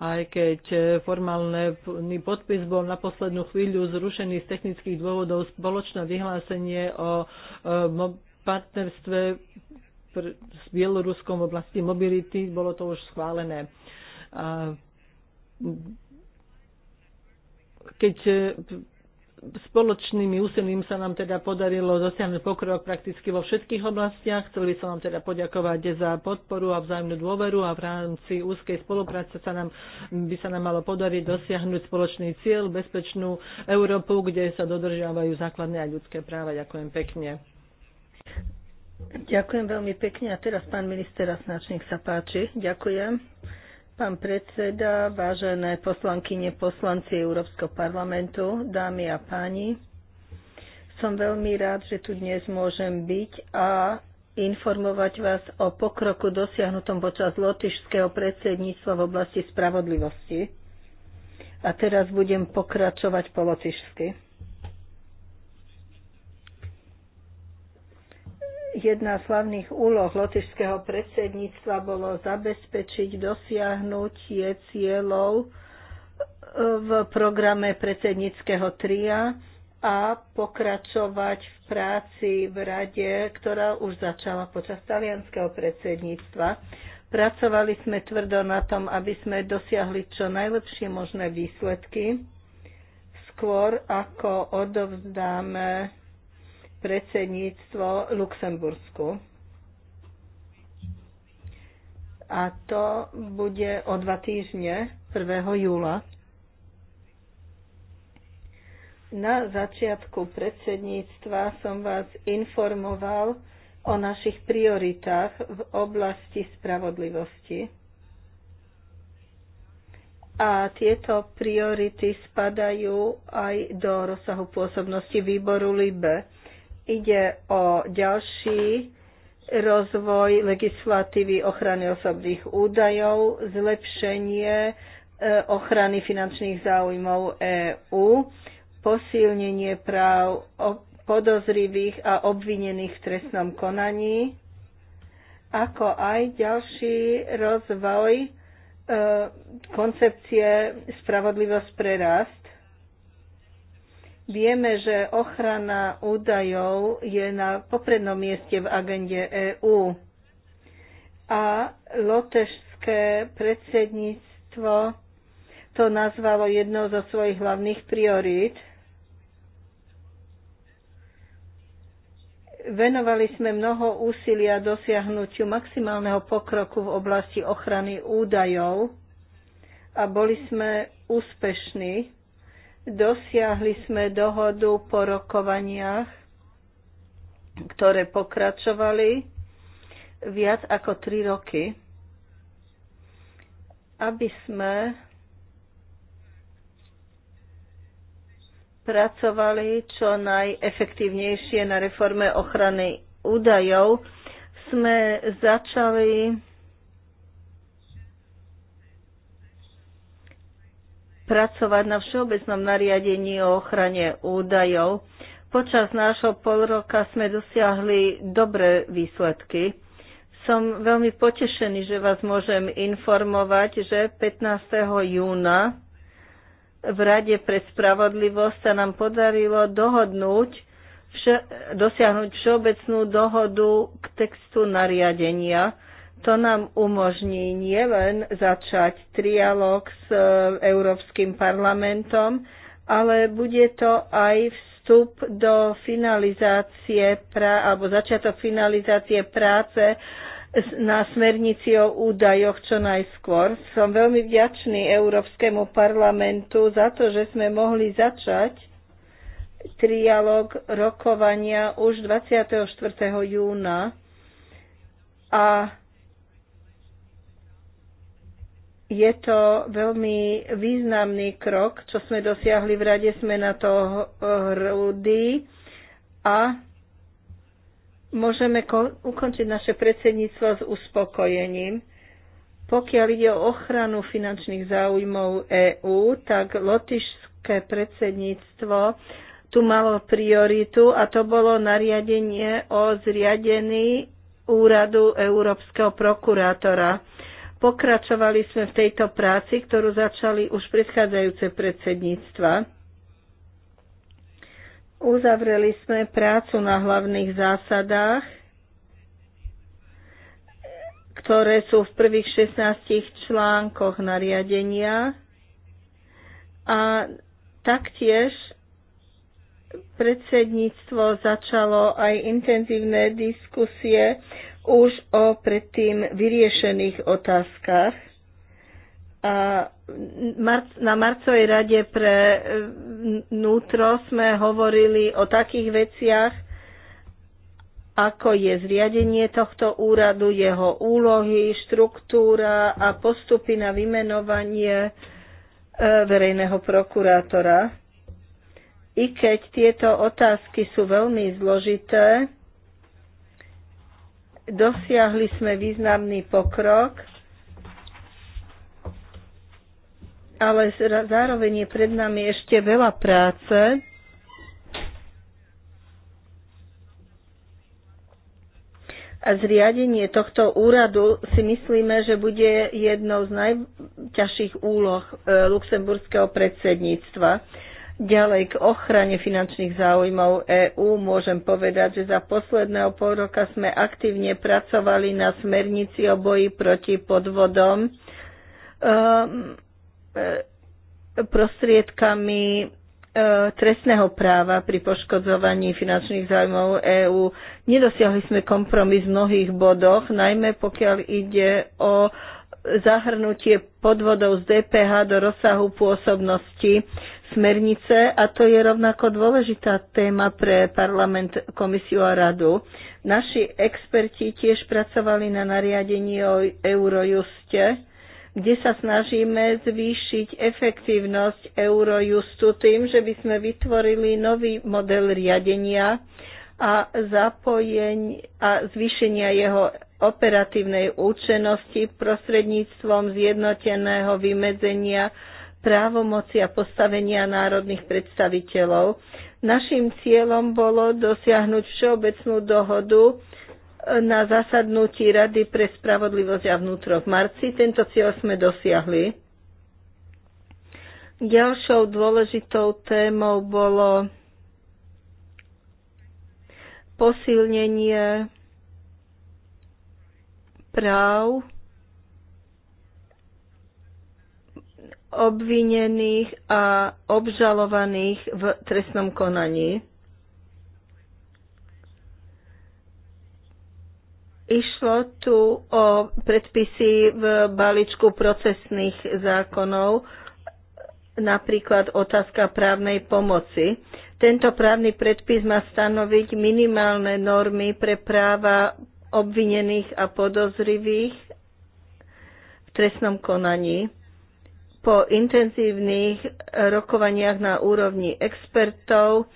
aj keď e, formálny podpis bol na poslednú chvíľu zrušený z technických dôvodov spoločné vyhlásenie o e, partnerstve s Bieloruskom v oblasti mobility, bolo to už schválené. keď e, spoločnými úsilím sa nám teda podarilo dosiahnuť pokrok prakticky vo všetkých oblastiach. Chcel by som vám teda poďakovať za podporu a vzájomnú dôveru a v rámci úzkej spolupráce sa nám, by sa nám malo podariť dosiahnuť spoločný cieľ, bezpečnú Európu, kde sa dodržiavajú základné a ľudské práva. Ďakujem pekne. Ďakujem veľmi pekne a teraz pán minister Asnačník sa páči. Ďakujem. Pán predseda, vážené poslankyne, poslanci Európskeho parlamentu, dámy a páni, som veľmi rád, že tu dnes môžem byť a informovať vás o pokroku dosiahnutom počas lotišského predsedníctva v oblasti spravodlivosti. A teraz budem pokračovať po lotišsky. jedna z hlavných úloh lotyšského predsedníctva bolo zabezpečiť dosiahnutie cieľov e, v programe predsedníckého tria a pokračovať v práci v rade, ktorá už začala počas talianského predsedníctva. Pracovali sme tvrdo na tom, aby sme dosiahli čo najlepšie možné výsledky, skôr ako odovzdáme predsedníctvo Luxembursku. A to bude o dva týždne, 1. júla. Na začiatku predsedníctva som vás informoval o našich prioritách v oblasti spravodlivosti. A tieto priority spadajú aj do rozsahu pôsobnosti výboru LIBE. Ide o ďalší rozvoj legislatívy ochrany osobných údajov, zlepšenie e, ochrany finančných záujmov EÚ, posilnenie práv podozrivých a obvinených v trestnom konaní, ako aj ďalší rozvoj e, koncepcie spravodlivosť pre rast Vieme, že ochrana údajov je na poprednom mieste v agende EÚ a lotešské predsedníctvo to nazvalo jednou zo svojich hlavných priorít. Venovali sme mnoho úsilia dosiahnutiu maximálneho pokroku v oblasti ochrany údajov a boli sme úspešní Dosiahli sme dohodu po rokovaniach, ktoré pokračovali viac ako tri roky, aby sme pracovali čo najefektívnejšie na reforme ochrany údajov, sme začali pracovať na všeobecnom nariadení o ochrane údajov. Počas nášho polroka sme dosiahli dobré výsledky. Som veľmi potešený, že vás môžem informovať, že 15. júna v Rade pre spravodlivosť sa nám podarilo dohodnúť, vše, dosiahnuť všeobecnú dohodu k textu nariadenia, to nám umožní nielen začať trialog s e, Európskym parlamentom, ale bude to aj vstup do finalizácie pra, alebo začiatok finalizácie práce na smernici o údajoch čo najskôr. Som veľmi vďačný Európskemu parlamentu za to, že sme mohli začať trialog rokovania už 24. júna a je to veľmi významný krok, čo sme dosiahli v rade, sme na to hrúdy a môžeme ukončiť naše predsedníctvo s uspokojením. Pokiaľ ide o ochranu finančných záujmov EÚ, tak lotišské predsedníctvo tu malo prioritu a to bolo nariadenie o zriadení úradu Európskeho prokurátora Pokračovali sme v tejto práci, ktorú začali už predchádzajúce predsedníctva. Uzavreli sme prácu na hlavných zásadách, ktoré sú v prvých 16 článkoch nariadenia a taktiež predsedníctvo začalo aj intenzívne diskusie už o predtým vyriešených otázkach. A na marcovej rade pre eh, vnútro sme hovorili o takých veciach, ako je zriadenie tohto úradu, jeho úlohy, štruktúra a postupy na vymenovanie eh, verejného prokurátora. I keď tieto otázky sú veľmi zložité, Dosiahli sme významný pokrok, ale zároveň je pred nami ešte veľa práce. A zriadenie tohto úradu si myslíme, že bude jednou z najťažších úloh e, luxemburského predsedníctva. Ďalej k ochrane finančných záujmov EÚ môžem povedať, že za posledného pol roka sme aktívne pracovali na smernici o boji proti podvodom ehm, e, prostriedkami e, trestného práva pri poškodzovaní finančných zájmov EÚ. Nedosiahli sme kompromis v mnohých bodoch, najmä pokiaľ ide o zahrnutie podvodov z DPH do rozsahu pôsobnosti smernice a to je rovnako dôležitá téma pre parlament, komisiu a radu. Naši experti tiež pracovali na nariadení o Eurojuste, kde sa snažíme zvýšiť efektívnosť Eurojustu tým, že by sme vytvorili nový model riadenia a, zapojeň, a zvýšenia jeho operatívnej účinnosti prostredníctvom zjednoteného vymedzenia právomoci a postavenia národných predstaviteľov. Našim cieľom bolo dosiahnuť všeobecnú dohodu e, na zasadnutí Rady pre spravodlivosť a vnútro v marci. Tento cieľ sme dosiahli. Ďalšou dôležitou témou bolo posilnenie práv obvinených a obžalovaných v trestnom konaní. Išlo tu o predpisy v balíčku procesných zákonov, napríklad otázka právnej pomoci. Tento právny predpis má stanoviť minimálne normy pre práva obvinených a podozrivých v trestnom konaní. Po intenzívnych eh, rokovaniach na úrovni expertov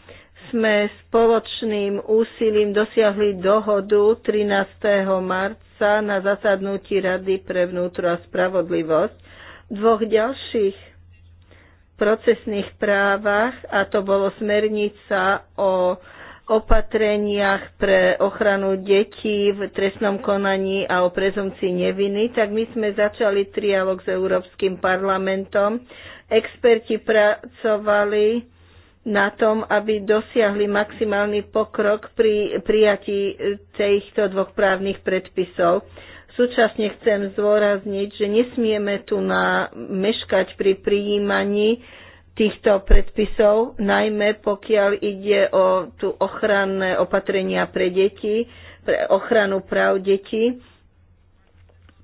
sme spoločným úsilím dosiahli dohodu 13. marca na zasadnutí Rady pre vnútro a spravodlivosť v dvoch ďalších procesných právach, a to bolo smernica o opatreniach pre ochranu detí v trestnom konaní a o prezumcii neviny, tak my sme začali trialog s Európskym parlamentom. Experti pracovali na tom, aby dosiahli maximálny pokrok pri prijatí týchto dvoch právnych predpisov. Súčasne chcem zdôrazniť, že nesmieme tu na meškať pri prijímaní týchto predpisov, najmä pokiaľ ide o tú ochranné opatrenia pre deti, pre ochranu práv detí,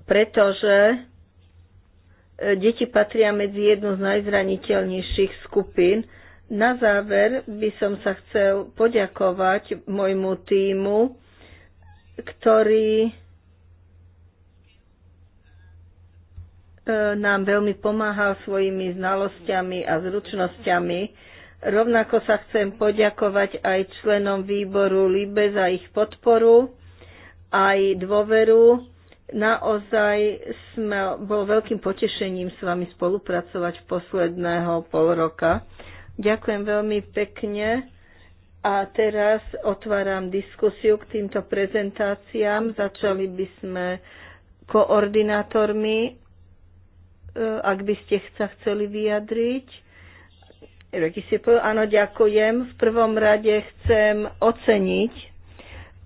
pretože e, deti patria medzi jednu z najzraniteľnejších skupín. Na záver by som sa chcel poďakovať môjmu týmu, ktorý E, nám veľmi pomáhal svojimi znalosťami a zručnosťami. Rovnako sa chcem poďakovať aj členom výboru LIBE za ich podporu, aj dôveru. Naozaj sme, bol veľkým potešením s vami spolupracovať v posledného pol roka. Ďakujem veľmi pekne. A teraz otváram diskusiu k týmto prezentáciám. Začali by sme koordinátormi E, ak by ste sa chceli vyjadriť. Regisipo, áno, ďakujem. V prvom rade chcem oceniť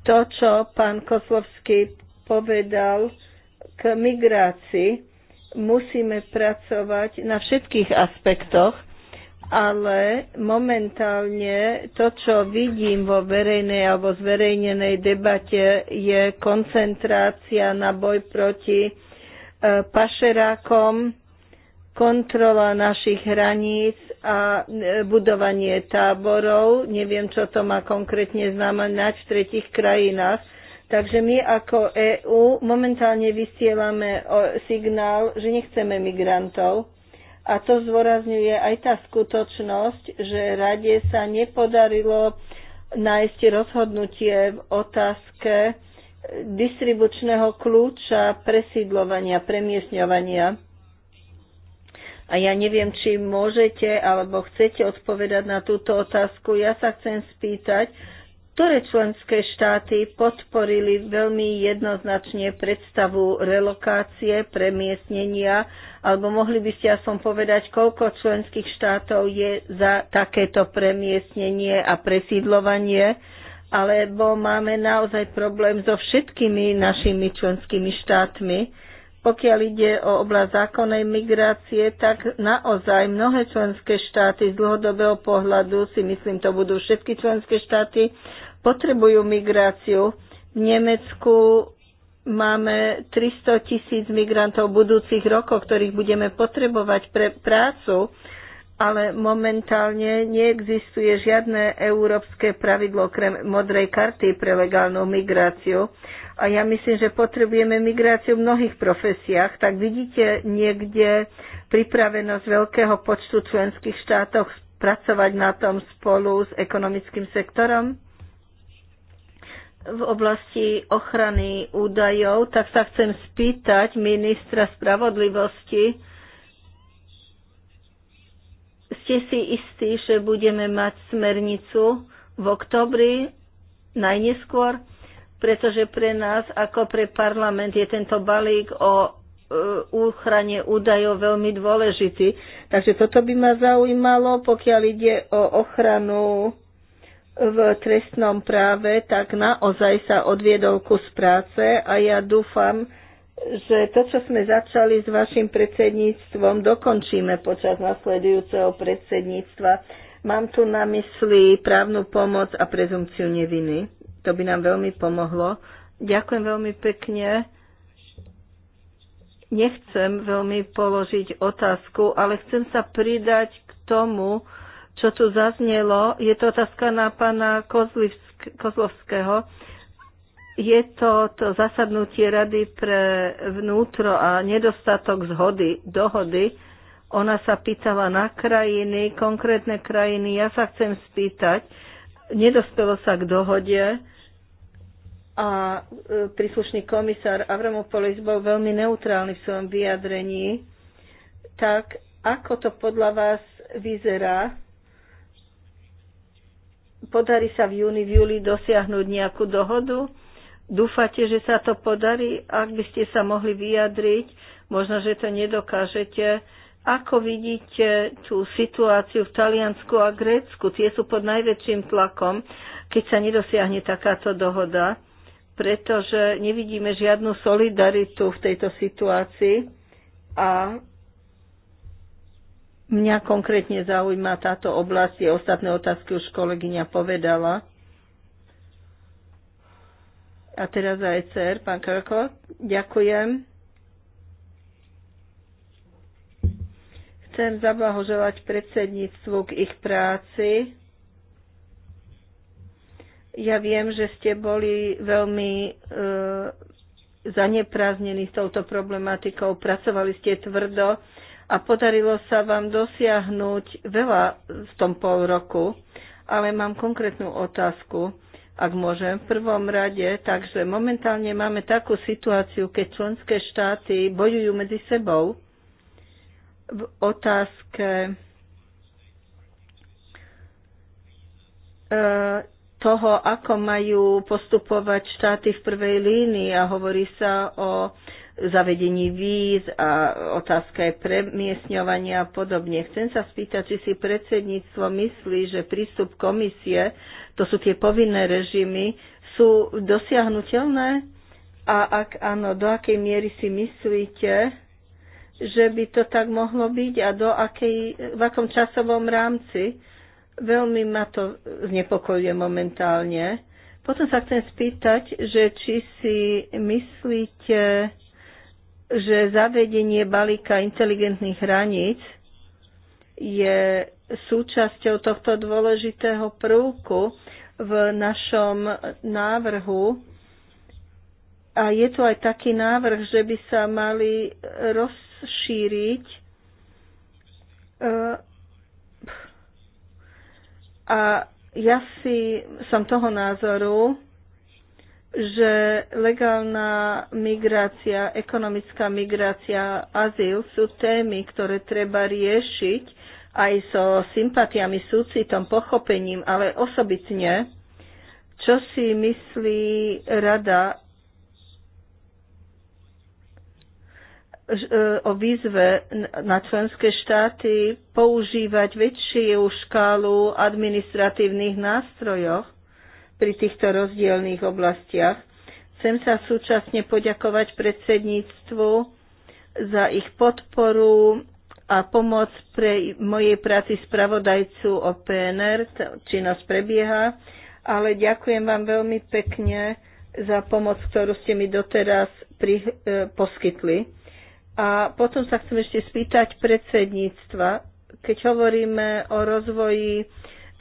to, čo pán Koslovský povedal k migrácii. Musíme pracovať na všetkých aspektoch, ale momentálne to, čo vidím vo verejnej alebo zverejnenej debate, je koncentrácia na boj proti pašerákom, kontrola našich hraníc a e, budovanie táborov. Neviem, čo to má konkrétne znamenať v tretich krajinách. Takže my ako EÚ momentálne vysielame signál, že nechceme migrantov. A to zvorazňuje aj tá skutočnosť, že rade sa nepodarilo nájsť rozhodnutie v otázke distribučného kľúča presídlovania, premiesňovania. A ja neviem, či môžete alebo chcete odpovedať na túto otázku. Ja sa chcem spýtať, ktoré členské štáty podporili veľmi jednoznačne predstavu relokácie, premiestnenia, alebo mohli by ste aspoň povedať, koľko členských štátov je za takéto premiestnenie a presídlovanie alebo máme naozaj problém so všetkými našimi členskými štátmi. Pokiaľ ide o oblasť zákonnej migrácie, tak naozaj mnohé členské štáty z dlhodobého pohľadu, si myslím, to budú všetky členské štáty, potrebujú migráciu. V Nemecku máme 300 tisíc migrantov v budúcich rokoch, ktorých budeme potrebovať pre prácu ale momentálne neexistuje žiadne európske pravidlo okrem modrej karty pre legálnu migráciu. A ja myslím, že potrebujeme migráciu v mnohých profesiách. Tak vidíte niekde pripravenosť veľkého počtu členských štátov pracovať na tom spolu s ekonomickým sektorom? v oblasti ochrany údajov, tak sa chcem spýtať ministra spravodlivosti, ste si istí, že budeme mať smernicu v oktobri najneskôr, pretože pre nás ako pre parlament je tento balík o e, úchrane údajov veľmi dôležitý. Takže toto by ma zaujímalo, pokiaľ ide o ochranu v trestnom práve, tak naozaj sa odviedol kus práce a ja dúfam, že to, čo sme začali s vašim predsedníctvom, dokončíme počas nasledujúceho predsedníctva. Mám tu na mysli právnu pomoc a prezumciu neviny. To by nám veľmi pomohlo. Ďakujem veľmi pekne. Nechcem veľmi položiť otázku, ale chcem sa pridať k tomu, čo tu zaznelo. Je to otázka na pána Kozlovského je to to zasadnutie Rady pre vnútro a nedostatok zhody, dohody. Ona sa pýtala na krajiny, konkrétne krajiny. Ja sa chcem spýtať, nedospelo sa k dohode a e, príslušný komisár Avramopolis bol veľmi neutrálny v svojom vyjadrení. Tak ako to podľa vás vyzerá? Podarí sa v júni, v júli dosiahnuť nejakú dohodu? Dúfate, že sa to podarí? Ak by ste sa mohli vyjadriť, možno, že to nedokážete. Ako vidíte tú situáciu v Taliansku a Grécku? Tie sú pod najväčším tlakom, keď sa nedosiahne takáto dohoda, pretože nevidíme žiadnu solidaritu v tejto situácii a mňa konkrétne zaujíma táto oblasť, je ostatné otázky už kolegyňa povedala. A teraz aj CR, pán Krko. Ďakujem. Chcem zablahoželať predsedníctvu k ich práci. Ja viem, že ste boli veľmi e, zanepráznení s touto problematikou, pracovali ste tvrdo a podarilo sa vám dosiahnuť veľa v tom pol roku, ale mám konkrétnu otázku ak môžem, v prvom rade. Takže momentálne máme takú situáciu, keď členské štáty bojujú medzi sebou v otázke e, toho, ako majú postupovať štáty v prvej línii a hovorí sa o zavedení víz a otázka je premiesňovania a podobne. Chcem sa spýtať, či si predsedníctvo myslí, že prístup komisie, to sú tie povinné režimy, sú dosiahnutelné? A ak áno, do akej miery si myslíte, že by to tak mohlo byť a do akej, v akom časovom rámci? Veľmi ma to znepokojuje momentálne. Potom sa chcem spýtať, že či si myslíte, že zavedenie balíka inteligentných hraníc je súčasťou tohto dôležitého prvku v našom návrhu. A je tu aj taký návrh, že by sa mali rozšíriť eh, a ja si som toho názoru, že legálna migrácia, ekonomická migrácia, azyl sú témy, ktoré treba riešiť aj so sympatiami, súcitom, pochopením, ale osobitne, čo si myslí rada e, o výzve na členské štáty používať väčšiu škálu administratívnych nástrojov, pri týchto rozdielných oblastiach. Chcem sa súčasne poďakovať predsedníctvu za ich podporu a pomoc pre mojej práci spravodajcu o PNR. Činnosť prebieha, ale ďakujem vám veľmi pekne za pomoc, ktorú ste mi doteraz pri, e, poskytli. A potom sa chcem ešte spýtať predsedníctva, keď hovoríme o rozvoji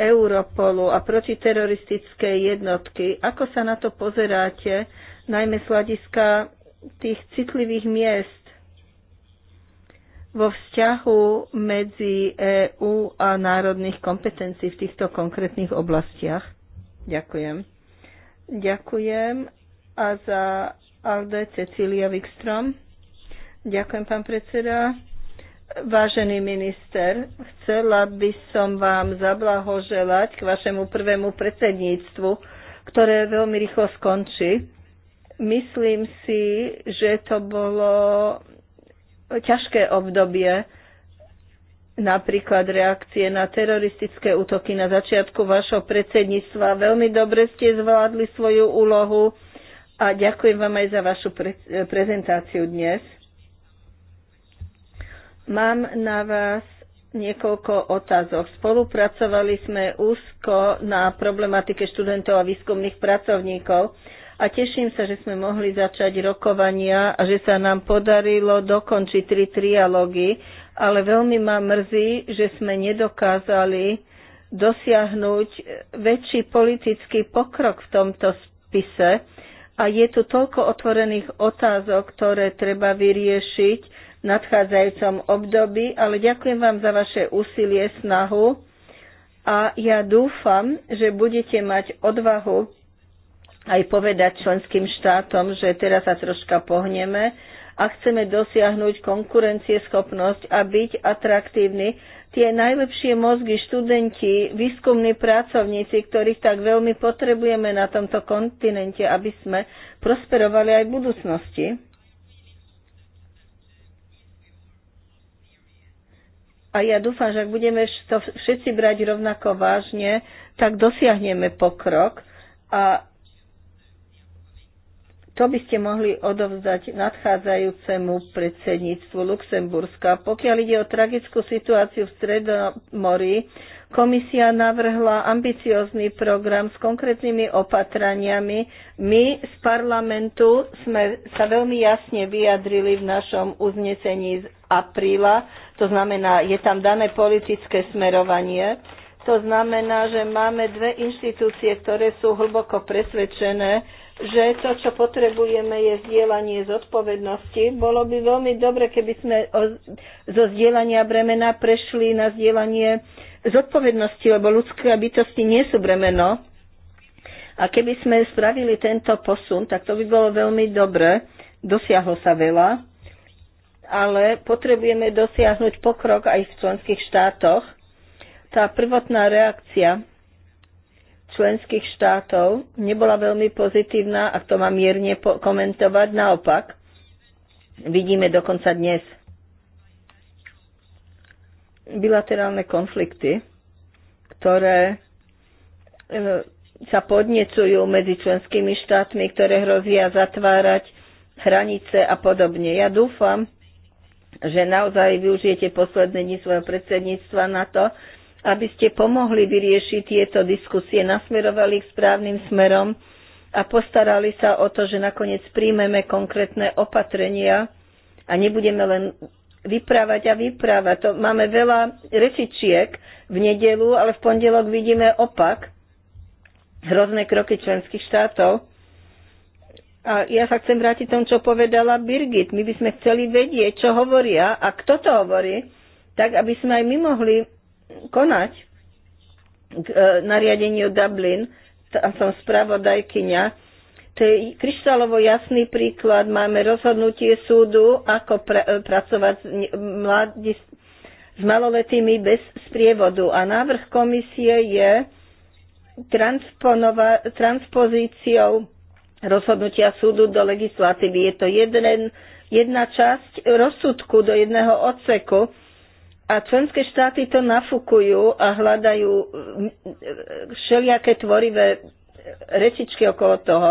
Europolu a protiteroristickej jednotky. Ako sa na to pozeráte, najmä z hľadiska tých citlivých miest vo vzťahu medzi EÚ a národných kompetencií v týchto konkrétnych oblastiach? Ďakujem. Ďakujem a za Alde Cecília Wikstrom. Ďakujem, pán predseda. Vážený minister, chcela by som vám zablahoželať k vašemu prvému predsedníctvu, ktoré veľmi rýchlo skončí. Myslím si, že to bolo ťažké obdobie, napríklad reakcie na teroristické útoky na začiatku vašho predsedníctva. Veľmi dobre ste zvládli svoju úlohu a ďakujem vám aj za vašu pre- prezentáciu dnes. Mám na vás niekoľko otázok. Spolupracovali sme úzko na problematike študentov a výskumných pracovníkov a teším sa, že sme mohli začať rokovania a že sa nám podarilo dokončiť tri trialógy, ale veľmi ma mrzí, že sme nedokázali dosiahnuť väčší politický pokrok v tomto spise a je tu toľko otvorených otázok, ktoré treba vyriešiť, nadchádzajúcom období, ale ďakujem vám za vaše úsilie, snahu a ja dúfam, že budete mať odvahu aj povedať členským štátom, že teraz sa troška pohneme a chceme dosiahnuť konkurencieschopnosť a byť atraktívni. Tie najlepšie mozgy, študenti, výskumní pracovníci, ktorých tak veľmi potrebujeme na tomto kontinente, aby sme prosperovali aj v budúcnosti. a ja dúfam, že ak budeme to všetci brať rovnako vážne, tak dosiahneme pokrok a to by ste mohli odovzdať nadchádzajúcemu predsedníctvu Luxemburska. Pokiaľ ide o tragickú situáciu v Stredomorí, komisia navrhla ambiciózny program s konkrétnymi opatraniami. My z parlamentu sme sa veľmi jasne vyjadrili v našom uznesení z apríla, to znamená, je tam dané politické smerovanie. To znamená, že máme dve inštitúcie, ktoré sú hlboko presvedčené, že to, čo potrebujeme, je zdieľanie zodpovednosti. Bolo by veľmi dobre, keby sme zo zdieľania bremena prešli na zdieľanie zodpovednosti, lebo ľudské bytosti nie sú bremeno. A keby sme spravili tento posun, tak to by bolo veľmi dobre. Dosiahlo sa veľa ale potrebujeme dosiahnuť pokrok aj v členských štátoch. Tá prvotná reakcia členských štátov nebola veľmi pozitívna, ak to mám mierne komentovať, naopak. Vidíme dokonca dnes bilaterálne konflikty, ktoré e, sa podnecujú medzi členskými štátmi, ktoré hrozia zatvárať hranice a podobne. Ja dúfam, že naozaj využijete posledné dni svojho predsedníctva na to, aby ste pomohli vyriešiť tieto diskusie, nasmerovali ich správnym smerom a postarali sa o to, že nakoniec príjmeme konkrétne opatrenia a nebudeme len vyprávať a vyprávať. To máme veľa rečičiek v nedelu, ale v pondelok vidíme opak. Hrozné kroky členských štátov. A ja sa chcem vrátiť tomu, čo povedala Birgit. My by sme chceli vedieť, čo hovoria a kto to hovorí, tak aby sme aj my mohli konať k e, nariadeniu Dublin. A som spravodajkyňa. To je kryštálovo jasný príklad. Máme rozhodnutie súdu, ako pra, e, pracovať s, mladí, s maloletými bez sprievodu. A návrh komisie je transpozíciou rozhodnutia súdu do legislatívy. Je to jeden, jedna časť rozsudku do jedného odseku a členské štáty to nafúkujú a hľadajú všelijaké tvorivé rečičky okolo toho.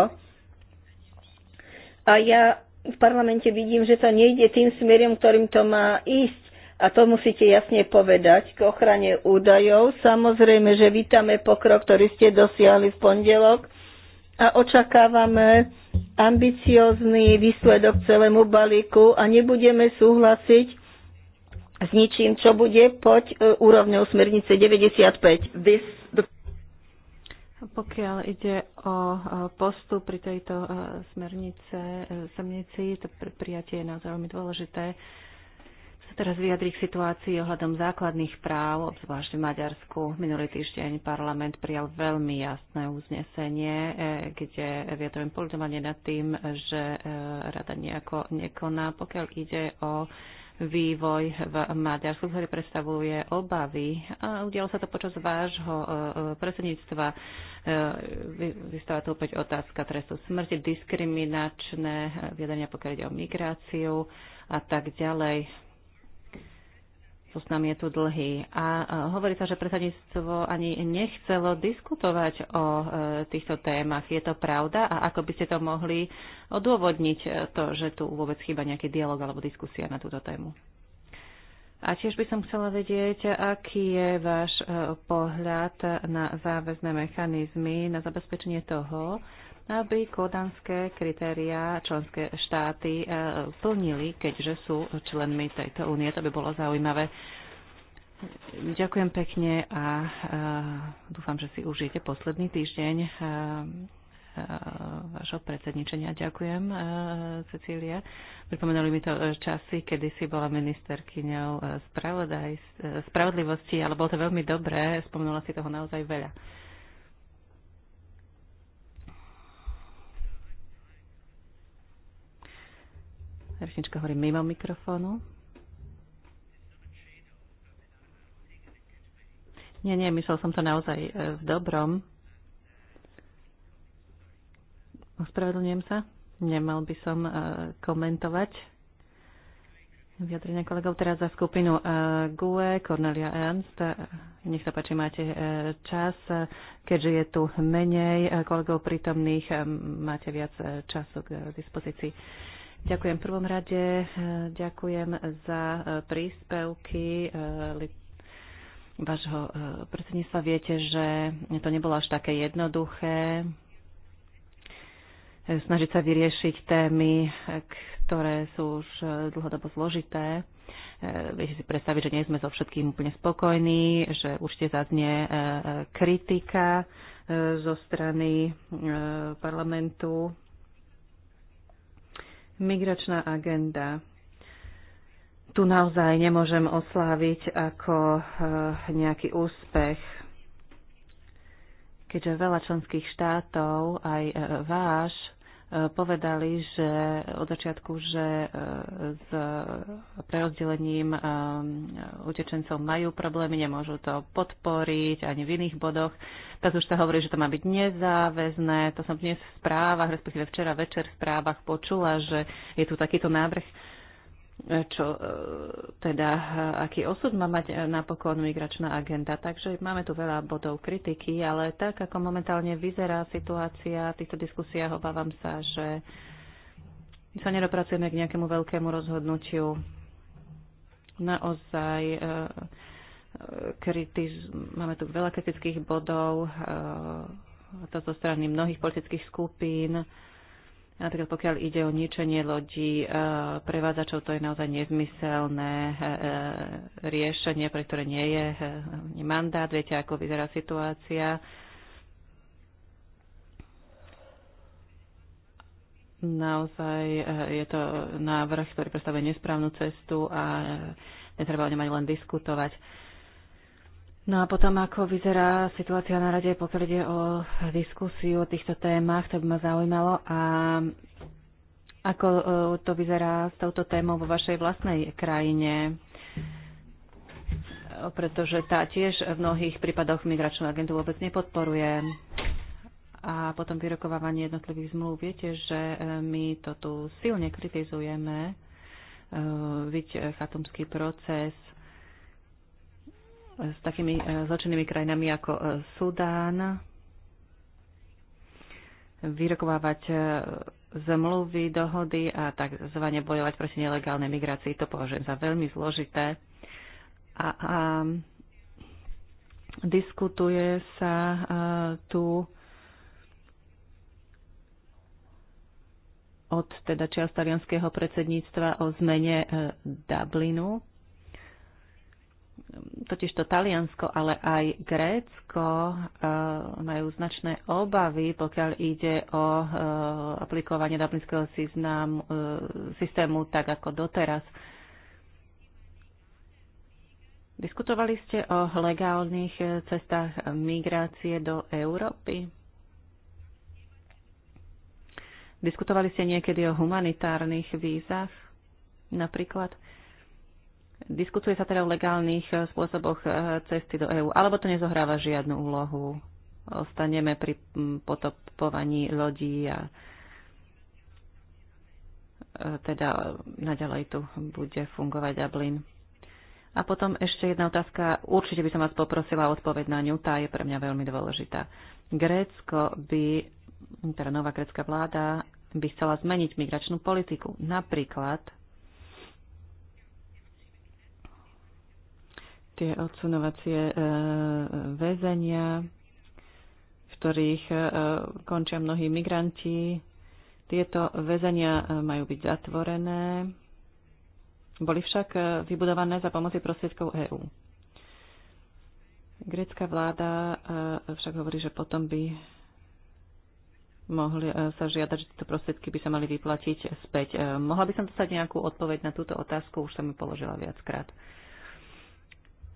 A ja v parlamente vidím, že to nejde tým smerom, ktorým to má ísť. A to musíte jasne povedať k ochrane údajov. Samozrejme, že vítame pokrok, ktorý ste dosiahli v pondelok a očakávame ambiciózny výsledok celému balíku a nebudeme súhlasiť s ničím, čo bude pod e, úrovňou smernice 95. Pokiaľ ide o e, postup pri tejto e, smernice, smernici, to prijatie je naozaj veľmi dôležité teraz vyjadri k situácii ohľadom základných práv, obzvlášť v Maďarsku. Minulý týždeň parlament prijal veľmi jasné uznesenie, e, kde vyjadrujem politovanie nad tým, že e, rada nejako nekoná, pokiaľ ide o vývoj v Maďarsku, ktorý predstavuje obavy. A udialo sa to počas vášho e, predsedníctva. Vystáva tu opäť otázka trestu smrti, diskriminačné vyjadrenia, pokiaľ ide o migráciu a tak ďalej zoznam je tu dlhý. A e, hovorí sa, že presadníctvo ani nechcelo diskutovať o e, týchto témach. Je to pravda? A ako by ste to mohli odôvodniť e, to, že tu vôbec chýba nejaký dialog alebo diskusia na túto tému? A tiež by som chcela vedieť, aký je váš pohľad na záväzné mechanizmy, na zabezpečenie toho, aby kodanské kritériá členské štáty e, plnili, keďže sú členmi tejto únie. To by bolo zaujímavé. Ďakujem pekne a e, dúfam, že si užijete posledný týždeň e, vašho predsedničenia. Ďakujem, Cecília. Pripomenuli mi to časy, kedy si bola ministerkyňou spravodlivosti, ale bolo to veľmi dobré, spomenula si toho naozaj veľa. Rečnička hovorí mimo mikrofónu. Nie, nie, myslel som to naozaj e, v dobrom. Ospravedlňujem sa. Nemal by som e, komentovať vyjadrenia kolegov. Teraz za skupinu e, GUE, Cornelia Ernst. Nech sa páči, máte čas. Keďže je tu menej kolegov prítomných, máte viac času k dispozícii. Ďakujem v prvom rade, e, ďakujem za e, príspevky e, vášho predsedníctva. Viete, že to nebolo až také jednoduché snažiť sa vyriešiť témy, ktoré sú už dlhodobo zložité. Viete si predstaviť, že nie sme so všetkým úplne spokojní, že určite zaznie kritika zo strany parlamentu Migračná agenda. Tu naozaj nemôžem osláviť ako eh, nejaký úspech, keďže veľa členských štátov, aj eh, váš, povedali, že od začiatku, že e, s prerozdelením e, utečencov majú problémy, nemôžu to podporiť ani v iných bodoch. Teraz už sa hovorí, že to má byť nezáväzné. To som dnes v správach, respektíve včera večer v správach počula, že je tu takýto návrh čo e, teda, aký osud má mať napokon migračná agenda. Takže máme tu veľa bodov kritiky, ale tak, ako momentálne vyzerá situácia v týchto diskusiách, obávam sa, že sa nedopracujeme k nejakému veľkému rozhodnutiu. Naozaj e, e, kritiz, máme tu veľa kritických bodov, to zo strany mnohých politických skupín, Napríklad pokiaľ ide o ničenie lodí e, prevádzačov, to je naozaj nezmyselné e, e, riešenie, pre ktoré nie je mandát. Viete, ako vyzerá situácia. Naozaj je to návrh, ktorý predstavuje nesprávnu cestu a netreba o ňom ani len diskutovať. No a potom, ako vyzerá situácia na rade, pokiaľ ide o diskusiu o týchto témach, to by ma zaujímalo. A ako e, to vyzerá s touto témou vo vašej vlastnej krajine? E, pretože tá tiež v mnohých prípadoch migračnú agentu vôbec nepodporuje. A potom vyrokovávanie jednotlivých zmluv. Viete, že e, my to tu silne kritizujeme. Viď chatumský proces s takými e, zločinnými krajinami ako e, Sudán, vyrokovávať e, zmluvy, dohody a takzvané bojovať proti nelegálnej migrácii. To považujem za veľmi zložité. A, a diskutuje sa tu od teda čias predsedníctva o zmene Dublinu Totiž to Taliansko, ale aj Grécko e, majú značné obavy, pokiaľ ide o e, aplikovanie dublinského e, systému tak ako doteraz. Diskutovali ste o legálnych cestách migrácie do Európy? Diskutovali ste niekedy o humanitárnych vízach napríklad? Diskutuje sa teda o legálnych eh, spôsoboch eh, cesty do EÚ, alebo to nezohráva žiadnu úlohu. Ostaneme pri mm, potopovaní lodí a eh, teda naďalej tu bude fungovať Dublin. A potom ešte jedna otázka. Určite by som vás poprosila odpoveď na ňu. Tá je pre mňa veľmi dôležitá. Grécko by, teda nová grécka vláda, by chcela zmeniť migračnú politiku. Napríklad tie odsunovacie e, väzenia, v ktorých e, končia mnohí migranti. Tieto väzenia e, majú byť zatvorené, boli však vybudované za pomoci prostriedkov EÚ. Grécka vláda však hovorí, že potom by mohli sa žiadať, že tieto prostriedky by sa mali vyplatiť späť. Mohla by som dostať nejakú odpoveď na túto otázku, už som ju položila viackrát.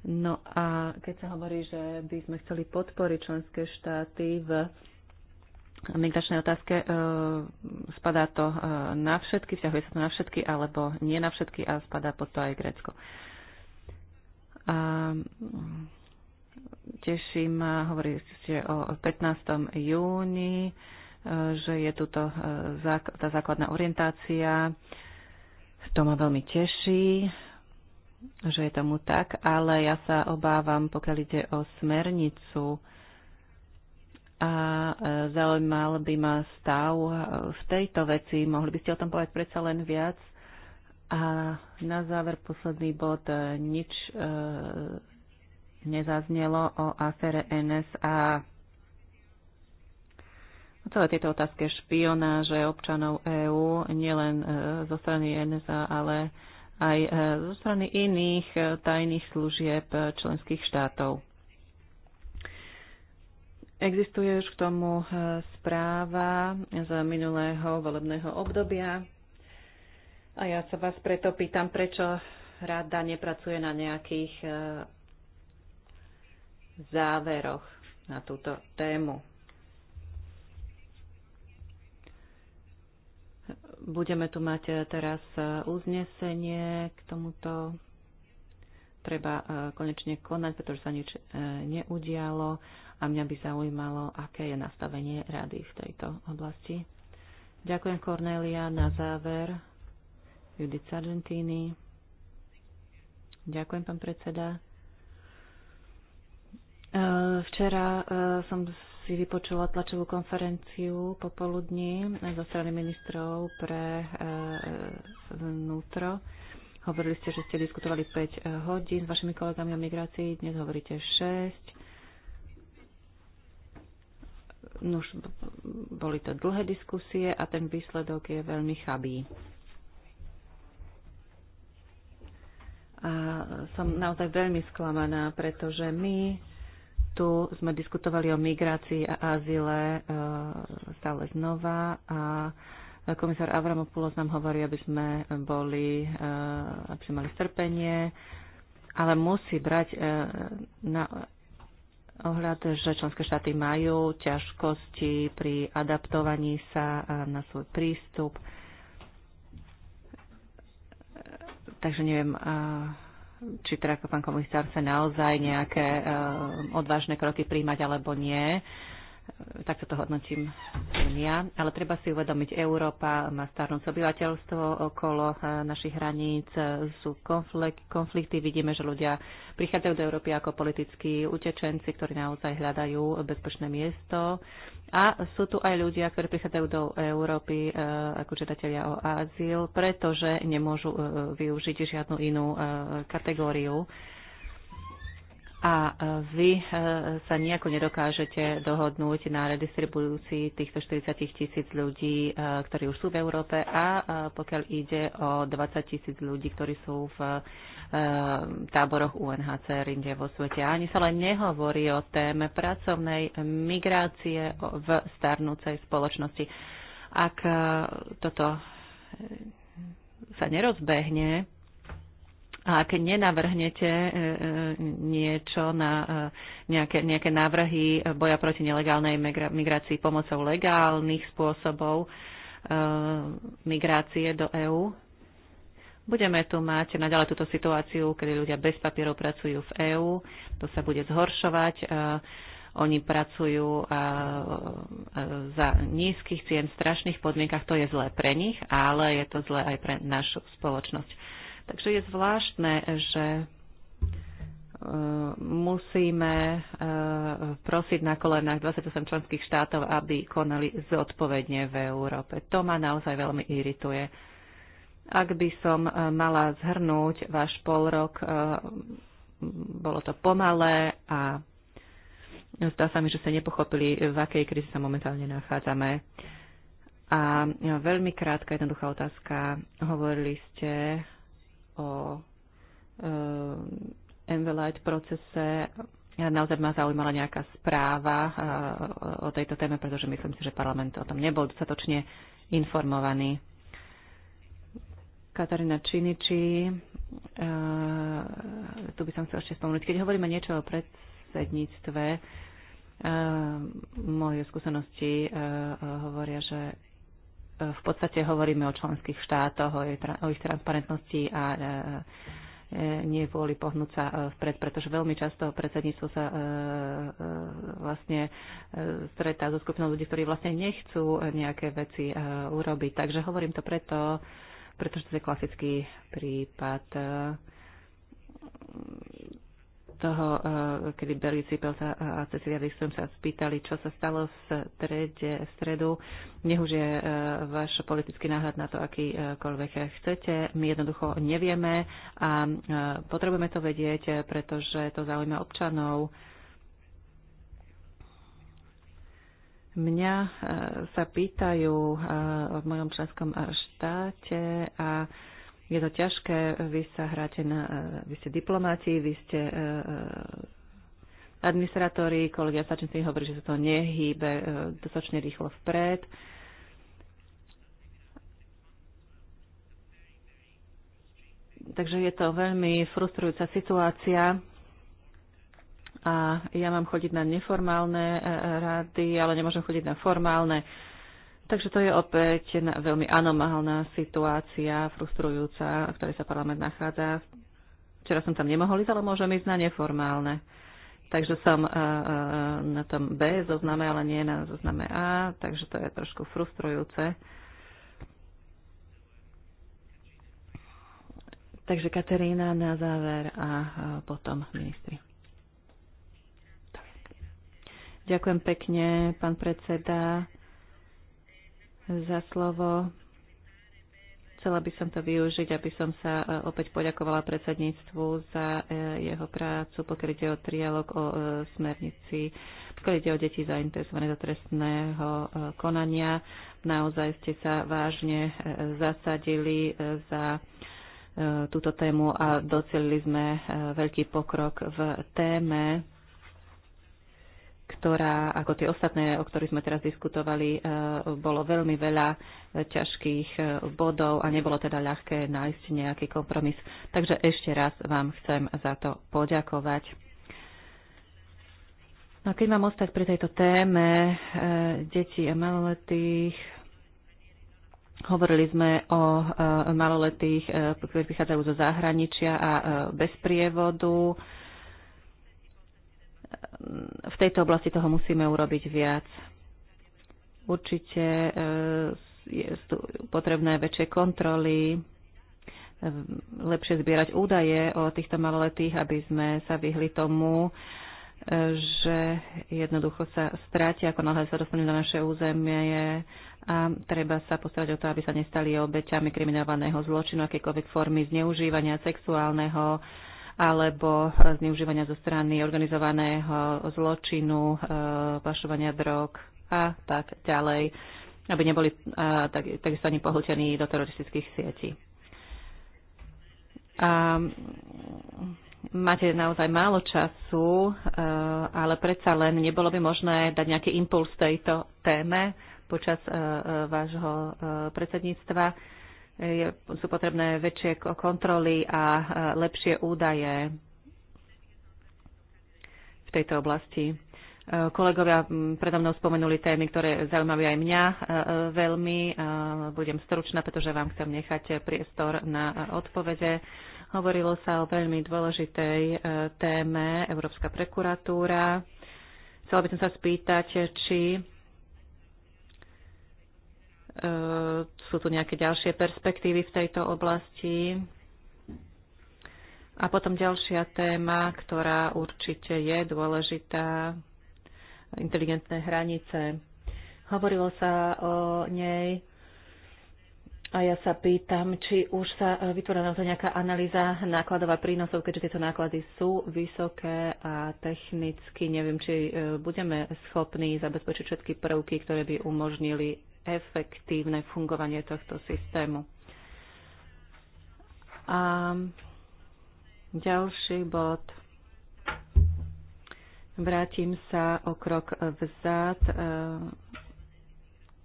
No a keď sa hovorí, že by sme chceli podporiť členské štáty v migračnej otázke, e, spadá to e, na všetky, vzťahuje sa to na všetky, alebo nie na všetky a spadá pod to aj Grécko. A teším, hovorili ste o 15. júni, e, že je tu tá základná orientácia. To ma veľmi teší že je tomu tak, ale ja sa obávam, pokiaľ ide o smernicu a e, zaujímal by ma stav e, v tejto veci. Mohli by ste o tom povedať predsa len viac? A na záver posledný bod. E, nič e, nezaznelo o afere NSA. O no, celé tieto otázke špionáže občanov EÚ, nielen e, zo strany NSA, ale aj e, zo strany iných e, tajných služieb e, členských štátov. Existuje už k tomu správa z minulého volebného obdobia a ja sa vás preto pýtam, prečo rada nepracuje na nejakých záveroch na túto tému. Budeme tu mať e, teraz e, uznesenie k tomuto. Treba e, konečne konať, pretože sa nič neudialo a mňa by zaujímalo, aké je nastavenie rady v tejto oblasti. Ďakujem, Cornelia. Na záver, Judith Sargentini. Ďakujem, pán predseda. Včera som si vypočula tlačovú konferenciu popoludní zo strany ministrov pre e, e, vnútro. Hovorili ste, že ste diskutovali 5 e, hodín s vašimi kolegami o migrácii, dnes hovoríte 6. No už boli to dlhé diskusie a ten výsledok je veľmi chabý. A som naozaj veľmi sklamaná, pretože my tu sme diskutovali o migrácii a azile e, stále znova a komisár Avramopoulos nám hovorí, aby sme boli, e, aby sme mali strpenie, ale musí brať e, na ohľad, že členské štáty majú ťažkosti pri adaptovaní sa na svoj prístup. Takže neviem, či teda ako pán komisár sa naozaj nejaké eh, odvážne kroky príjmať alebo nie takto to hodnotím ja, ale treba si uvedomiť, Európa má starnúce obyvateľstvo, okolo eh, našich hraníc eh, sú konflikty, vidíme, že ľudia prichádzajú do Európy ako politickí utečenci, ktorí naozaj hľadajú bezpečné miesto a sú tu aj ľudia, ktorí prichádzajú do Európy eh, ako žiadatelia o azyl, pretože nemôžu využiť žiadnu inú kategóriu a e, vy e, sa nejako nedokážete dohodnúť na redistribúcii týchto 40 tisíc ľudí, e, ktorí už sú v Európe a pokiaľ ide o 20 tisíc ľudí, ktorí sú v táboroch UNHCR inde vo svete. ani sa len nehovorí o téme pracovnej migrácie v starnúcej spoločnosti. Ak toto sa nerozbehne, a ak nenavrhnete e, e, niečo na e, nejaké, nejaké návrhy boja proti nelegálnej migrácii pomocou legálnych spôsobov migrácie do EÚ, budeme tu mať naďalej túto situáciu, kedy ľudia bez papierov pracujú v EÚ. To sa bude zhoršovať. Oni pracujú za nízkych cien, strašných podmienkach. To je zlé pre nich, ale je to zlé aj pre našu spoločnosť. Takže je zvláštne, že e, musíme e, prosiť na kolenách 28 členských štátov, aby konali zodpovedne v Európe. To ma naozaj veľmi irituje. Ak by som e, mala zhrnúť váš rok, bolo to pomalé a zdá sa mi, že ste nepochopili, v akej krizi sa momentálne nachádzame. A veľmi krátka, jednoduchá otázka. Hovorili ste o eh, Envelite procese. Naozaj ma zaujímala nejaká správa eh, o tejto téme, pretože myslím si, že parlament o tom nebol dostatočne informovaný. Katarina Činiči, eh, tu by som chcela ešte spomenúť. Keď hovoríme niečo o predsedníctve, moje skúsenosti hovoria, že v podstate hovoríme o členských štátoch, o, o ich transparentnosti a e, e, nie vôli pohnúť sa e, vpred, pretože veľmi často predsedníctvo sa vlastne stretá so skupinou ľudí, ktorí vlastne nechcú nejaké veci urobiť. Takže hovorím to preto, pretože to je klasický prípad toho, eh, kedy Beli Cipel eh, a Cecilia Wikström sa spýtali, čo sa stalo v, strede, v stredu. Nech už je eh, váš politický náhľad na to, akýkoľvek chcete. My jednoducho nevieme a potrebujeme to vedieť, pretože to zaujíma občanov. Mňa sa pýtajú v mojom členskom štáte a je to ťažké, vy sa hráte na, e, vy ste diplomáti, vy ste e, e, administratóri, kolegia Sačinci hovorí, že sa to nehýbe dostatočne rýchlo vpred. Takže je to veľmi frustrujúca situácia a ja mám chodiť na neformálne rady, ale nemôžem chodiť na formálne. Takže to je opäť veľmi anomálna situácia, frustrujúca, v ktorej sa parlament nachádza. Včera som tam nemohol ísť, ale môžem ísť na neformálne. Takže som eh, eh, na tom B zozname, ale nie na zozname A, takže to je trošku frustrujúce. Takže Katerína na záver a eh, potom ministri. Ďakujem pekne, pán predseda za slovo. Chcela by som to využiť, aby som sa e, opäť poďakovala predsedníctvu za e, jeho prácu, pokiaľ ide o trialog o e, smernici, pokiaľ ide o deti zainteresované do trestného konania. Naozaj ste sa vážne zasadili za túto tému a docelili sme veľký pokrok v téme ktorá, ako tie ostatné, o ktorých sme teraz diskutovali, e, bolo veľmi veľa e, ťažkých e, bodov a nebolo teda ľahké nájsť nejaký kompromis. Takže ešte raz vám chcem za to poďakovať. No a keď mám ostať pri tejto téme detí a maloletých, hovorili sme o maloletých, ktorí prichádzajú zo zahraničia a bez prievodu v tejto oblasti toho musíme urobiť viac. Určite e, je potrebné väčšie kontroly, e, lepšie zbierať údaje o týchto maloletých, aby sme sa vyhli tomu, e, že jednoducho sa stráti, ako náhle sa dostanú na naše územie a treba sa postarať o to, aby sa nestali obeťami kriminovaného zločinu, akékoľvek formy zneužívania sexuálneho, alebo zneužívania zo strany organizovaného zločinu, e, pašovania drog a tak ďalej, aby neboli e, tak, takisto ani pohltení do teroristických sietí. A mm, máte naozaj málo času, e, ale predsa len nebolo by možné dať nejaký impuls tejto téme počas vášho predsedníctva je, sú potrebné väčšie kontroly a e, lepšie údaje v tejto oblasti. E, kolegovia predo mnou spomenuli témy, ktoré zaujímajú aj mňa e, veľmi. Budem stručná, pretože vám chcem nechať priestor na odpovede. Hovorilo sa o veľmi dôležitej téme Európska prekuratúra. Chcela by som sa spýtať, či E, sú tu nejaké ďalšie perspektívy v tejto oblasti. A potom ďalšia téma, ktorá určite je dôležitá, inteligentné hranice. Hovorilo sa o nej a ja sa pýtam, či už sa vytvorila naozaj nejaká analýza nákladov a prínosov, keďže tieto náklady sú vysoké a technicky neviem, či e, budeme schopní zabezpečiť všetky prvky, ktoré by umožnili efektívne fungovanie tohto systému. A ďalší bod. Vrátim sa o krok vzad e,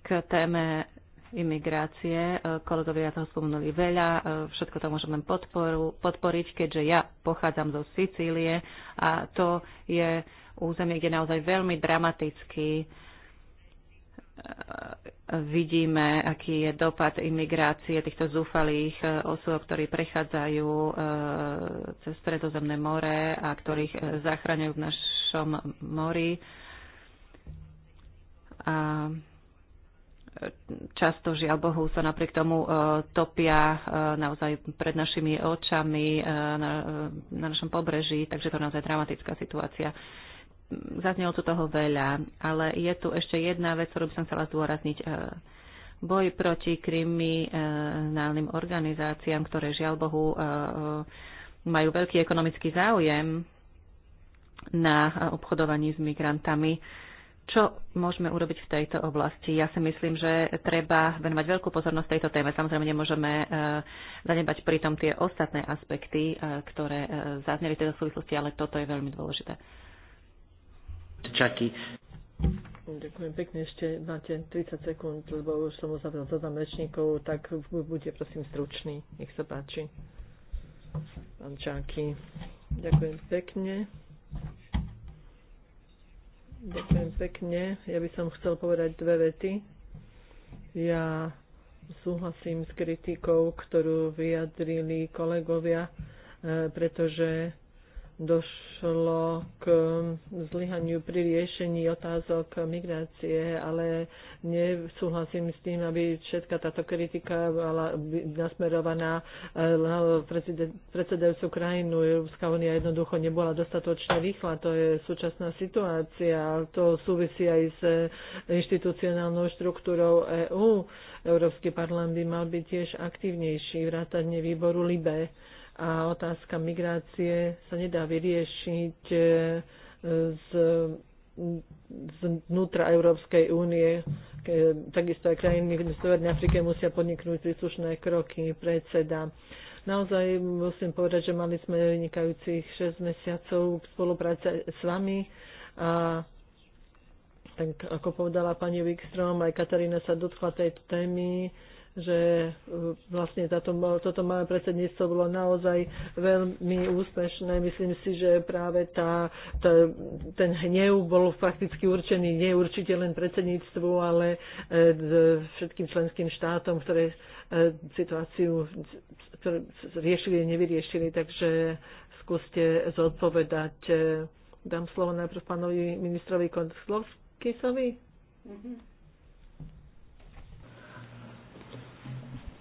k téme imigrácie. E, kolegovia toho spomenuli veľa, e, všetko to môžem len podporu, podporiť, keďže ja pochádzam zo Sicílie a to je územie, kde naozaj veľmi uh, vidíme, aký je dopad imigrácie týchto zúfalých eh, osôb, ktorí prechádzajú eh, cez Stredozemné more a ktorých eh, zachraňujú v našom mori. A často, žiaľ Bohu, sa napriek tomu topia naozaj pred našimi očami na, na našom pobreží, takže to je naozaj dramatická situácia zaznelo tu toho veľa, ale je tu ešte jedna vec, ktorú by som chcela zdôrazniť. E, boj proti kriminálnym organizáciám, ktoré žiaľ Bohu e, e, majú veľký ekonomický záujem na obchodovaní s migrantami. Čo môžeme urobiť v tejto oblasti? Ja si myslím, že treba venovať veľkú pozornosť tejto téme. Samozrejme, nemôžeme zanebať pritom tie ostatné aspekty, ktoré zazneli v tejto súvislosti, ale toto je veľmi dôležité. Čaky. Ďakujem pekne, ešte máte 30 sekúnd, lebo už som uzavrel za zamečníkov, tak bude prosím stručný, nech sa páči. Pán Čaky. ďakujem pekne. Ďakujem pekne. Ja by som chcel povedať dve vety. Ja súhlasím s kritikou, ktorú vyjadrili kolegovia, e, pretože došlo k zlyhaniu pri riešení otázok migrácie, ale nesúhlasím s tým, aby všetka táto kritika bola nasmerovaná eh, na predsedajúcu krajinu. Európska únia jednoducho nebola dostatočne rýchla, to je súčasná situácia. To súvisí aj s eh, inštitucionálnou štruktúrou EÚ. Európsky parlament by mal byť tiež aktívnejší, vrátane výboru LIBE a otázka migrácie sa nedá vyriešiť e, z vnútra Európskej únie. Takisto aj krajiny v Severnej Afrike musia podniknúť príslušné kroky predseda. Naozaj musím povedať, že mali sme vynikajúcich 6 mesiacov spolupráce s vami a tak ako povedala pani Wikstrom, aj Katarína sa dotkla tej témy, že e, vlastne táto, toto malé predsedníctvo bolo naozaj veľmi úspešné. Myslím si, že práve tá, tá, ten hnev bol fakticky určený nie určite len predsedníctvu, ale e, všetkým členským štátom, ktoré e, situáciu ktoré riešili, nevyriešili. Takže skúste zodpovedať. Dám slovo najprv pánovi ministrovi Kondoslovskisovi. Mm-hmm.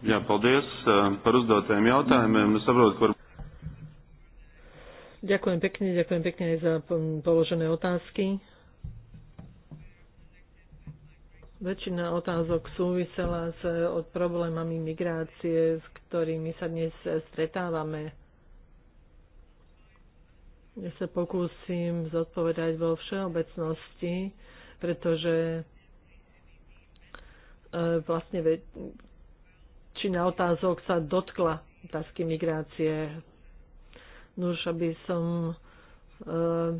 Jā, paldies par uzdotajiem jautājumiem. Es mm. saprotu, kur. Ďakujem pekne, ďakujem pekne aj za položené otázky. Väčšina otázok súvisela s od problémami migrácie, s ktorými sa dnes stretávame. Ja sa pokúsim zodpovedať vo všeobecnosti, pretože e, vlastne väčšina otázok sa dotkla otázky migrácie. už aby som uh,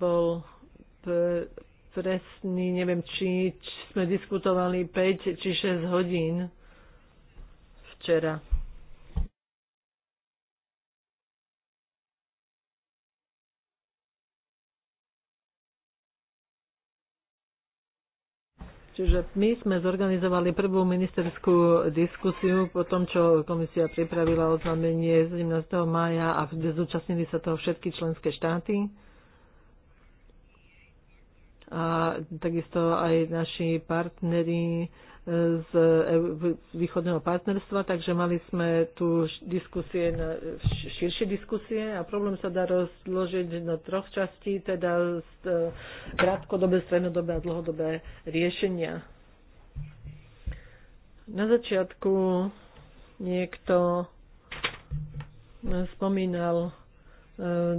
bol pre, presný, neviem, či, či sme diskutovali 5 či 6 hodín včera. Čiže my sme zorganizovali prvú ministerskú diskusiu po tom, čo komisia pripravila oznámenie 17. mája a zúčastnili sa toho všetky členské štáty. A takisto aj naši partneri z východného partnerstva, takže mali sme tu diskusie, na, širšie diskusie a problém sa dá rozložiť na troch častí, teda e, krátkodobé, strednodobé a dlhodobé riešenia. Na začiatku niekto spomínal e,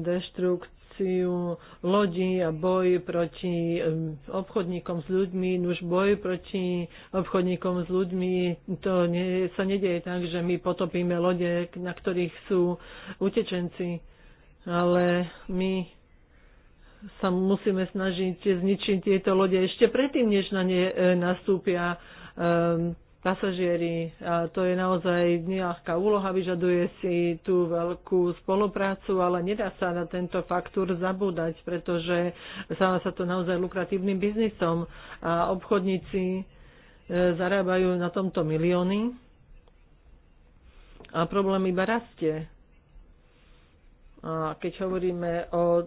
deštrukt, reštauráciu lodi a boj proti obchodníkom s ľuďmi. Už boj proti obchodníkom s ľuďmi to nie, sa nedieje tak, že my potopíme lode, na ktorých sú utečenci, ale my sa musíme snažiť zničiť tieto lode ešte predtým, než na ne e, nastúpia um, pasažieri. A to je naozaj nejaká úloha, vyžaduje si tú veľkú spoluprácu, ale nedá sa na tento faktúr zabúdať, pretože stáva sa to naozaj lukratívnym biznisom a obchodníci e, zarábajú na tomto milióny a problém iba rastie. A keď hovoríme o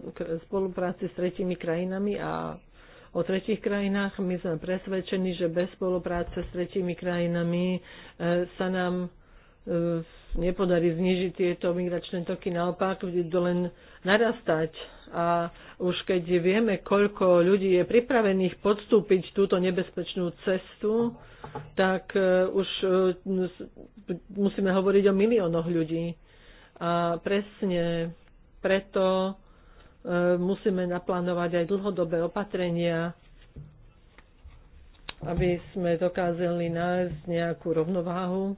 spolupráci s tretimi krajinami a o tretich krajinách. My sme presvedčení, že bez spolupráce s tretimi krajinami e, sa nám e, nepodarí znižiť tieto migračné toky, naopak budú len narastať. A už keď vieme, koľko ľudí je pripravených podstúpiť túto nebezpečnú cestu, tak e, už musíme hovoriť o miliónoch ľudí. A presne preto E, musíme naplánovať aj dlhodobé opatrenia, aby sme dokázali nájsť nejakú rovnováhu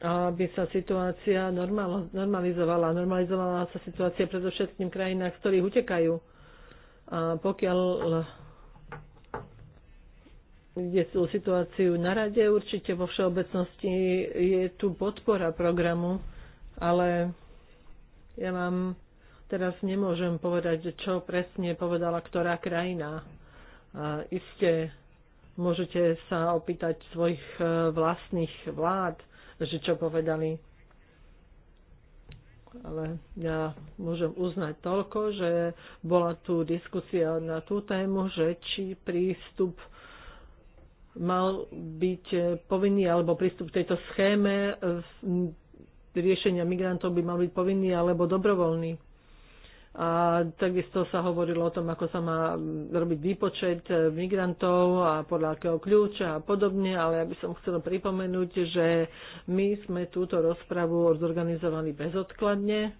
a aby sa situácia normalizovala. Normalizovala sa situácia predovšetkým v krajinách, z ktorých utekajú. A pokiaľ je tú situáciu na rade, určite vo všeobecnosti je tu podpora programu, ale ja mám Teraz nemôžem povedať, čo presne povedala ktorá krajina. Isté môžete sa opýtať svojich e, vlastných vlád, že čo povedali. Ale ja môžem uznať toľko, že bola tu diskusia na tú tému, že či prístup mal byť povinný, alebo prístup k tejto schéme riešenia migrantov by mal byť povinný alebo dobrovoľný a takisto sa hovorilo o tom, ako sa má robiť výpočet e, migrantov a podľa akého kľúča a podobne, ale ja by som chcela pripomenúť, že my sme túto rozpravu zorganizovali bezodkladne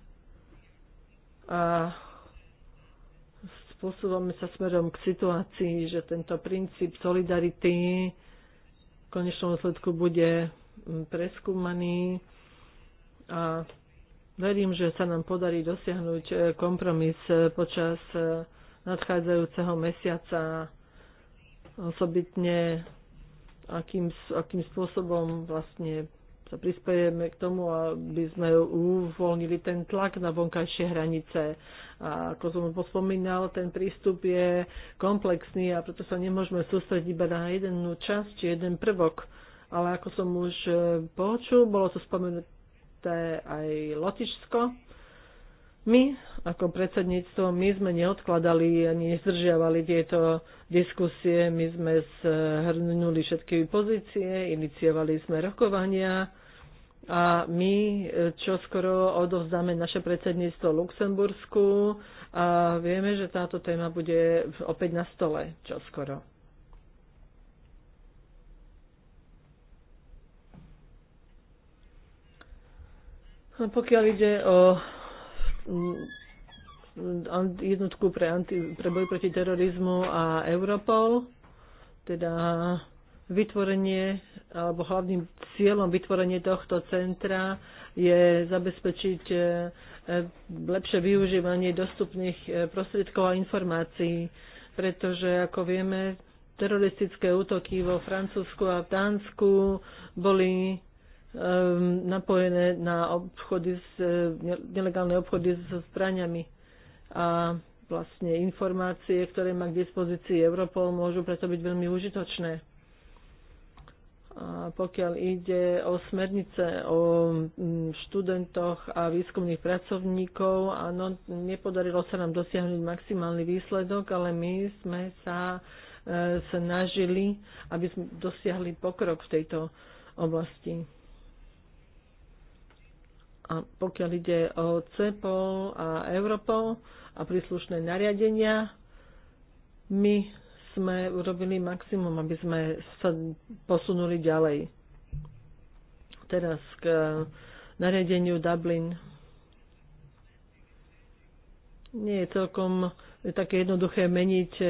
a spôsobom sa smerom k situácii, že tento princíp solidarity v konečnom dôsledku bude preskúmaný a Verím, že sa nám podarí dosiahnuť e, kompromis e, počas e, nadchádzajúceho mesiaca osobitne, akým, akým spôsobom vlastne sa prispejeme k tomu, aby sme uvoľnili ten tlak na vonkajšie hranice. A ako som pospomínal, ten prístup je komplexný a preto sa nemôžeme sústrediť iba na jednu časť či jeden prvok. Ale ako som už počul, bolo to spomenuté isté aj Lotičsko. My ako predsedníctvo, my sme neodkladali ani nezdržiavali tieto diskusie, my sme zhrnuli všetky pozície, iniciovali sme rokovania a my čoskoro odovzdáme naše predsedníctvo Luxembursku a vieme, že táto téma bude opäť na stole čo skoro. Pokiaľ ide o mm, jednotku pre, anti, pre boj proti terorizmu a Europol, teda vytvorenie alebo hlavným cieľom vytvorenie tohto centra je zabezpečiť e, e, lepšie využívanie dostupných e, prostriedkov a informácií, pretože ako vieme, teroristické útoky vo Francúzsku a v Dánsku boli Ehm, napojené na obchody s, e, nelegálne obchody so zbraniami. A vlastne informácie, ktoré má k dispozícii Europol, môžu preto byť veľmi užitočné. A pokiaľ ide o smernice o študentoch a výskumných pracovníkov, áno, nepodarilo sa nám dosiahnuť maximálny výsledok, ale my sme sa e, snažili, aby sme dosiahli pokrok v tejto oblasti. A pokiaľ ide o CEPO a Europol a príslušné nariadenia, my sme urobili maximum, aby sme sa posunuli ďalej. Teraz k eh, nariadeniu Dublin. Nie je celkom také jednoduché meniť, e,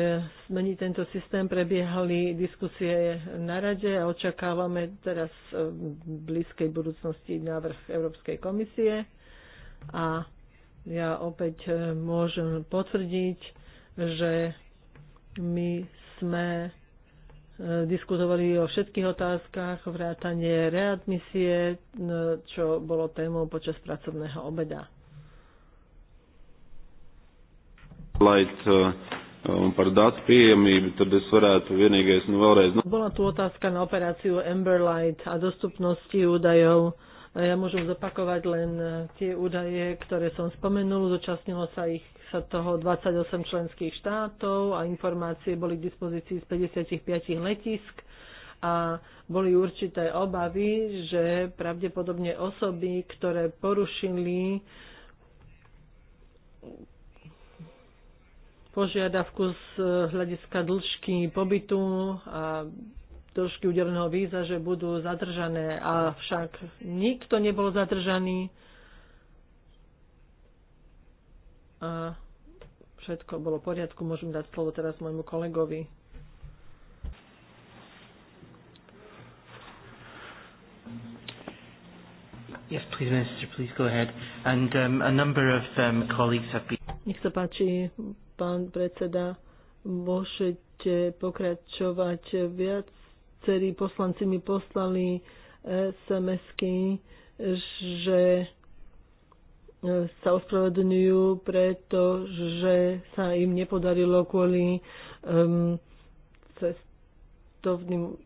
meniť tento systém. Prebiehali diskusie na rade a očakávame teraz e, v blízkej budúcnosti návrh Európskej komisie. A ja opäť e, môžem potvrdiť, že my sme diskutovali o všetkých otázkach, vrátanie readmisie, čo bolo témou počas pracovného obeda. Light, uh, un par datu pieejamību, tad es varētu vienīgais nu vēlreiz. Bola tu otázka na operáciu Amberlight a dostupnosti údajov. Ja môžem zopakovať len e, tie údaje, ktoré som spomenul. Zúčastnilo sa ich sa toho 28 členských štátov a informácie boli k dispozícii z 55 letisk a boli určité obavy, že pravdepodobne osoby, ktoré porušili požiadavku z e, hľadiska dĺžky pobytu a dĺžky udeleného víza, že budú zadržané. A však nikto nebol zadržaný. A všetko bolo v poriadku. Môžem dať slovo teraz môjmu kolegovi. Yes, please, Minister, please go ahead. And um, a number of um, colleagues have been... Nech sa páči, pán predseda. Môžete pokračovať viac. Cerí poslanci mi poslali SMS-ky, že sa ospravedlňujú, pretože sa im nepodarilo kvôli um, cestovným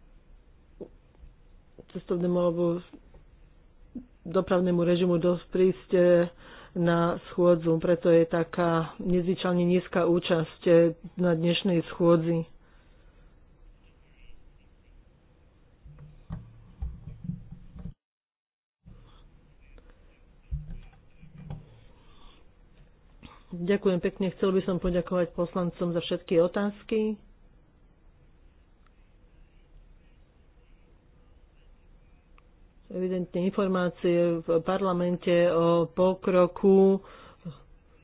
cestovnému alebo dopravnému režimu dosť prísť na schôdzu, preto je taká nezvyčajne nízka účasť eh, na dnešnej schôdzi. Ďakujem pekne. Chcel by som poďakovať poslancom za všetky otázky. evidentne informácie v parlamente o pokroku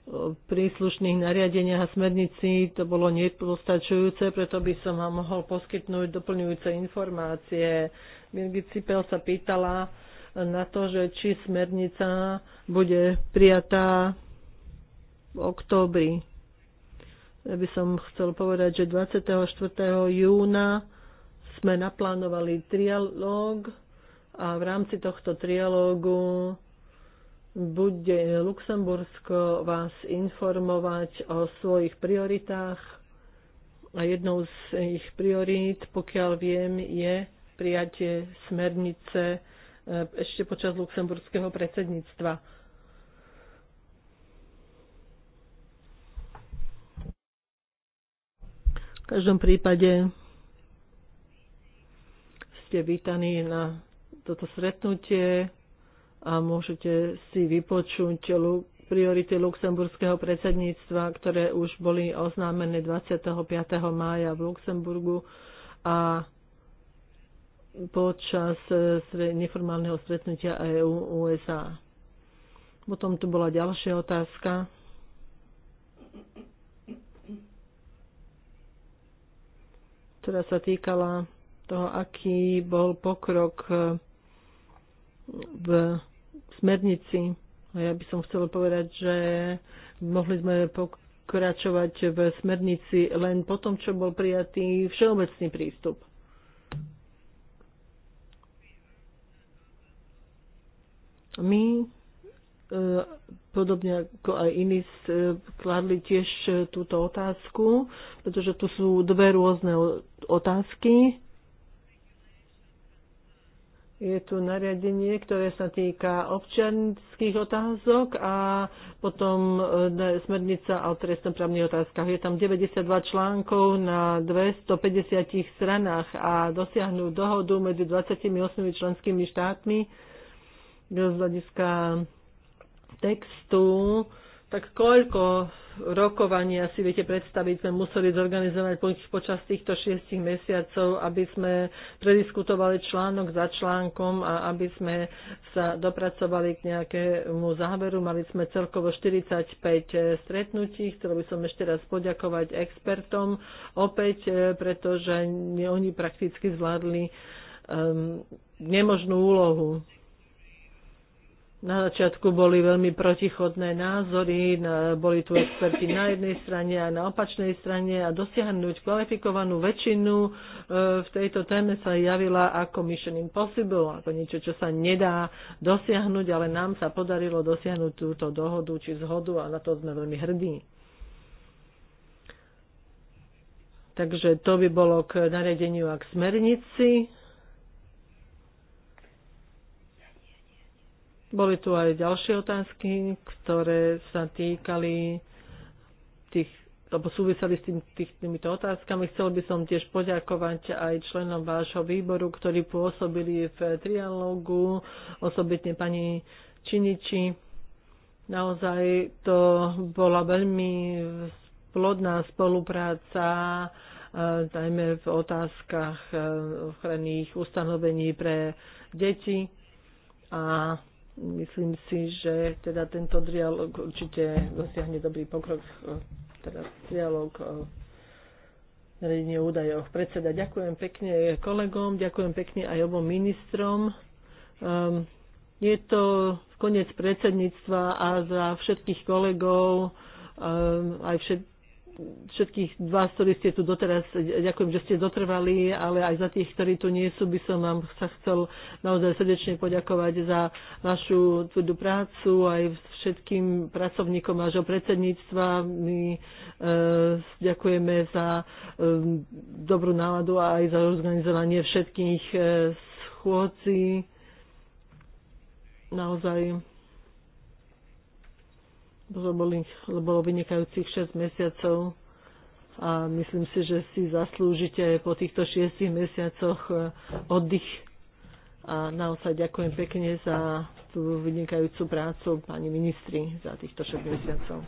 o príslušných nariadeniach a smernici to bolo nepostačujúce, preto by som vám mohol poskytnúť doplňujúce informácie. Birgit Cipel sa pýtala na to, že či smernica bude prijatá v októbri. Ja by som chcel povedať, že 24. júna sme naplánovali trialóg a v rámci tohto trialógu bude Luxembursko vás informovať o svojich prioritách a jednou z ich priorít, pokiaľ viem, je prijatie smernice e, ešte počas luxemburského predsedníctva. V každom prípade ste vítaní na toto stretnutie a môžete si vypočuť priority luxemburského predsedníctva, ktoré už boli oznámené 25. mája v Luxemburgu a počas eh, neformálneho stretnutia EU-USA. Potom tu bola ďalšia otázka. ktorá sa týkala toho, aký bol pokrok eh, v smernici. A ja by som chcela povedať, že mohli sme pokračovať v smernici len po tom, čo bol prijatý všeobecný prístup. My, e, podobne ako aj iní, e, kladli tiež túto otázku, pretože tu sú dve rôzne otázky je tu nariadenie, ktoré sa týka občianských otázok a potom e, smernica o trestnoprávnych otázkach. Je tam 92 článkov na 250 stranách a dosiahnuť dohodu medzi 28 členskými štátmi z hľadiska textu tak koľko rokovania si viete predstaviť, sme museli zorganizovať počas týchto šiestich mesiacov, aby sme prediskutovali článok za článkom a aby sme sa dopracovali k nejakému záveru. Mali sme celkovo 45 e, stretnutí. Chcel by som ešte raz poďakovať expertom opäť, e, pretože oni prakticky zvládli um, nemožnú úlohu. Na začiatku boli veľmi protichodné názory, boli tu experti na jednej strane a na opačnej strane a dosiahnuť kvalifikovanú väčšinu e, v tejto téme sa javila ako mission impossible, ako niečo, čo sa nedá dosiahnuť, ale nám sa podarilo dosiahnuť túto dohodu či zhodu a na to sme veľmi hrdí. Takže to by bolo k nariadeniu a k smernici. Boli tu aj ďalšie otázky, ktoré sa týkali tých alebo súviseli s tým, tých, týmito otázkami. Chcel by som tiež poďakovať aj členom vášho výboru, ktorí pôsobili v trialógu, osobitne pani Činiči. Naozaj to bola veľmi plodná spolupráca, eh, najmä v otázkach eh, ochranných ustanovení pre deti. A Myslím si, že teda tento dialog určite dosiahne dobrý pokrok, e, teda dialog o e, riadení údajoch. Predseda, ďakujem pekne kolegom, ďakujem pekne aj obom ministrom. Um, je to koniec predsedníctva a za všetkých kolegov, um, aj všet, všetkých vás, ktorí ste tu doteraz, ďakujem, že ste dotrvali, ale aj za tých, ktorí tu nie sú, by som vám sa chcel naozaj srdečne poďakovať za vašu tvrdú prácu, aj všetkým pracovníkom vášho predsedníctva. My e, ďakujeme za e, dobrú náladu a aj za organizovanie všetkých e, schôdzi. Naozaj boli, bolo vynikajúcich 6 mesiacov a myslím si, že si zaslúžite po týchto 6 mesiacoch e, oddych. A naozaj ďakujem pekne za tú vynikajúcu prácu pani ministri za týchto 6 mesiacov.